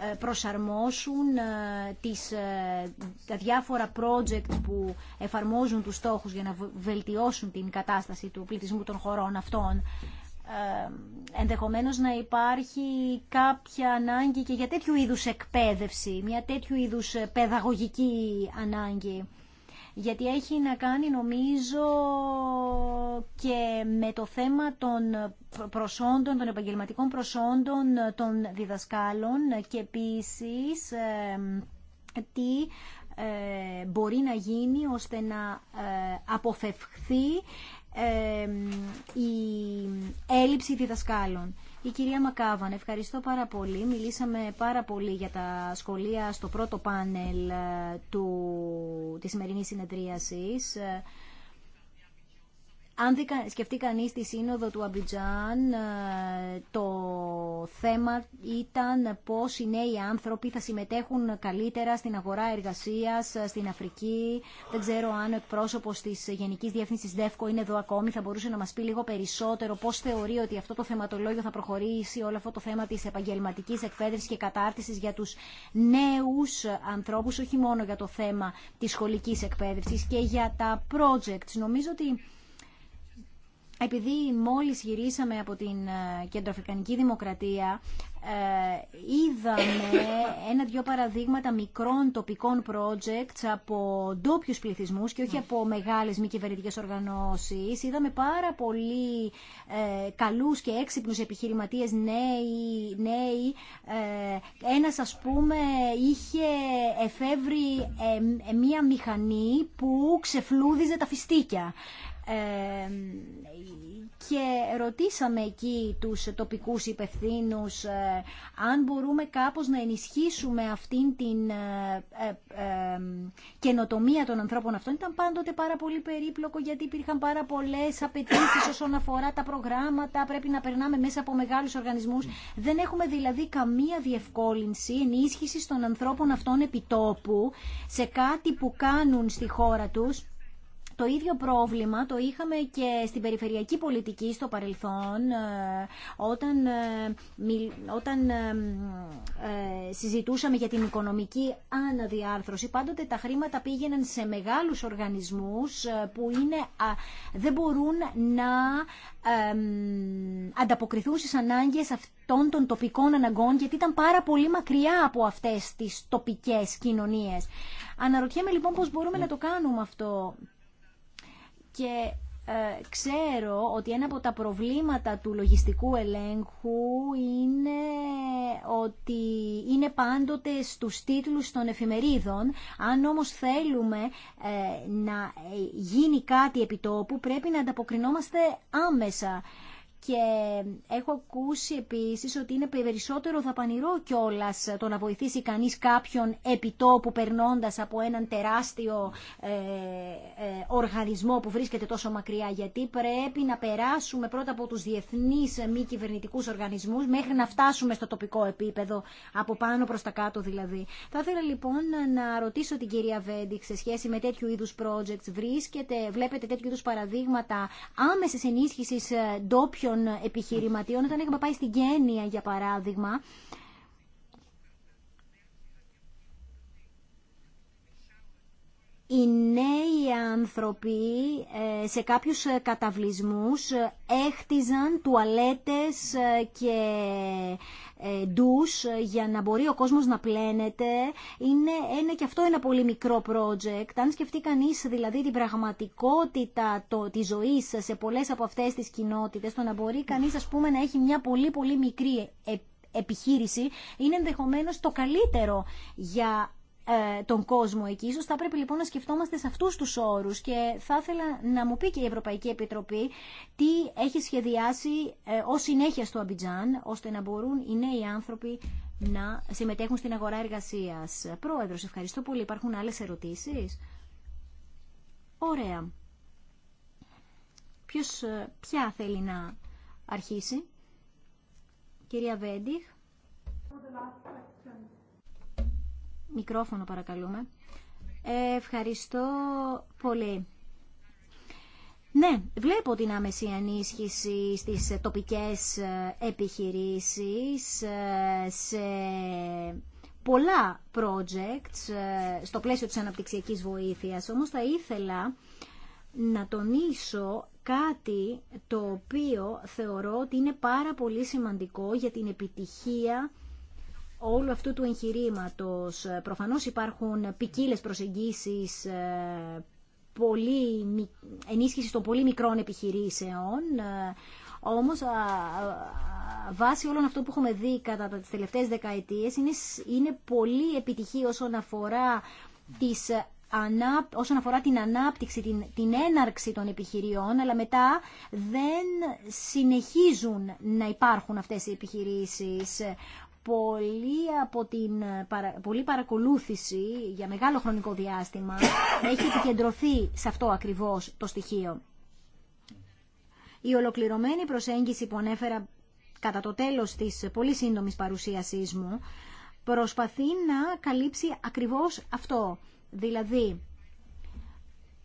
ε, προσαρμόσουν ε, τις, ε, τα διάφορα project που εφαρμόζουν τους στόχους για να βελτιώσουν την κατάσταση του πληθυσμού των χωρών αυτών. Ενδεχομένως να υπάρχει κάποια ανάγκη και για τέτοιου είδους εκπαίδευση, μια τέτοιου είδους παιδαγωγική ανάγκη γιατί έχει να κάνει νομίζω και με το θέμα των προσόντων, των επαγγελματικών προσόντων των διδασκάλων και επίσης τι ε, μπορεί να γίνει ώστε να ε, αποφευχθεί η έλλειψη διδασκάλων. Η κυρία Μακάβαν, ευχαριστώ πάρα πολύ. Μιλήσαμε πάρα πολύ για τα σχολεία στο πρώτο πάνελ ε, του, της σημερινής συνεδρίασης. Ε, αν σκεφτεί κανείς τη σύνοδο του Αμπιτζάν, ε, το θέμα ήταν πώς οι νέοι άνθρωποι θα συμμετέχουν καλύτερα στην αγορά εργασίας, ε, στην Αφρική. Δεν ξέρω αν ο εκπρόσωπος της Γενικής Διεύθυνσης ΔΕΦΚΟ είναι εδώ ακόμη, θα μπορούσε να μας πει λίγο περισσότερο πώς θεωρεί ότι αυτό το θεματολόγιο θα προχωρήσει όλο αυτό το θέμα της επαγγελματικής εκπαίδευσης και κατάρτισης για τους νέους ανθρώπους, όχι μόνο για το θέμα της σχολικής εκπαίδευση και για τα projects. Νομίζω ότι επειδή μόλις γυρίσαμε από την ε, Κεντροαφρικανική Δημοκρατία ε, είδαμε ένα-δυο παραδείγματα μικρών τοπικών projects από ντόπιου πληθυσμού και όχι από μεγάλες μη κυβερνητικέ οργανώσεις. Είδαμε πάρα πολύ ε, καλούς και έξυπνους επιχειρηματίες νέοι. νέοι. ένας ας πούμε είχε εφεύρει μία μηχανή που ξεφλούδιζε τα φιστίκια και ρωτήσαμε εκεί τους τοπικούς υπευθύνους ε, αν μπορούμε κάπως να ενισχύσουμε αυτήν την ε, ε, καινοτομία των ανθρώπων αυτών. Ήταν πάντοτε πάρα πολύ περίπλοκο γιατί υπήρχαν πάρα πολλές απαιτήσει όσον αφορά τα προγράμματα, πρέπει να περνάμε μέσα από μεγάλους οργανισμούς. Δεν έχουμε δηλαδή καμία διευκόλυνση ενίσχυσης των ανθρώπων αυτών επιτόπου σε κάτι που κάνουν στη χώρα τους το ίδιο πρόβλημα το είχαμε και στην περιφερειακή πολιτική στο παρελθόν ε, όταν, ε, όταν ε, συζητούσαμε για την οικονομική αναδιάρθρωση. Πάντοτε τα χρήματα πήγαιναν σε μεγάλους οργανισμούς που είναι, δεν μπορούν να ανταποκριθούν στις ανάγκες αυτών των τοπικών αναγκών γιατί ήταν πάρα πολύ μακριά από αυτές τις τοπικές κοινωνίες. Αναρωτιέμαι λοιπόν πώς μπορούμε να το κάνουμε αυτό και ε, ξέρω ότι ένα από τα προβλήματα του λογιστικού ελέγχου είναι ότι είναι πάντοτε στους τίτλους των εφημερίδων. Αν όμως θέλουμε ε, να ε, γίνει κάτι επιτόπου πρέπει να ανταποκρινόμαστε άμεσα. Και έχω ακούσει επίσης ότι είναι περισσότερο δαπανηρό κιόλα το να βοηθήσει κανείς κάποιον επιτόπου περνώντας από έναν τεράστιο ε, ε, οργανισμό που βρίσκεται τόσο μακριά. Γιατί πρέπει να περάσουμε πρώτα από τους διεθνείς μη κυβερνητικού οργανισμούς μέχρι να φτάσουμε στο τοπικό επίπεδο, από πάνω προς τα κάτω δηλαδή. Θα ήθελα λοιπόν να ρωτήσω την κυρία Βέντιξ σε σχέση με τέτοιου είδους projects. Βρίσκεται, βλέπετε τέτοιου είδους παραδείγματα άμεσης ενίσχυσης ε, ντόπιων κάποιων επιχειρηματιών. Όταν είχαμε πάει στην Κένια, για παράδειγμα, οι νέοι άνθρωποι ε, σε κάποιους ε, καταβλισμούς ε, έχτιζαν τουαλέτες και ντους για να μπορεί ο κόσμος να πλένεται. Είναι ένα, και αυτό ένα πολύ μικρό project. Αν σκεφτεί κανείς δηλαδή την πραγματικότητα το, της ζωής σε πολλές από αυτές τις κοινότητες, το να μπορεί κανείς ας πούμε να έχει μια πολύ πολύ μικρή επιχείρηση είναι ενδεχομένως το καλύτερο για ε, τον κόσμο εκεί. Ίσως θα πρέπει λοιπόν να σκεφτόμαστε σε αυτούς τους όρους και θα ήθελα να μου πει και η Ευρωπαϊκή Επιτροπή τι έχει σχεδιάσει ε, ως συνέχεια στο Αμπιτζάν ώστε να μπορούν οι νέοι άνθρωποι να συμμετέχουν στην αγορά εργασίας. Πρόεδρος, ευχαριστώ πολύ. Υπάρχουν άλλες ερωτήσεις. Ωραία. Ποιος, ε, ποια θέλει να αρχίσει. Κυρία Βέντιχ. Μικρόφωνο παρακαλούμε. Ευχαριστώ πολύ. Ναι, βλέπω την άμεση ανίσχυση στις τοπικές ε, επιχειρήσεις ε, σε πολλά projects ε, στο πλαίσιο της αναπτυξιακής βοήθειας. Όμως θα ήθελα να τονίσω κάτι το οποίο θεωρώ ότι είναι πάρα πολύ σημαντικό για την επιτυχία όλου αυτού του εγχειρήματος. Προφανώς υπάρχουν ποικίλε προσεγγίσεις ε, πολύ, ενίσχυση των πολύ μικρών επιχειρήσεων, ε, όμως βάσει όλων αυτό που έχουμε δει κατά τις τελευταίες δεκαετίες είναι, είναι πολύ επιτυχή όσον αφορά ε, όσον αφορά την ανάπτυξη, την, την έναρξη των επιχειριών, αλλά μετά δεν συνεχίζουν να υπάρχουν αυτές οι επιχειρήσεις πολύ από την, ε, πολύ παρακολούθηση για μεγάλο χρονικό διάστημα έχει επικεντρωθεί σε αυτό ακριβώς το στοιχείο. Η ολοκληρωμένη προσέγγιση που ανέφερα κατά το τέλος της πολύ σύντομης παρουσίασής μου προσπαθεί να καλύψει ακριβώς αυτό. Δηλαδή,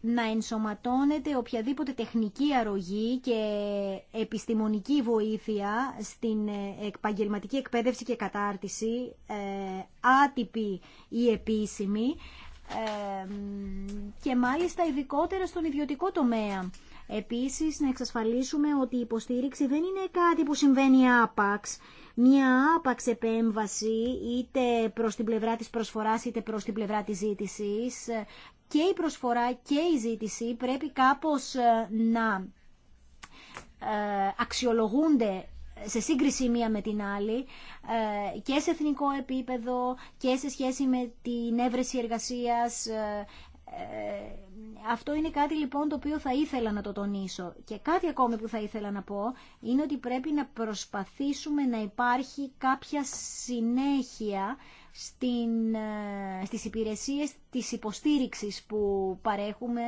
να ενσωματώνεται οποιαδήποτε τεχνική αρρωγή και επιστημονική βοήθεια στην ε, επαγγελματική εκπαίδευση και κατάρτιση, ε, άτυπη ή επίσημη, και μάλιστα ειδικότερα στον ιδιωτικό τομέα. Επίσης, να εξασφαλίσουμε ότι η υποστήριξη δεν είναι κάτι που συμβαίνει άπαξ. Μια άπαξ επέμβαση είτε προς την πλευρά της προσφοράς είτε προς την πλευρά της ζήτησης και η προσφορά και η ζήτηση πρέπει κάπως ε, να ε, αξιολογούνται σε σύγκριση μία με την άλλη ε, και σε εθνικό επίπεδο και σε σχέση με την έβρεση εργασίας ε, αυτό είναι κάτι λοιπόν το οποίο θα ήθελα να το τονίσω. Και κάτι ακόμη που θα ήθελα να πω είναι ότι πρέπει να προσπαθήσουμε να υπάρχει κάποια συνέχεια στην, ε, στις υπηρεσίες της υποστήριξης που παρέχουμε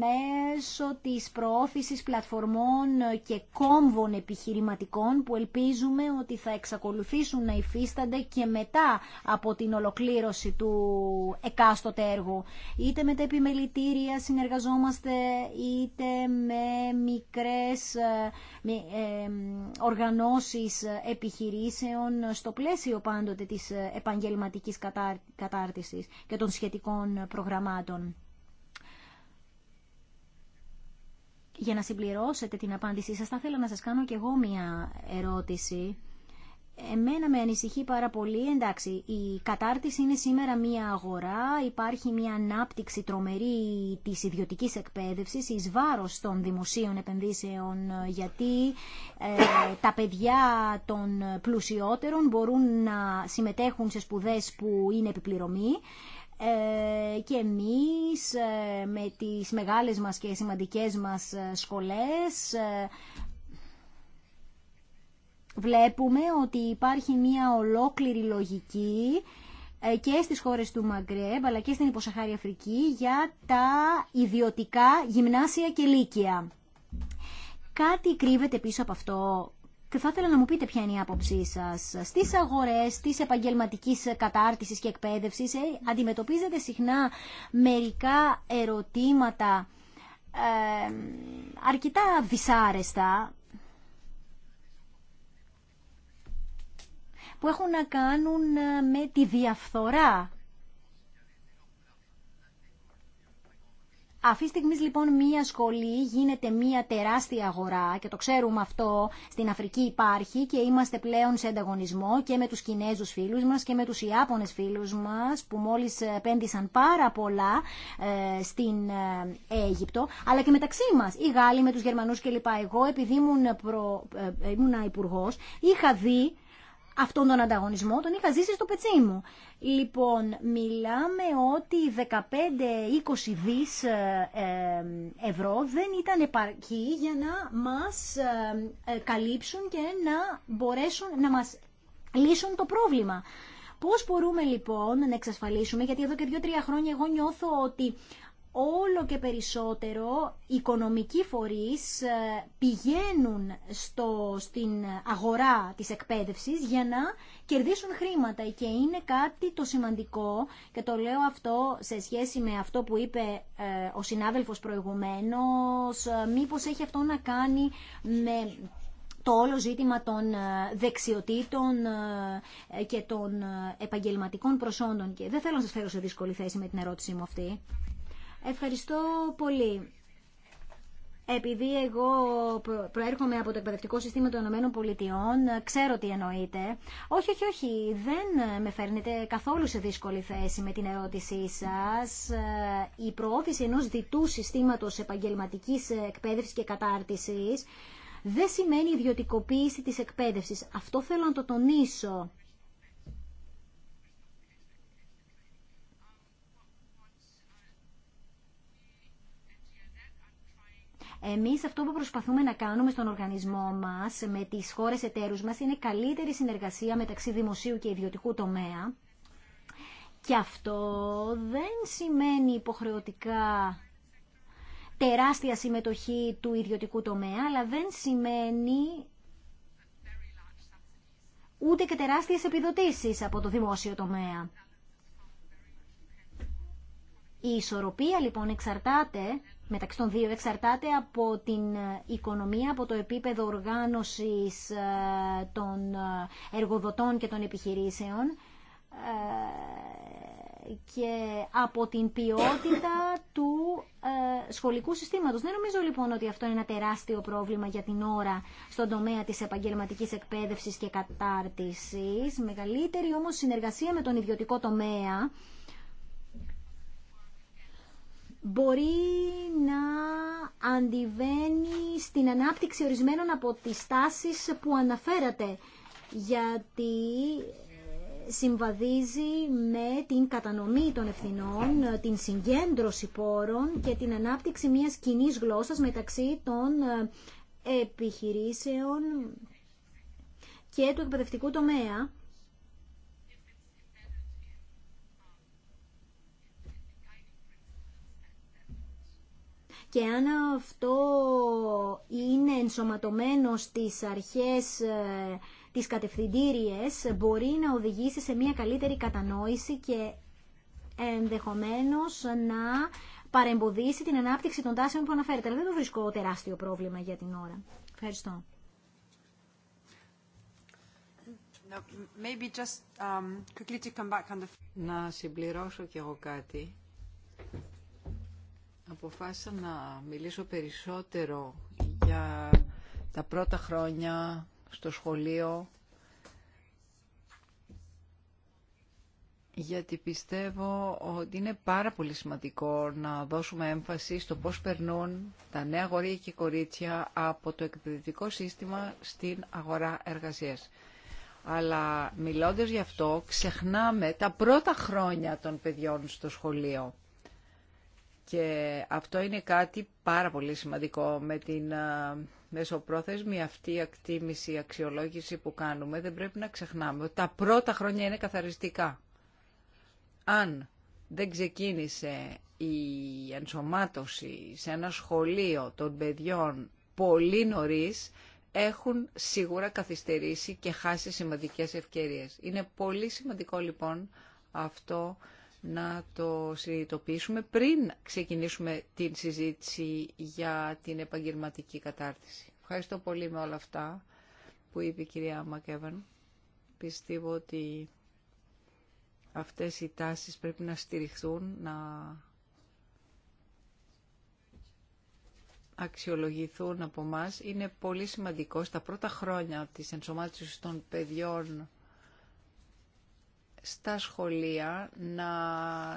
μέσω της προώθησης πλατφορμών και κόμβων επιχειρηματικών που ελπίζουμε ότι θα εξακολουθήσουν να υφίστανται και μετά από την ολοκλήρωση του εκάστοτε έργου. Είτε με τα επιμελητήρια συνεργαζόμαστε, είτε με μικρές με, ε, οργανώσεις επιχειρήσεων στο πλαίσιο πάντοτε της ε, επαγγελματικής κατάρτισης και των σχετικών προγραμμάτων. Για να συμπληρώσετε την απάντησή σας, θα ήθελα να σας κάνω και εγώ μία ερώτηση. Εμένα με ανησυχεί πάρα πολύ. Εντάξει, η κατάρτιση είναι σήμερα μία αγορά, υπάρχει μία ανάπτυξη τρομερή της ιδιωτικής εκπαίδευσης, εις βάρος των δημοσίων επενδύσεων, γιατί ε, τα παιδιά των πλουσιότερων μπορούν να συμμετέχουν σε σπουδές που είναι επιπληρωμή. Ε, και εμείς ε, με τις μεγάλες μας και σημαντικές μας ε, σχολές βλέπουμε ότι υπάρχει μια ολόκληρη λογική και στις χώρες του Μαγκρέμπ αλλά και στην Υποσαχάρη Αφρική για τα ιδιωτικά γυμνάσια και λύκεια. Κάτι κρύβεται πίσω από αυτό και θα ήθελα να μου πείτε ποια είναι η άποψή σας. Στις αγορές τη επαγγελματική κατάρτιση και εκπαίδευσης ε, αντιμετωπίζετε συχνά μερικά ερωτήματα αρκετά δυσάρεστα που έχουν να κάνουν ε, με τη διαφθορά Αυτή τη στιγμή λοιπόν μία σχολή γίνεται μία τεράστια αγορά και το ξέρουμε αυτό στην Αφρική υπάρχει και είμαστε πλέον σε ανταγωνισμό και με τους Κινέζους φίλους μας και με τους Ιάπωνες φίλους μας που μόλις επένδυσαν πάρα πολλά ε, στην ε, Αίγυπτο αλλά και μεταξύ μας οι Γάλλοι με τους Γερμανούς κλπ. Εγώ επειδή ήμουν, προ... Ε, ήμουν υπουργό, είχα δει αυτόν τον ανταγωνισμό τον είχα ζήσει στο πετσί μου. Λοιπόν, μιλάμε ότι 15-20 δις ε, ε, ευρώ δεν ήταν επαρκή για να μας ε, καλύψουν και να μπορέσουν να μας λύσουν το πρόβλημα. Πώς μπορούμε λοιπόν να εξασφαλίσουμε, γιατί εδώ και δύο-τρία χρόνια εγώ νιώθω ότι όλο και περισσότερο οικονομικοί φορείς ε, πηγαίνουν στο, στην αγορά της εκπαίδευσης για να κερδίσουν χρήματα και είναι κάτι το σημαντικό και το λέω αυτό σε σχέση με αυτό που είπε ε, ο συνάδελφος προηγουμένως ε, μήπως έχει αυτό να κάνει με το όλο ζήτημα των δεξιοτήτων και των επαγγελματικών προσόντων. Και δεν θέλω να σας φέρω σε δύσκολη θέση με την ερώτησή μου αυτή. Ευχαριστώ πολύ. Επειδή εγώ προέρχομαι από το εκπαιδευτικό σύστημα των Ηνωμένων Πολιτειών, ξέρω τι εννοείτε. Όχι, όχι, όχι, δεν με φέρνετε καθόλου σε δύσκολη θέση με την ερώτησή σας. Ε, η προώθηση ενός διτού συστήματος επαγγελματικής εκπαίδευσης και κατάρτισης δεν σημαίνει ιδιωτικοποίηση της εκπαίδευσης. Αυτό θέλω να το τονίσω. Εμεί αυτό που προσπαθούμε να κάνουμε στον οργανισμό μα με τι χώρε εταίρου μα είναι καλύτερη συνεργασία μεταξύ δημοσίου και ιδιωτικού τομέα. Και αυτό δεν σημαίνει υποχρεωτικά τεράστια συμμετοχή του ιδιωτικού τομέα, αλλά δεν σημαίνει ούτε και τεράστιες επιδοτήσεις από το δημόσιο τομέα. Η ισορροπία λοιπόν εξαρτάται, μεταξύ των δύο εξαρτάται από την ε, οικονομία, από το επίπεδο οργάνωσης ε, των ε, εργοδοτών και των επιχειρήσεων και από την ποιότητα του σχολικού συστήματος. Δεν νομίζω λοιπόν ότι αυτό είναι ένα τεράστιο πρόβλημα για την ώρα στον τομέα της επαγγελματικής εκπαίδευσης και κατάρτισης. Μεγαλύτερη όμως συνεργασία με τον ιδιωτικό τομέα μπορεί να αντιβαίνει στην ανάπτυξη ορισμένων από τις τάσεις που αναφέρατε, γιατί ε, συμβαδίζει με την κατανομή των ευθυνών, την συγκέντρωση πόρων και την ανάπτυξη μιας κοινή γλώσσας μεταξύ των ε, επιχειρήσεων και του εκπαιδευτικού τομέα και αν αυτό είναι ενσωματωμένο στις αρχές ε, της κατευθυντήριες μπορεί να οδηγήσει σε μια καλύτερη κατανόηση και ενδεχομένως να παρεμποδίσει την ανάπτυξη των τάσεων που αναφέρεται. δεν το βρίσκω τεράστιο πρόβλημα για την ώρα. Ευχαριστώ. Maybe just, um, quickly to come back on the... Να συμπληρώσω κι εγώ κάτι αποφάσισα να μιλήσω περισσότερο για τα πρώτα χρόνια στο σχολείο γιατί πιστεύω ότι είναι πάρα πολύ σημαντικό να δώσουμε έμφαση στο πώς περνούν τα νέα αγορία και κορίτσια από το εκπαιδευτικό σύστημα στην αγορά εργασίας. Αλλά μιλώντας γι' αυτό, ξεχνάμε τα πρώτα χρόνια των παιδιών στο σχολείο. Και αυτό είναι κάτι πάρα πολύ σημαντικό με την μεσοπρόθεσμη αυτή ακτίμηση, αξιολόγηση που κάνουμε. Δεν πρέπει να ξεχνάμε ότι τα πρώτα χρόνια είναι καθαριστικά. Αν δεν ξεκίνησε η ενσωμάτωση σε ένα σχολείο των παιδιών πολύ νωρίς, έχουν σίγουρα καθυστερήσει και χάσει σημαντικές ευκαιρίες. Είναι πολύ σημαντικό λοιπόν αυτό να το συνειδητοποιήσουμε πριν ξεκινήσουμε την συζήτηση για την επαγγελματική κατάρτιση. Ευχαριστώ πολύ με όλα αυτά που είπε η κυρία Μακέβαν. Πιστεύω ότι αυτές οι τάσεις πρέπει να στηριχθούν, να αξιολογηθούν από μας. Είναι πολύ σημαντικό στα πρώτα χρόνια της ενσωμάτωσης των παιδιών στα σχολεία να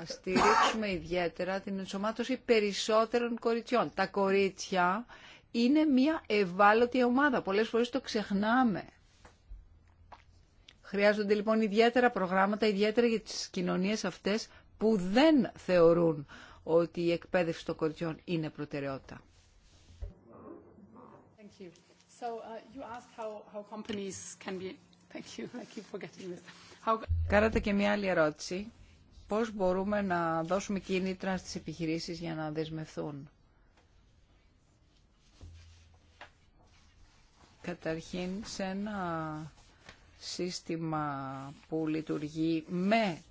στηρίξουμε ιδιαίτερα την ενσωμάτωση περισσότερων κοριτσιών. Τα κορίτσια είναι μια ευάλωτη ομάδα. Πολλές φορές το ξεχνάμε. Χρειάζονται λοιπόν ιδιαίτερα προγράμματα, ιδιαίτερα για τις κοινωνίες αυτές που δεν θεωρούν ότι η εκπαίδευση των κοριτσιών είναι προτεραιότητα. you. So, uh, you asked how, how companies can be... Thank you. Κάρατε και μια άλλη ερώτηση. Πώς μπορούμε να δώσουμε κίνητρα στις επιχειρήσεις για να δεσμευθούν. Καταρχήν σε ένα σύστημα που λειτουργεί με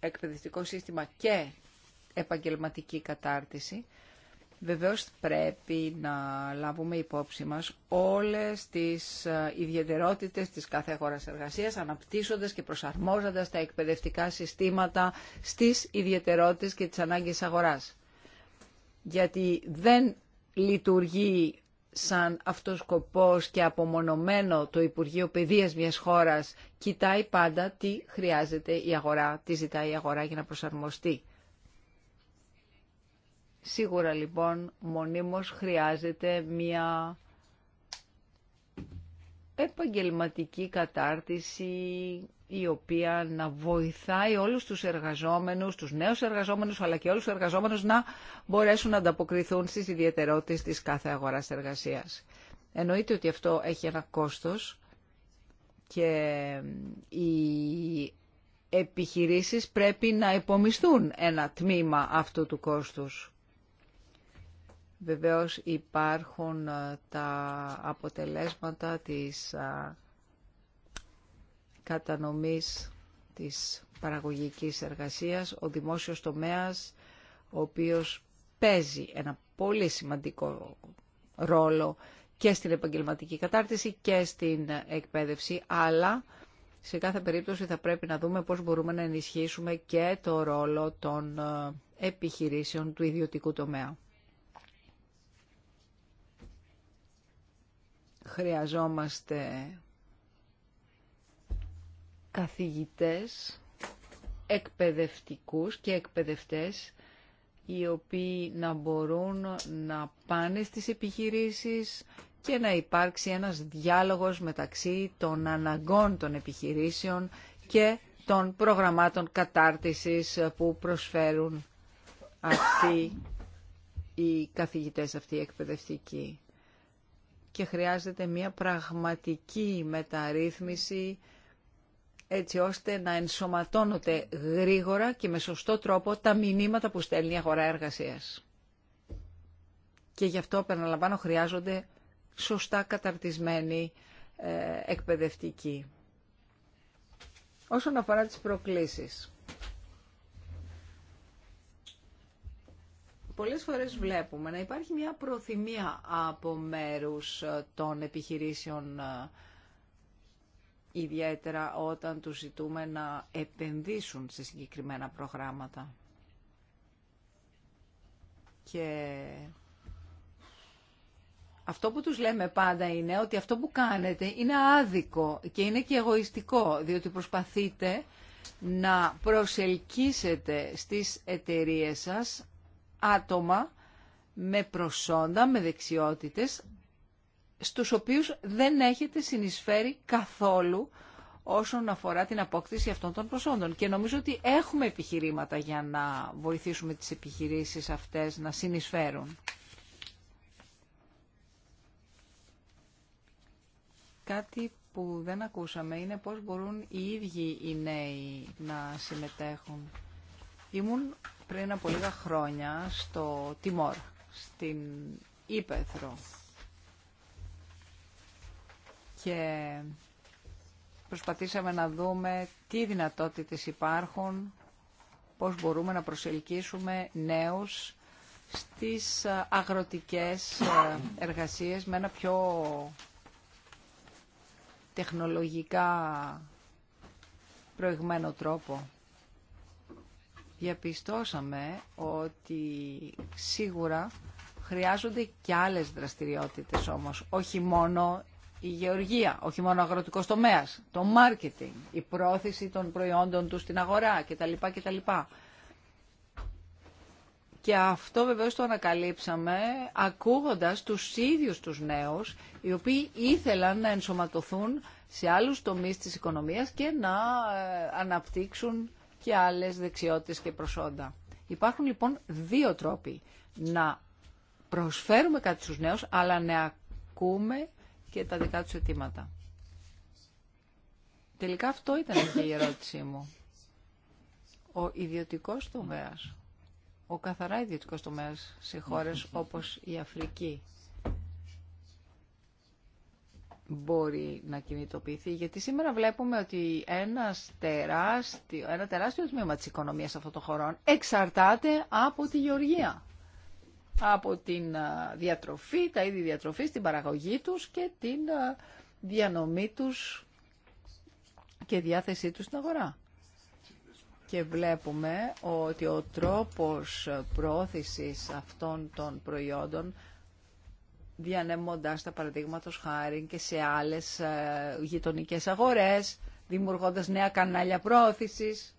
εκπαιδευτικό σύστημα και επαγγελματική κατάρτιση, Βεβαίως πρέπει να λάβουμε υπόψη μας όλες τις ε, ιδιαιτερότητες της κάθε χώρας εργασίας, αναπτύσσοντας και προσαρμόζοντας τα εκπαιδευτικά συστήματα στις ιδιαιτερότητες και τις ανάγκες αγοράς. Γιατί δεν λειτουργεί σαν αυτός σκοπός και απομονωμένο το Υπουργείο Παιδείας μιας χώρας, κοιτάει πάντα τι χρειάζεται η αγορά, τι ζητάει η αγορά για να προσαρμοστεί. Σίγουρα λοιπόν μονίμως χρειάζεται μια επαγγελματική κατάρτιση η οποία να βοηθάει όλους τους εργαζόμενους, τους νέους εργαζόμενους αλλά και όλους τους εργαζόμενους να μπορέσουν να ανταποκριθούν στις ιδιαιτερότητες της κάθε αγοράς εργασίας. Εννοείται ότι αυτό έχει ένα κόστος και οι επιχειρήσεις πρέπει να υπομισθούν ένα τμήμα αυτού του κόστους. Βεβαίως υπάρχουν ε, τα αποτελέσματα της κατανομής της παραγωγικής εργασίας, ο δημόσιος τομέας, ο οποίος παίζει ένα πολύ σημαντικό ρόλο και στην επαγγελματική κατάρτιση και στην εκπαίδευση, αλλά σε κάθε περίπτωση θα πρέπει να δούμε πώς μπορούμε να ενισχύσουμε και το ρόλο των ε, επιχειρήσεων του ιδιωτικού τομέα. χρειαζόμαστε καθηγητές, εκπαιδευτικούς και εκπαιδευτές οι οποίοι να μπορούν να πάνε στις επιχειρήσεις και να υπάρξει ένας διάλογος μεταξύ των αναγκών των επιχειρήσεων και των προγραμμάτων κατάρτισης που προσφέρουν αυτοί οι καθηγητές, αυτοί οι εκπαιδευτικοί και χρειάζεται μια πραγματική μεταρρύθμιση έτσι ώστε να ενσωματώνονται γρήγορα και με σωστό τρόπο τα μηνύματα που στέλνει η αγορά εργασίας. Και γι' αυτό, επαναλαμβάνω, χρειάζονται σωστά καταρτισμένοι ε, εκπαιδευτικοί. Όσον αφορά τις προκλήσεις, πολλές φορές βλέπουμε να υπάρχει μια προθυμία από μέρους ε, των επιχειρήσεων ε, ιδιαίτερα όταν τους ζητούμε να επενδύσουν σε συγκεκριμένα προγράμματα. Και αυτό που τους λέμε πάντα είναι ότι αυτό που κάνετε είναι άδικο και είναι και εγωιστικό, διότι προσπαθείτε να προσελκύσετε στις εταιρείες σας άτομα με προσόντα, με δεξιότητες, στους οποίους δεν έχετε συνεισφέρει καθόλου όσον αφορά την απόκτηση αυτών των προσόντων. Και νομίζω ότι έχουμε επιχειρήματα για να βοηθήσουμε τις επιχειρήσεις αυτές να συνεισφέρουν. Κάτι που δεν ακούσαμε είναι πώς μπορούν οι ίδιοι οι νέοι να συμμετέχουν. Ήμουν πριν από λίγα χρόνια στο Τιμόρ, στην Ήπεθρο. Και προσπαθήσαμε να δούμε τι δυνατότητες υπάρχουν, πώς μπορούμε να προσελκύσουμε νέους στις αγροτικές εργασίες με ένα πιο τεχνολογικά προηγμένο τρόπο διαπιστώσαμε ότι σίγουρα χρειάζονται και άλλες δραστηριότητες όμως, όχι μόνο η γεωργία, όχι μόνο ο αγροτικός τομέας, το μάρκετινγκ, η πρόθεση των προϊόντων του στην αγορά κτλ. κτλ. Και αυτό βεβαίως το ανακαλύψαμε ακούγοντας τους ίδιους τους νέους, οι οποίοι ήθελαν να ενσωματωθούν σε άλλους τομείς της οικονομίας και να ε, αναπτύξουν και άλλες δεξιότητες και προσόντα. Υπάρχουν λοιπόν δύο τρόποι να προσφέρουμε κάτι στους νέους, αλλά να ακούμε και τα δικά τους αιτήματα. Τελικά αυτό ήταν και η ερώτησή μου. Ο ιδιωτικός τομέας, ο καθαρά ιδιωτικός τομέας σε χώρες όπως η Αφρική, μπορεί να κινητοποιηθεί. Γιατί σήμερα βλέπουμε ότι ένας τεράστιο, ένα τεράστιο τμήμα της οικονομίας αυτών των χωρών εξαρτάται από τη γεωργία. Από την διατροφή, τα είδη διατροφής, την παραγωγή τους και την διανομή τους και διάθεσή τους στην αγορά. Και βλέπουμε ότι ο τρόπος πρόθεσης αυτών των προϊόντων διανέμοντάς τα παραδείγματο χάρη και σε άλλες ε, γειτονικές αγορές, δημιουργώντας νέα κανάλια πρόθεσης.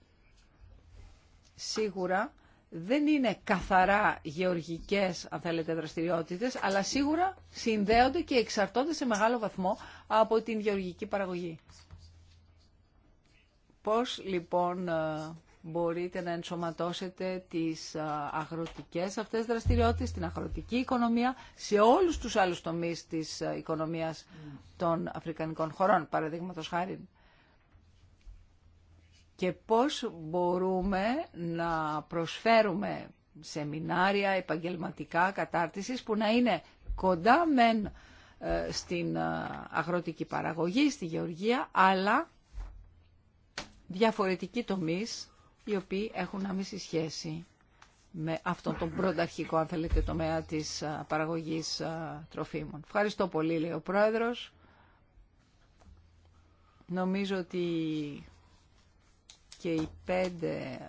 Σίγουρα δεν είναι καθαρά γεωργικές, αν θέλετε, δραστηριότητες, αλλά σίγουρα συνδέονται και εξαρτώνται σε μεγάλο βαθμό από την γεωργική παραγωγή. Πώς λοιπόν ε, μπορείτε να ενσωματώσετε τις αγροτικές αυτές δραστηριότητες, την αγροτική οικονομία, σε όλους τους άλλους τομείς της οικονομίας των αφρικανικών χωρών, παραδείγματο χάρη. Και πώς μπορούμε να προσφέρουμε σεμινάρια επαγγελματικά κατάρτισης που να είναι κοντά μεν ε, στην αγροτική παραγωγή, στη γεωργία, αλλά διαφορετική τομείς οι οποίοι έχουν άμεση σχέση με αυτόν τον πρωταρχικό, αν θέλετε, τομέα της παραγωγής τροφίμων. Ευχαριστώ πολύ, λέει ο Πρόεδρος. Νομίζω ότι και οι πέντε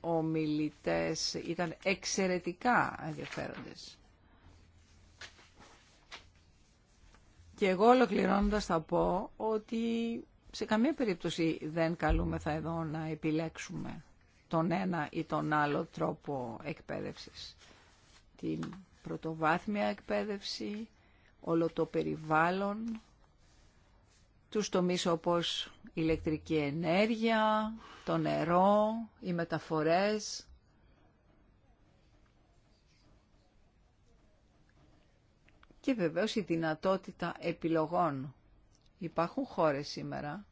ομιλητές ήταν εξαιρετικά ενδιαφέροντες. Και εγώ ολοκληρώνοντας θα πω ότι σε καμία περίπτωση δεν καλούμεθα εδώ να επιλέξουμε τον ένα ή τον άλλο τρόπο εκπαίδευσης. Την πρωτοβάθμια εκπαίδευση, όλο το περιβάλλον, τους τομείς όπως ηλεκτρική ενέργεια, το νερό, οι μεταφορές. Και βεβαίως η δυνατότητα επιλογών Υπάρχουν χώρες σήμερα,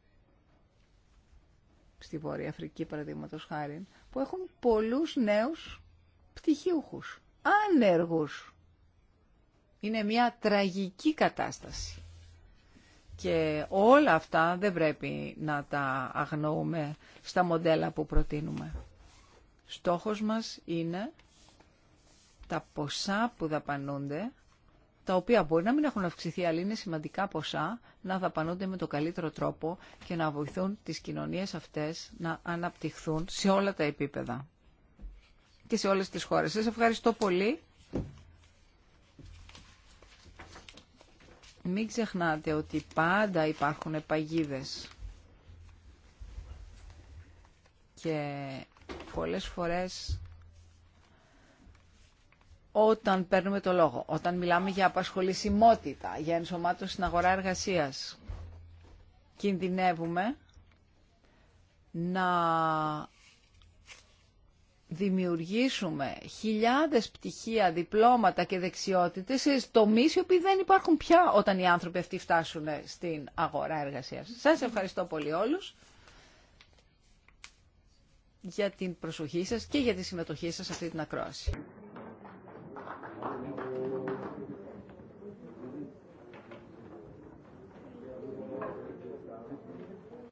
στη Βόρεια Αφρική παραδείγματος χάρη, που έχουν πολλούς νέους πτυχιούχους, άνεργους. Είναι μια τραγική κατάσταση. Και όλα αυτά δεν πρέπει να τα αγνοούμε στα μοντέλα που προτείνουμε. Στόχος μας είναι τα ποσά που δαπανούνται τα οποία μπορεί να μην έχουν αυξηθεί, αλλά είναι σημαντικά ποσά, να δαπανούνται με το καλύτερο τρόπο και να βοηθούν τις κοινωνίες αυτές να αναπτυχθούν σε όλα τα επίπεδα και σε όλες τις χώρες. Σας ευχαριστώ πολύ. Μην ξεχνάτε ότι πάντα υπάρχουν παγίδες και πολλές φορές όταν παίρνουμε το λόγο, όταν μιλάμε για απασχολησιμότητα, για ενσωμάτωση στην αγορά εργασίας, κινδυνεύουμε να δημιουργήσουμε χιλιάδες πτυχία, διπλώματα και δεξιότητες σε τομείς οι οποίοι δεν υπάρχουν πια όταν οι άνθρωποι αυτοί φτάσουν στην αγορά εργασίας. Σας ευχαριστώ πολύ όλους για την προσοχή σας και για τη συμμετοχή σας σε αυτή την ακρόαση.